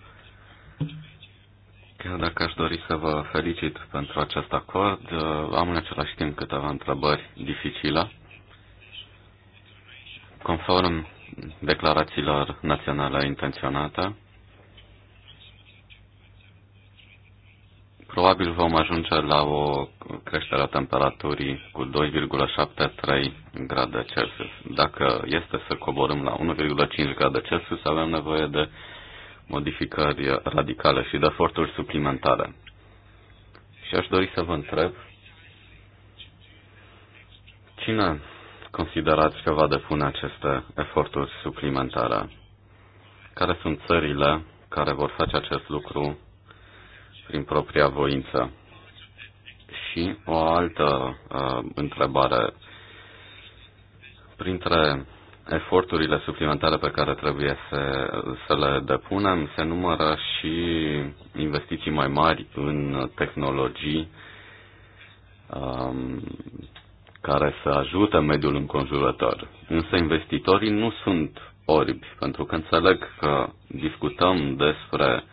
Chiar dacă aș dori să vă felicit pentru acest acord, uh, am în același timp câteva întrebări dificile. Conform declarațiilor naționale intenționate, probabil vom ajunge la o creștere a temperaturii cu 2,73 grade Celsius. Dacă este să coborâm la 1,5 grade Celsius, avem nevoie de modificări radicale și de eforturi suplimentare. Și aș dori să vă întreb cine considerați că va depune aceste eforturi suplimentare? Care sunt țările care vor face acest lucru prin propria voință? Și o altă uh, întrebare. Printre eforturile suplimentare pe care trebuie să, să le depunem se numără și investiții mai mari în tehnologii um, care să ajute mediul înconjurător. Însă investitorii nu sunt orbi, pentru că înțeleg că discutăm despre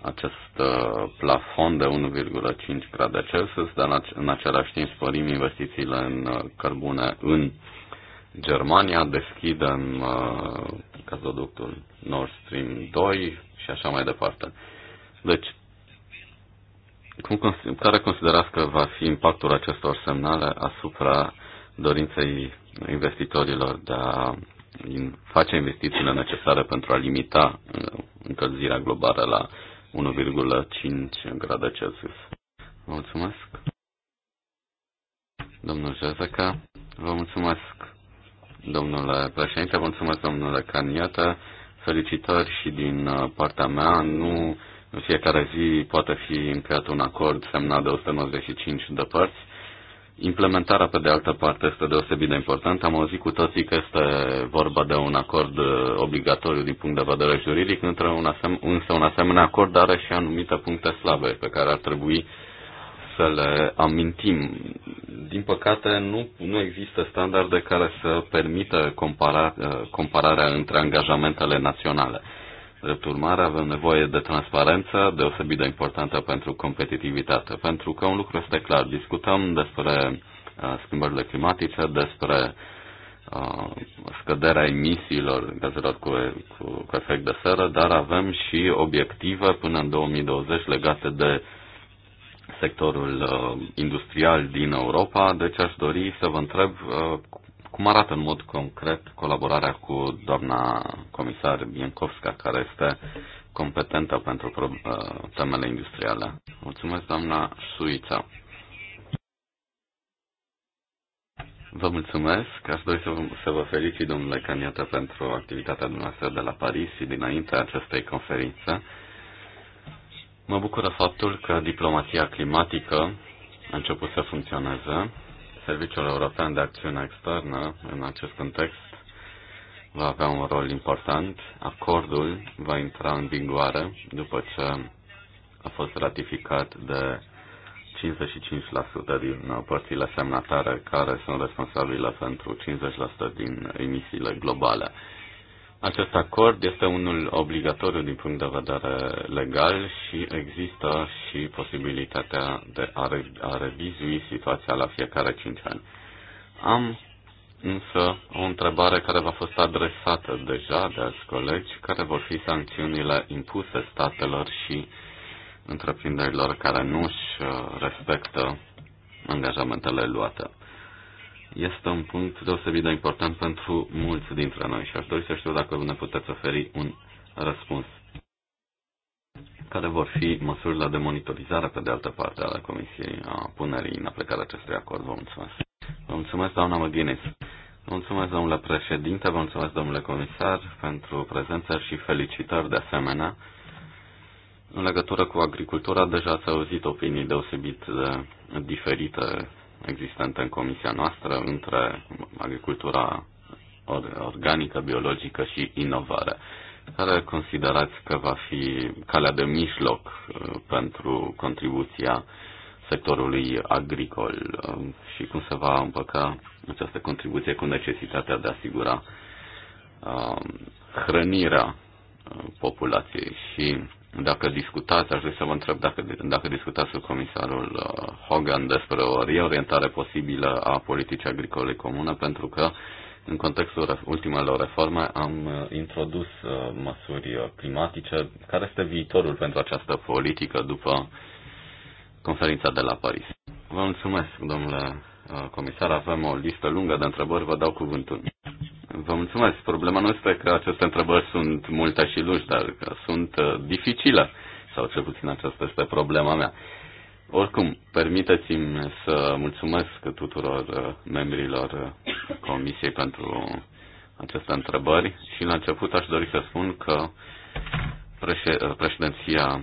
acest uh, plafon de 1,5 grade Celsius, dar în același timp sporim investițiile în uh, cărbune în uh, Germania, deschidem uh, gazoductul Nord Stream 2 și așa mai departe. Deci, cum, care considerați că va fi impactul acestor semnale asupra dorinței investitorilor de a face investițiile necesare pentru a limita uh, încălzirea globală la 1,5 grade Celsius? Mulțumesc! Domnul Jezeca, vă mulțumesc domnule președinte, mulțumesc, domnule Caniata, Felicitări și din uh, partea mea. Nu în fiecare zi poate fi încheiat un acord semnat de 195 de părți. Implementarea, pe de altă parte, este deosebit de importantă. Am auzit cu toții că este vorba de un acord uh, obligatoriu din punct de vedere juridic, între un asem- însă un asemenea acord are și anumite puncte slabe pe care ar trebui uh, să le amintim. Din păcate, nu, nu există standarde care să permită compara, uh, compararea între angajamentele naționale. Drept urmare, avem nevoie de transparență deosebit de importantă pentru competitivitate, pentru că un lucru este clar. Discutăm despre uh, schimbările climatice, despre uh, scăderea emisiilor gazelor cu, cu, cu efect de seră, dar avem și obiective până în 2020 legate de sectorul uh, industrial din Europa, deci aș dori să vă întreb uh, cum arată în mod concret colaborarea cu doamna comisar Biencovska, care este competentă pentru uh, temele industriale. Mulțumesc, doamna Suița. Vă mulțumesc. Aș dori să vă, să vă felicit, domnule Caniata, pentru activitatea dumneavoastră de la Paris și dinainte acestei conferințe. Mă bucură faptul că diplomația climatică a început să funcționeze. Serviciul European de Acțiune Externă, în acest context, va avea un rol important. Acordul va intra în vigoare după ce a fost ratificat de 55% din părțile semnatare care sunt responsabile pentru 50% din emisiile globale. Acest acord este unul obligatoriu din punct de vedere legal și există și posibilitatea de a, re- a revizui situația la fiecare 5 ani. Am însă o întrebare care v-a fost adresată deja de alți colegi, care vor fi sancțiunile impuse statelor și întreprinderilor care nu își uh, respectă angajamentele luate este un punct deosebit de important pentru mulți dintre noi și aș dori să știu dacă ne puteți oferi un răspuns. Care vor fi măsurile de monitorizare, pe de altă parte, ale Comisiei a punerii în aplicare acestui acord? Vă mulțumesc. Vă mulțumesc, doamna McGuinness. Mulțumesc, domnule președinte, vă mulțumesc, domnule comisar, pentru prezență și felicitări de asemenea. În legătură cu agricultura, deja ați auzit opinii deosebit de diferite existente în comisia noastră între agricultura organică, biologică și inovare. Care considerați că va fi calea de mijloc uh, pentru contribuția sectorului agricol uh, și cum se va împăca această contribuție cu necesitatea de a asigura uh, hrănirea populației și dacă discutați, aș vrea să vă întreb dacă, dacă discutați cu comisarul uh, Hogan despre o reorientare posibilă a politicii agricole comune, pentru că în contextul ultimelor reforme am uh, introdus uh, măsuri climatice. Care este viitorul pentru această politică după conferința de la Paris? Vă mulțumesc, domnule comisar. Avem o listă lungă de întrebări. Vă dau cuvântul. Vă mulțumesc. Problema nu este că aceste întrebări sunt multe și lungi, dar că sunt uh, dificile, sau cel puțin aceasta este problema mea. Oricum, permiteți-mi să mulțumesc tuturor uh, membrilor uh, Comisiei pentru aceste întrebări și la început aș dori să spun că președinția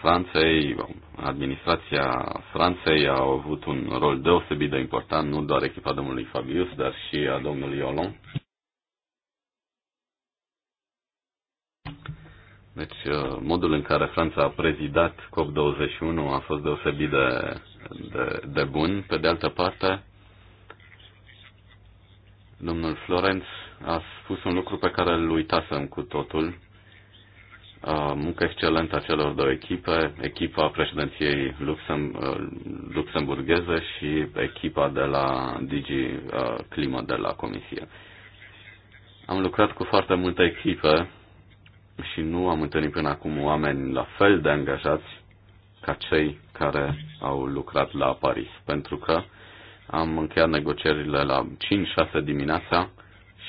Franței, administrația Franței a avut un rol deosebit de important, nu doar echipa domnului Fabius, dar și a domnului Olon. Deci, modul în care Franța a prezidat COP21 a fost deosebit de, de, de bun. Pe de altă parte, domnul Florenț a spus un lucru pe care îl uitasem cu totul, muncă excelentă a celor două echipe, echipa președinției Luxem, luxemburgheze și echipa de la Digi Clima de la Comisie. Am lucrat cu foarte multe echipe și nu am întâlnit până acum oameni la fel de angajați ca cei care au lucrat la Paris, pentru că am încheiat negocierile la 5-6 dimineața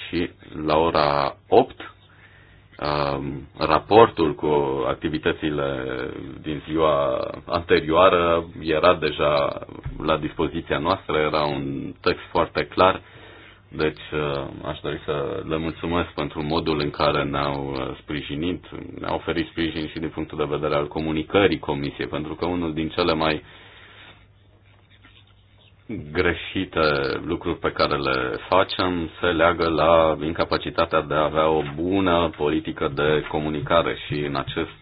și la ora 8 Um, raportul cu activitățile din ziua anterioară era deja la dispoziția noastră, era un text foarte clar, deci uh, aș dori să le mulțumesc pentru modul în care ne-au uh, sprijinit, ne-au oferit sprijin și din punctul de vedere al comunicării Comisiei, pentru că unul din cele mai uh, greșite lucruri pe care le facem se leagă la incapacitatea de a avea o bună politică de comunicare și în acest,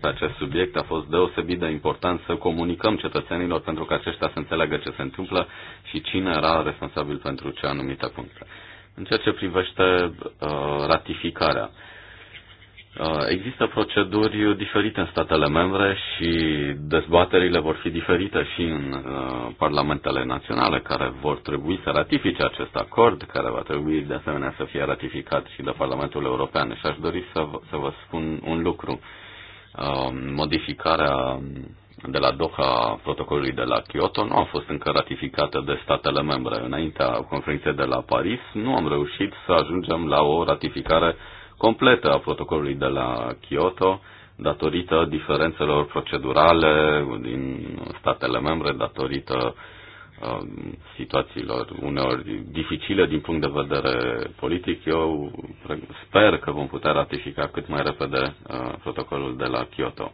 pe acest subiect a fost deosebit de important să comunicăm cetățenilor pentru că aceștia să înțeleagă ce se întâmplă și cine era responsabil pentru ce anumite puncte. În ceea ce privește uh, ratificarea, uh, Uh, există proceduri diferite în statele membre și dezbaterile vor fi diferite și în uh, parlamentele naționale care vor trebui să ratifice acest acord, care va trebui de asemenea să fie ratificat și de Parlamentul European. Și deci aș dori să, să vă spun un lucru. Uh, modificarea de la Doha protocolului de la Kyoto nu a fost încă ratificată de statele membre. Înaintea conferinței de la Paris nu am reușit să ajungem la o ratificare completă a protocolului de la Kyoto datorită diferențelor procedurale din statele membre, datorită um, situațiilor uneori dificile din punct de vedere politic. Eu sper că vom putea ratifica cât mai repede uh, protocolul de la Kyoto.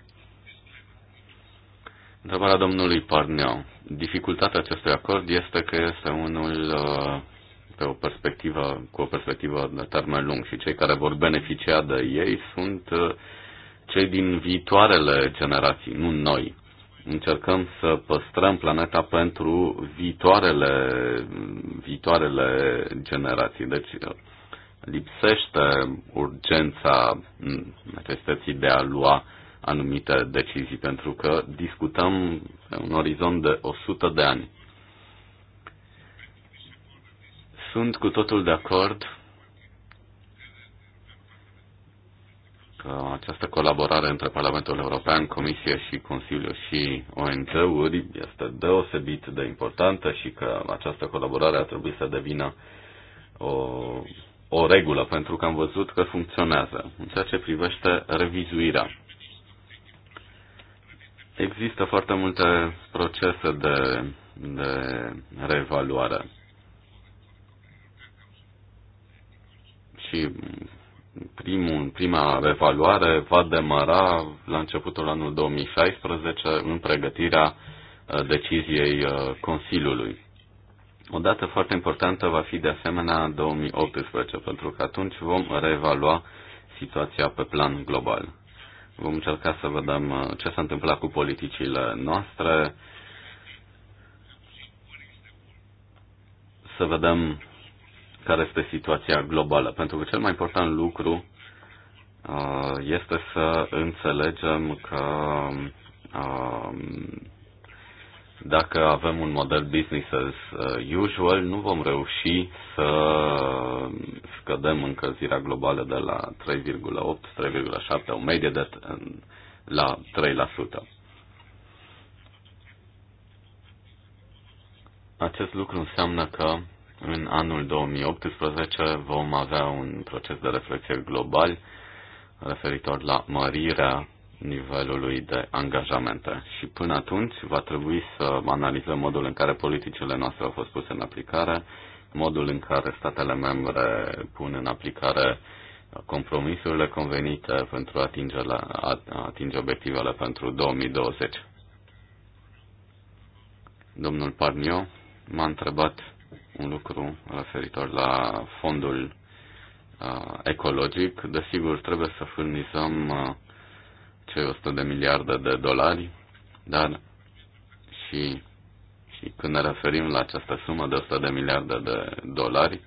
Întrebarea domnului Parneau. Dificultatea acestui acord este că este unul uh, pe o perspectivă, cu o perspectivă de termen lung și cei care vor beneficia de ei sunt uh, cei din viitoarele generații, nu noi. Încercăm să păstrăm planeta pentru viitoarele, viitoarele generații. Deci uh, lipsește urgența mm, necesității de a lua anumite decizii, pentru că discutăm pe un orizont de 100 de ani. Sunt cu totul de acord că această colaborare între Parlamentul European, Comisia și Consiliul și ONG-uri este deosebit de importantă și că această colaborare ar trebui să devină o, o regulă, pentru că am văzut că funcționează în ceea ce privește revizuirea. Există foarte multe procese de, de reevaluare. și primul, prima evaluare va demara la începutul anului 2016 în pregătirea uh, deciziei uh, Consiliului. O dată foarte importantă va fi de asemenea 2018, pentru că atunci vom reevalua situația pe plan global. Vom încerca să vedem uh, ce s-a întâmplat cu politicile noastre, să vedem care este situația globală. Pentru că cel mai important lucru uh, este să înțelegem că um, dacă avem un model business as uh, usual, nu vom reuși să scădem încălzirea globală de la 3,8-3,7, o medie de la 3%. Acest lucru înseamnă că în anul 2018 vom avea un proces de reflexie global referitor la mărirea nivelului de angajamente. Și până atunci va trebui să analizăm modul în care politicile noastre au fost puse în aplicare, modul în care statele membre pun în aplicare compromisurile convenite pentru a atinge, la, a, a atinge obiectivele pentru 2020. Domnul Parnio m-a întrebat un lucru referitor la fondul uh, ecologic. Desigur, trebuie să furnizăm uh, cei 100 de miliarde de dolari, dar și, și când ne referim la această sumă de 100 de miliarde de dolari,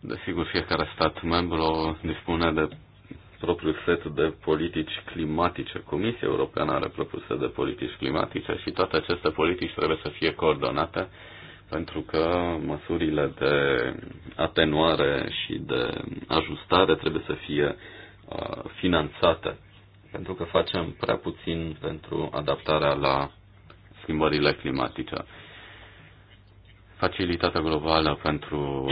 Desigur, fiecare stat membru dispune de propriul set de politici climatice. Comisia Europeană are propriul set de politici climatice și toate aceste politici trebuie să fie coordonate pentru că măsurile de atenuare și de ajustare trebuie să fie uh, finanțate, pentru că facem prea puțin pentru adaptarea la schimbările climatice. Facilitatea globală pentru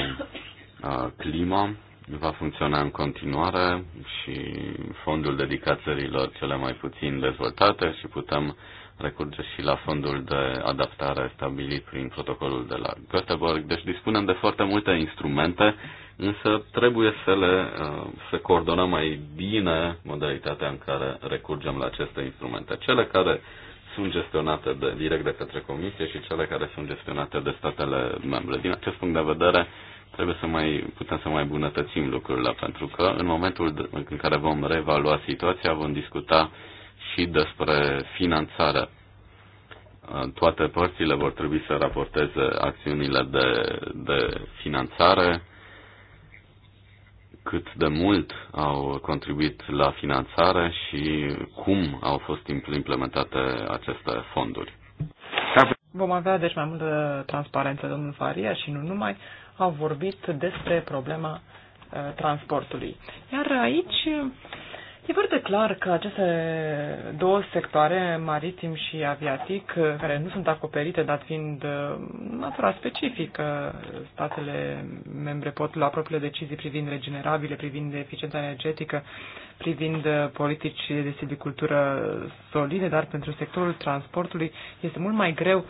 uh, clima va funcționa în continuare și fondul dedicat țărilor cele mai puțin dezvoltate și putem recurge și la fondul de adaptare stabilit prin protocolul de la Göteborg. Deci dispunem de foarte multe instrumente, însă trebuie să le uh, să coordonăm mai bine modalitatea în care recurgem la aceste instrumente. Cele care sunt gestionate de, direct de către Comisie și cele care sunt gestionate de statele membre. Din acest punct de vedere, trebuie să mai putem să mai bunătățim lucrurile, pentru că în momentul în care vom reevalua situația, vom discuta și despre finanțarea. Toate părțile vor trebui să raporteze acțiunile de, de finanțare, cât de mult au contribuit la finanțare și cum au fost implementate aceste fonduri. Vom avea deci mai multă transparență, domnul Faria, și nu numai au vorbit despre problema uh, transportului. Iar aici e foarte clar că aceste două sectoare, maritim și aviatic, uh, care nu sunt acoperite, dat fiind uh, natura specifică, statele membre pot lua propriile decizii privind regenerabile, privind eficiența energetică, privind politici de silvicultură solide, dar pentru sectorul transportului este mult mai greu uh,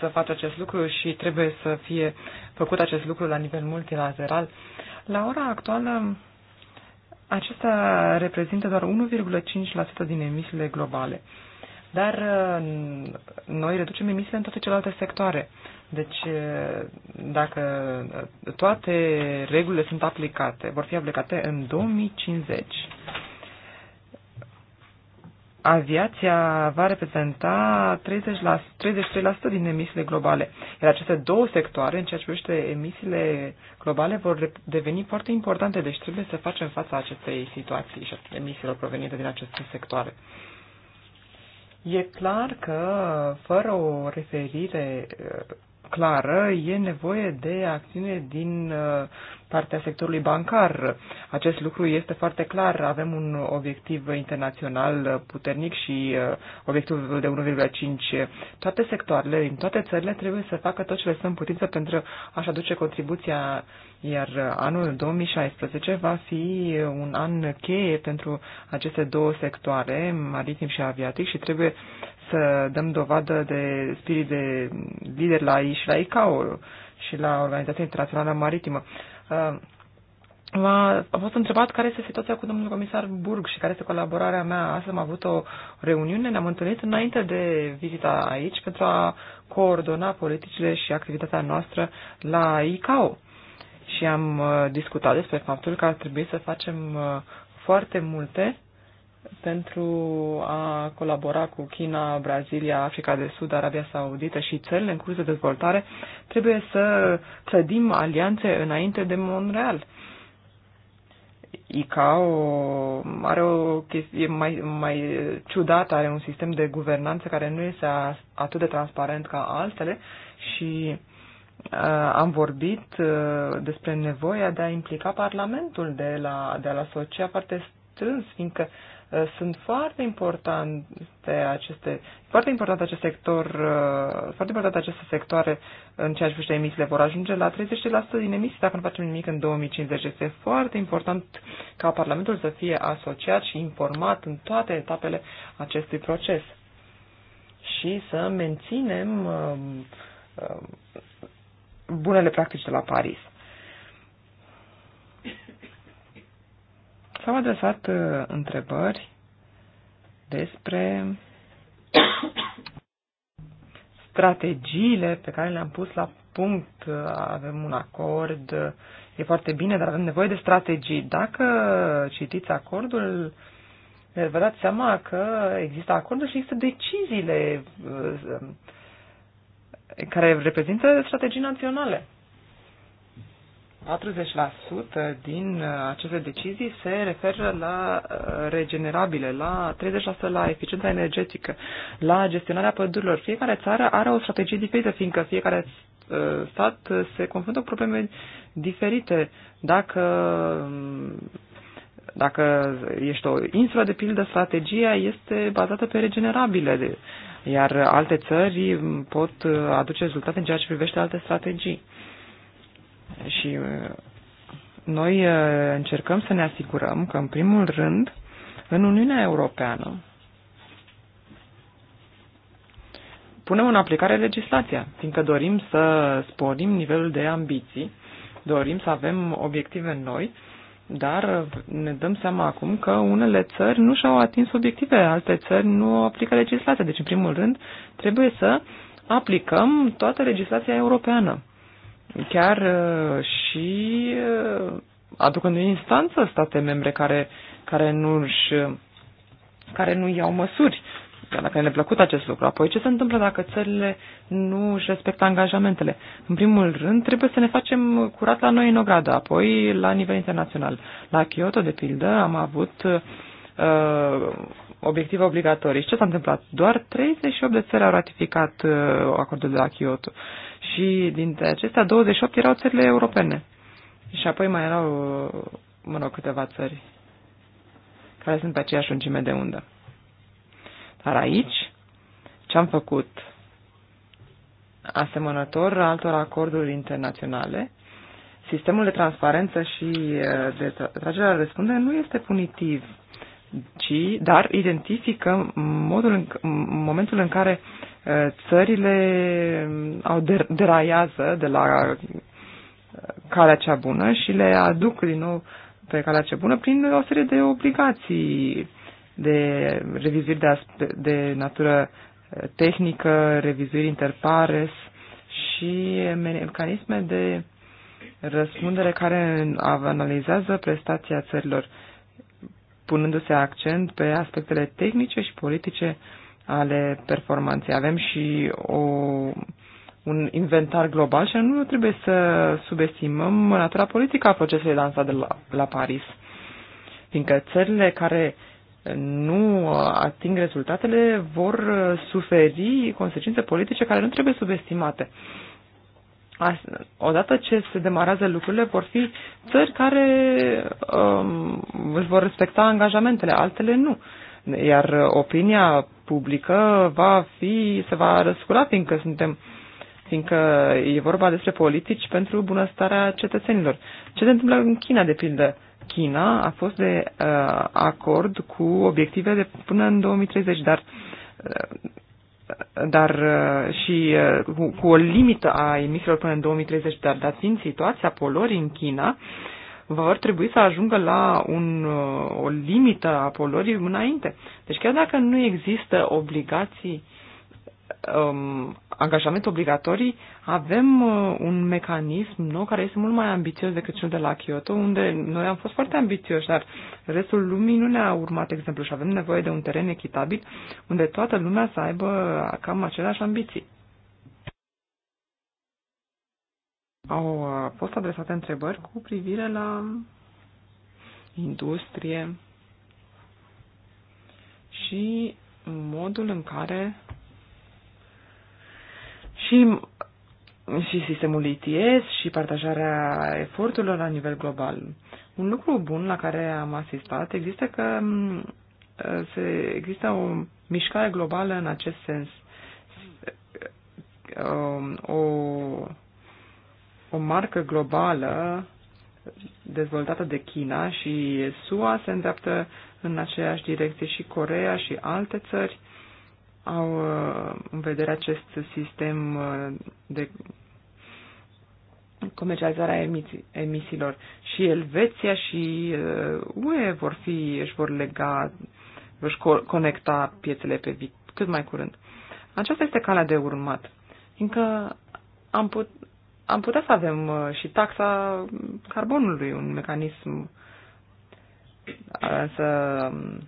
să faci acest lucru și trebuie să fie făcut acest lucru la nivel multilateral. La ora actuală, acesta reprezintă doar 1,5% din emisiile globale. Dar uh, noi reducem emisiile în toate celelalte sectoare. Deci, uh, dacă uh, toate regulile sunt aplicate, vor fi aplicate în 2050, aviația va reprezenta 30 la, 33% din emisiile globale. Iar aceste două sectoare, în ceea ce privește emisiile globale, vor deveni foarte importante, deci trebuie să facem fața acestei situații și emisiilor provenite din aceste sectoare. E clar că fără o referire clară, e nevoie de acțiune din uh, partea sectorului bancar. Acest lucru este foarte clar. Avem un obiectiv internațional uh, puternic și uh, obiectivul de 1,5. Toate sectoarele din toate țările trebuie să facă tot ce le stă în putință pentru a-și aduce contribuția, iar anul 2016 va fi un an cheie pentru aceste două sectoare, maritim și aviatic, și trebuie să dăm dovadă de spirit de lider la și la ICAO și la Organizația Internațională Maritimă. Uh, m-a, a fost întrebat care este situația cu domnul comisar Burg și care este colaborarea mea. Astăzi am avut o reuniune, ne-am întâlnit înainte de vizita aici pentru a coordona politicile și activitatea noastră la ICAO. Și am uh, discutat despre faptul că ar trebui să facem uh, foarte multe pentru a colabora cu China, Brazilia, Africa de Sud, Arabia Saudită și țările în curs de dezvoltare, trebuie să clădim alianțe înainte de Montreal. ICAO are o chestie mai, mai ciudată, are un sistem de guvernanță care nu este atât de transparent ca altele și uh, am vorbit uh, despre nevoia de a implica Parlamentul, de, la, de a-l asocia foarte strâns, fiindcă uh, Uh, sunt foarte importante aceste, foarte important acest sector, uh, foarte important aceste sectoare în ceea ce privește emisiile vor ajunge la 30% din emisii dacă nu facem nimic în 2050. Este foarte important ca Parlamentul să fie asociat și informat în toate etapele acestui proces și să menținem um, um, bunele practici de la Paris. S-au adresat uh, întrebări despre strategiile pe care le-am pus la punct. Uh, avem un acord, uh, e foarte bine, dar avem nevoie de strategii. Dacă citiți acordul, vă dați seama că există acordul și există deciziile care reprezintă strategii naționale. 40% din uh, aceste decizii se referă la uh, regenerabile, la 30% la eficiența energetică, la gestionarea pădurilor. Fiecare țară are o strategie diferită, fiindcă fiecare uh, stat se confruntă cu probleme diferite. Dacă um, dacă ești o insulă, de pildă, strategia este bazată pe regenerabile, iar alte țări pot aduce rezultate în ceea ce privește alte strategii. Și uh, noi uh, încercăm să ne asigurăm că, în primul rând, în Uniunea Europeană punem în aplicare legislația, fiindcă dorim să sporim nivelul de ambiții, dorim să avem obiective noi, dar ne dăm seama acum că unele țări nu și-au atins obiective, alte țări nu aplică legislația. Deci, în primul rând, trebuie să aplicăm toată legislația europeană chiar uh, și uh, aducând în instanță state membre care, care nu și care nu iau măsuri. dacă ne-a plăcut acest lucru, apoi ce se întâmplă dacă țările nu își respectă angajamentele? În primul rând, trebuie să ne facem curat la noi în ogradă, apoi la nivel internațional. La Kyoto, de pildă, am avut uh, obiective obligatorii. Și ce s-a întâmplat? Doar 38 de țări au ratificat uh, acordul de la Kyoto. Și dintre acestea, 28 erau țările europene. Și apoi mai erau, uh, mă rog, câteva țări care sunt pe aceeași lungime de undă. Dar aici, ce am făcut asemănător altor acorduri internaționale, sistemul de transparență și uh, de tragerea răspundere nu este punitiv ci, dar identifică modul în, momentul în care uh, țările mm, au der, deraiază de la uh, calea cea bună și le aduc din nou pe calea cea bună prin o serie de obligații de reviziri de, aspe, de natură uh, tehnică, reviziri interpares și mecanisme de răspundere care analizează prestația țărilor punându-se accent pe aspectele tehnice și politice ale performanței. Avem și o, un inventar global și nu trebuie să subestimăm natura politică a procesului lansat de la, la Paris, fiindcă țările care nu ating rezultatele vor suferi consecințe politice care nu trebuie subestimate odată ce se demarează lucrurile, vor fi țări care um, își vor respecta angajamentele, altele nu. Iar opinia publică va fi, se va răscura fiindcă suntem fiindcă e vorba despre politici pentru bunăstarea cetățenilor. Ce se întâmplă în China, de pildă? China a fost de uh, acord cu obiective de până în 2030, dar uh, dar uh, și uh, cu, o limită a emisiilor până în 2030, dar dat fiind situația polorii în China, vor trebui să ajungă la un, uh, o limită a polorii înainte. Deci chiar dacă nu există obligații um, angajamente obligatorii, avem uh, un mecanism nou care este mult mai ambițios decât cel de la Kyoto, unde noi am fost foarte ambițioși, dar restul lumii nu ne-a urmat exemplu și avem nevoie de un teren echitabil unde toată lumea să aibă cam aceleași ambiții. Au uh, fost adresate întrebări cu privire la industrie și modul în care și, și sistemul ITS și partajarea eforturilor la nivel global. Un lucru bun la care am asistat există că ă, se, există o mișcare globală în acest sens. Ă, o, o marcă globală dezvoltată de China și SUA se îndreaptă în aceeași direcție și Corea și alte țări au uh, în vedere acest sistem uh, de comercializarea emisi- emisiilor. Și Elveția și uh, UE vor fi, își vor lega, își conecta piețele pe vit cât mai curând. Aceasta este calea de urmat, fiindcă am, put, am putea să avem și taxa carbonului, un mecanism să um,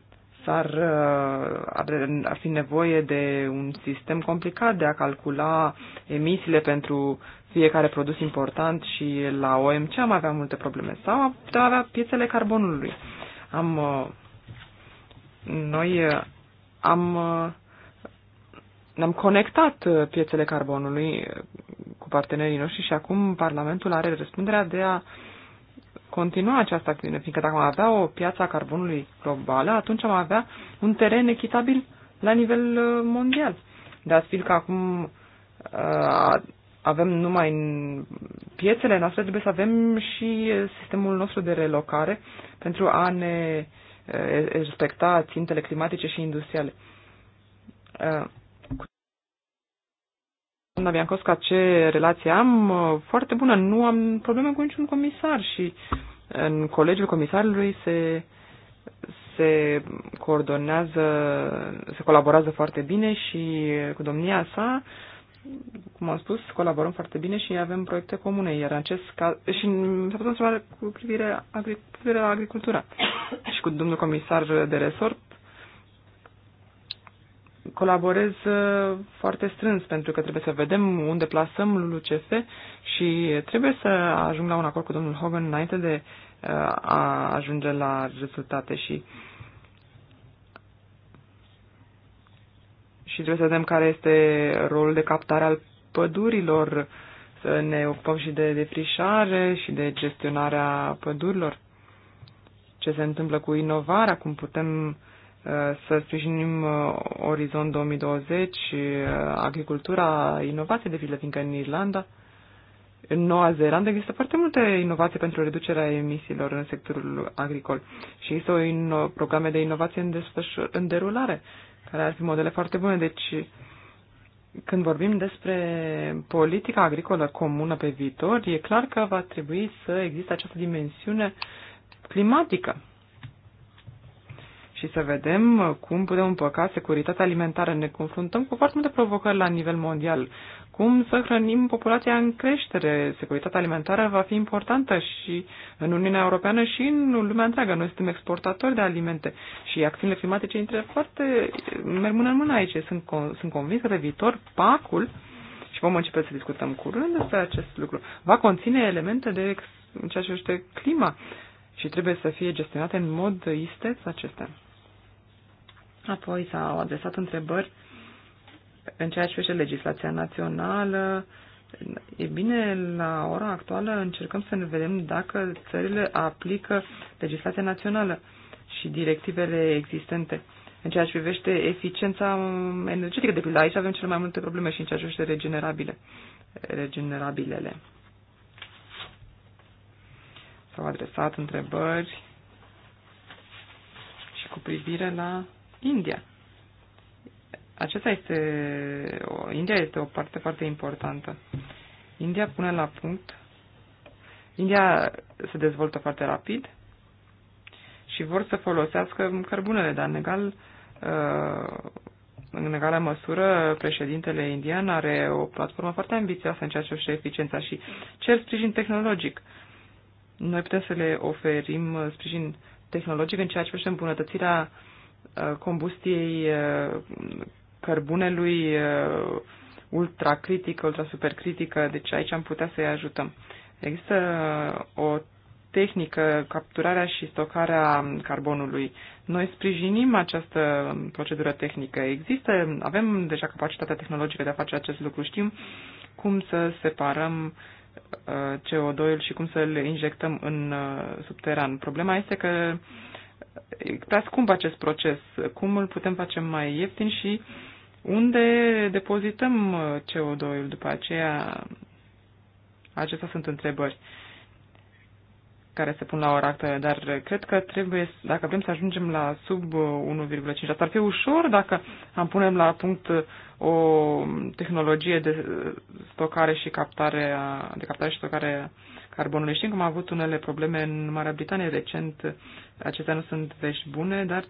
s-ar uh, ar, ar fi nevoie de un sistem complicat de a calcula emisiile pentru fiecare produs important și la OMC am avea multe probleme. Sau am putea avea piețele carbonului. Am, uh, noi uh, am, ne am conectat piețele carbonului cu partenerii noștri și acum Parlamentul are răspunderea de a uh, continua această acțiune, fiindcă dacă am avea o piață a carbonului globală, atunci am avea un teren echitabil la nivel uh, mondial. Dar fiind că acum uh, avem numai în piețele noastre, trebuie să avem și sistemul nostru de relocare pentru a ne uh, respecta țintele climatice și industriale. Doamna Biancosca, ce relație am? Foarte bună. Nu am probleme cu niciun comisar și în colegiul comisarului se, se coordonează, se colaborează foarte bine și cu domnia sa, cum am spus, colaborăm foarte bine și avem proiecte comune, iar în acest caz, și s-a putut întrebare cu privire la agricultura. Și cu domnul comisar de resort colaborez uh, foarte strâns pentru că trebuie să vedem unde plasăm LULUCF și trebuie să ajung la un acord cu domnul Hogan înainte de uh, a ajunge la rezultate și și trebuie să vedem care este rolul de captare al pădurilor, să ne ocupăm și de defrișare și de gestionarea pădurilor, ce se întâmplă cu inovarea, cum putem uh, să sprijinim uh, Orizont 2020, uh, agricultura, inovație de pildă, fiindcă în Irlanda, în Noua Zeelandă există foarte multe inovații pentru reducerea emisiilor în sectorul agricol și există o ino- programe de inovație în, desfășur- în derulare, care ar fi modele foarte bune. Deci, când vorbim despre politica agricolă comună pe viitor, e clar că va trebui să existe această dimensiune climatică și să vedem cum putem împăca securitatea alimentară. Ne confruntăm cu foarte multe provocări la nivel mondial. Cum să hrănim populația în creștere? Securitatea alimentară va fi importantă și în Uniunea Europeană și în lumea întreagă. Noi suntem exportatori de alimente și acțiunile climatice intră foarte, merg mână în mână aici. Sunt, sunt convins că de viitor pacul și vom începe să discutăm curând despre acest lucru. Va conține elemente de în ceea ce este clima și trebuie să fie gestionate în mod isteț acestea. Apoi s-au adresat întrebări în ceea ce privește legislația națională. E bine, la ora actuală încercăm să ne vedem dacă țările aplică legislația națională și directivele existente. În ceea ce privește eficiența energetică, de pildă, aici avem cele mai multe probleme și în ceea ce privește regenerabile, regenerabilele. S-au adresat întrebări și cu privire la India. Acesta este, India este o parte foarte importantă. India pune la punct, India se dezvoltă foarte rapid și vor să folosească cărbunele, dar în egal uh, în egală măsură, președintele indian are o platformă foarte ambițioasă în ceea ce privește eficiența și cer sprijin tehnologic. Noi putem să le oferim uh, sprijin tehnologic în ceea ce privește îmbunătățirea uh, Uh, combustiei uh, cărbunelui uh, ultracritică, ultrasupercritică, deci aici am putea să-i ajutăm. Există o tehnică, capturarea și stocarea carbonului. Noi sprijinim această procedură tehnică. Există, avem deja capacitatea tehnologică de a face acest lucru. Știm cum să separăm CO2-ul și cum să le injectăm în subteran. Problema este că prea scump acest proces, cum îl putem face mai ieftin și unde depozităm CO2-ul după aceea. Acestea sunt întrebări care se pun la ora actuală, dar cred că trebuie, dacă vrem să ajungem la sub 1,5, asta ar fi ușor dacă am punem la punct o tehnologie de stocare și captare, de captare și stocare carbonului. Știm că am avut unele probleme în Marea Britanie recent, acestea nu sunt vești bune, dar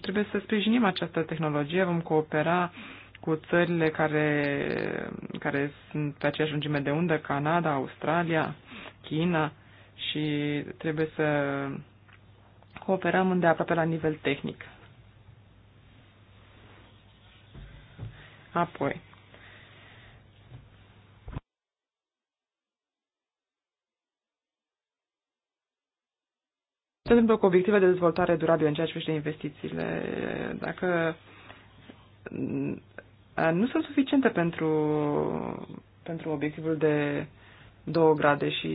trebuie să sprijinim această tehnologie, vom coopera cu țările care, care sunt pe aceeași lungime de undă, Canada, Australia, China și trebuie să cooperăm îndeaproape la nivel tehnic. Apoi, se întâmplă cu obiective de dezvoltare durabilă în ceea ce privește investițiile, dacă mm, nu sunt suficiente pentru, pentru obiectivul de 2 grade și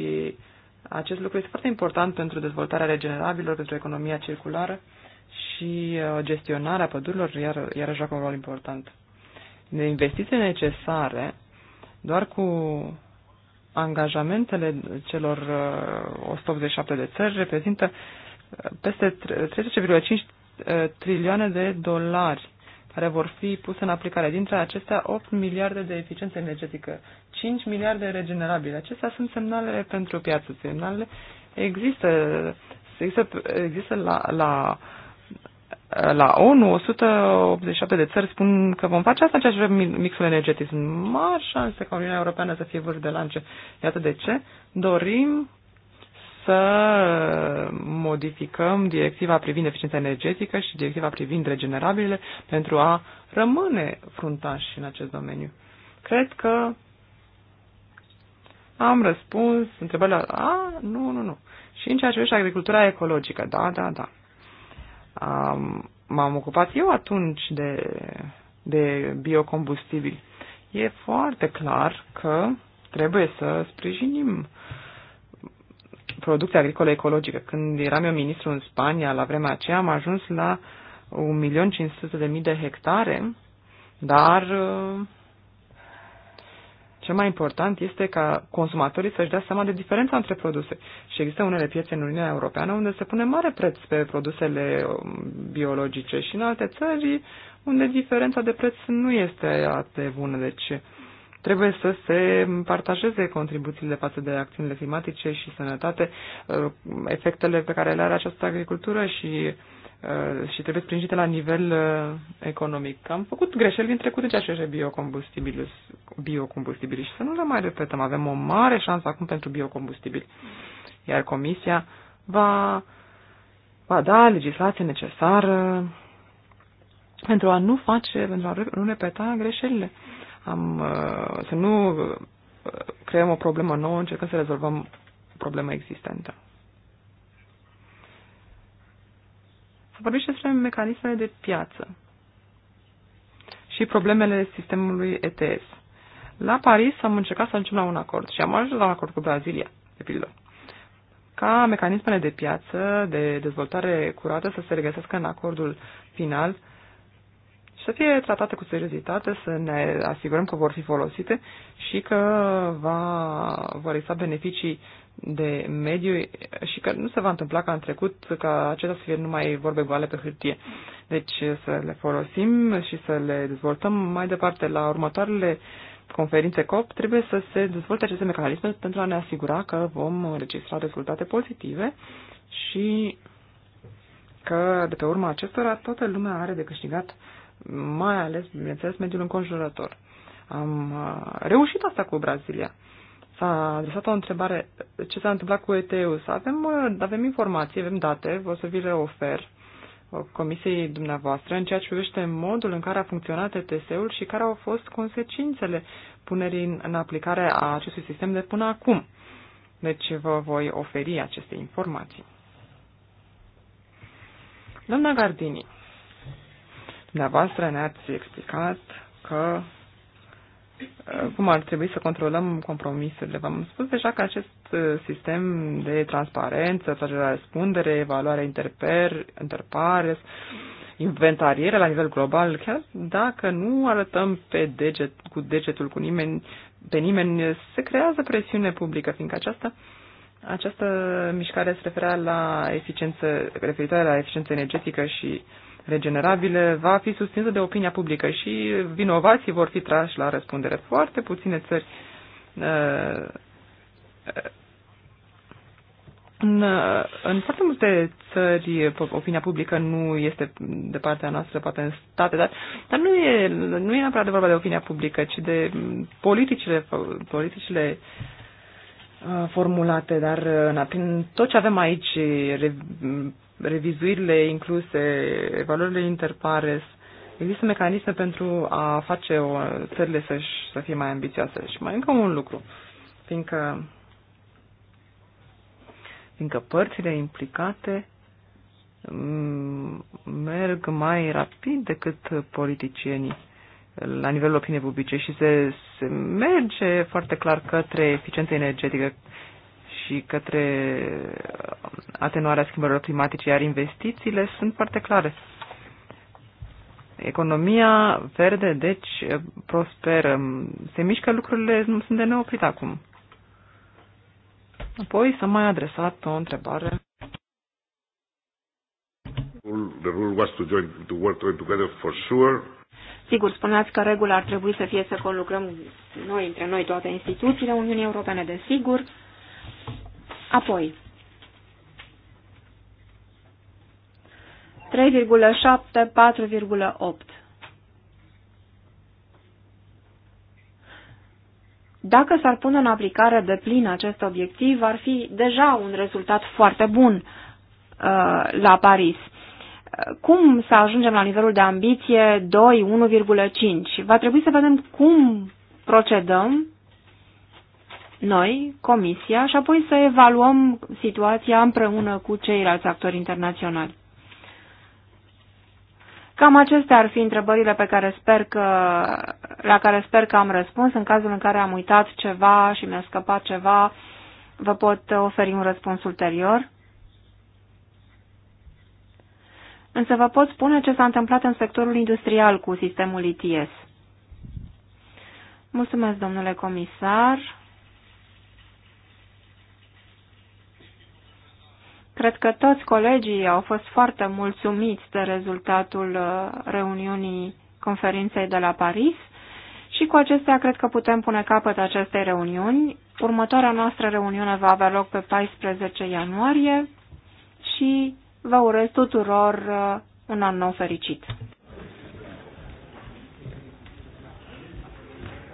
acest lucru este foarte important pentru dezvoltarea regenerabilor, pentru economia circulară și uh, gestionarea pădurilor, iar, iar joacă un rol important. De investiții necesare, doar cu angajamentele celor uh, 187 de țări reprezintă peste 13,5 eh, trilioane de dolari care vor fi puse în aplicare. Dintre acestea, 8 miliarde de eficiență energetică, 5 miliarde regenerabile. Acestea sunt semnalele pentru piață. Semnalele există, există, există la, la, la ONU 187 de țări spun că vom face asta în ceea ce vrem mixul energetic. Sunt mari șanse ca Uniunea Europeană să fie vârf de lance. Iată de ce dorim să uh, modificăm directiva privind eficiența energetică și directiva privind regenerabilele pentru a rămâne fruntași în acest domeniu. Cred că am răspuns întrebarea, a, nu, nu, nu. Și în ceea ce privește agricultura ecologică, da, da, da. M-am ocupat eu atunci de, de biocombustibili. E foarte clar că trebuie să sprijinim uh, producție agricolă ecologică. Când eram eu ministru în Spania, la vremea aceea am ajuns la 1.500.000 de hectare, dar uh, cel mai important este ca consumatorii să-și dea seama de diferența între produse. Și există unele piețe în Uniunea Europeană unde se pune mare preț pe produsele um, biologice și în alte țări unde diferența de preț nu este atât de bună. Deci trebuie să se partajeze contribuțiile față de acțiunile climatice și sănătate, uh, efectele pe care le are această agricultură și, uh, și trebuie sprijinite la nivel uh, economic. Am făcut greșeli din trecut în ceea ce este biocombustibili, biocombustibili și să nu le mai repetăm. Avem o mare șansă acum pentru biocombustibil. Iar Comisia va, va da legislația necesară pentru a nu face, pentru a nu repeta greșelile am, uh, să nu uh, creăm o problemă nouă, încercăm să rezolvăm problema existentă. Să vorbim și despre mecanismele de piață și problemele sistemului ETS. La Paris am încercat să ajungem la un acord și am ajuns la un acord cu Brazilia, de pildă, ca mecanismele de piață, de dezvoltare curată să se regăsească în acordul final să fie tratate cu seriozitate, să ne asigurăm că vor fi folosite și că va, vor exista beneficii de mediu și că nu se va întâmpla ca în trecut ca acestea să fie numai vorbe goale pe hârtie. Deci să le folosim și să le dezvoltăm mai departe la următoarele conferințe COP, trebuie să se dezvolte aceste mecanisme pentru a ne asigura că vom înregistra rezultate pozitive și că de pe urma acestora toată lumea are de câștigat mai ales, bineînțeles, mediul înconjurător. Am uh, reușit asta cu Brazilia. S-a adresat o întrebare, ce s-a întâmplat cu ETU? Avem, uh, avem informații, avem date, o să vi le ofer uh, comisiei dumneavoastră în ceea ce privește modul în care a funcționat ETS-ul și care au fost consecințele punerii în, în aplicare a acestui sistem de până acum. Deci vă voi oferi aceste informații. Doamna Gardini, Dumneavoastră ne-ați explicat că uh, cum ar trebui să controlăm compromisurile. V-am spus deja că acest uh, sistem de transparență, tragere la răspundere, evaluare interper, interpares, inventariere la nivel global, chiar dacă nu arătăm pe deget, cu degetul cu nimeni, pe nimeni, se creează presiune publică, fiindcă aceasta această mișcare se referea la eficiență, referitoare la eficiență energetică și uh, regenerabile va fi susținută de opinia publică și vinovații vor fi trași la răspundere. Foarte puține țări uh, uh, în, uh, în foarte multe țări opinia publică nu este de partea noastră, poate în state, dar, dar nu, e, nu e neapărat de vorba de opinia publică, ci de politicile, politicile uh, Uh, formulate, dar uh, prin tot ce avem aici, revizuirile incluse, evaluările interpares, există mecanisme pentru a face o, țările să, să fie mai ambițioase. Și mai încă un lucru, fiindcă, fiindcă părțile implicate mm, merg mai rapid decât politicienii la nivelul opiniei publice și se, se merge foarte clar către eficiență energetică și către um, atenuarea schimbărilor climatice, iar investițiile sunt foarte clare. Economia verde, deci, prosperă. Se mișcă lucrurile, nu sunt de neoprit acum. Apoi s-a mai adresat o întrebare. The rule was to join to work together for sure. Sigur, spuneați că regula ar trebui să fie să conlucrăm noi, între noi, toate instituțiile Uniunii Europene, desigur. Apoi, 3,7, 4,8. Dacă s-ar pune în aplicare de plin acest obiectiv, ar fi deja un rezultat foarte bun uh, la Paris cum să ajungem la nivelul de ambiție 2, 1,5. Va trebui să vedem cum procedăm noi, Comisia, și apoi să evaluăm situația împreună cu ceilalți actori internaționali. Cam acestea ar fi întrebările pe care sper că, la care sper că am răspuns. În cazul în care am uitat ceva și mi-a scăpat ceva, vă pot oferi un răspuns ulterior. însă vă pot spune ce s-a întâmplat în sectorul industrial cu sistemul ITS. Mulțumesc, domnule comisar. Cred că toți colegii au fost foarte mulțumiți de rezultatul uh, reuniunii conferinței de la Paris și cu acestea cred că putem pune capăt acestei reuniuni. Următoarea noastră reuniune va avea loc pe 14 ianuarie și Vă urez tuturor uh, un an nou fericit!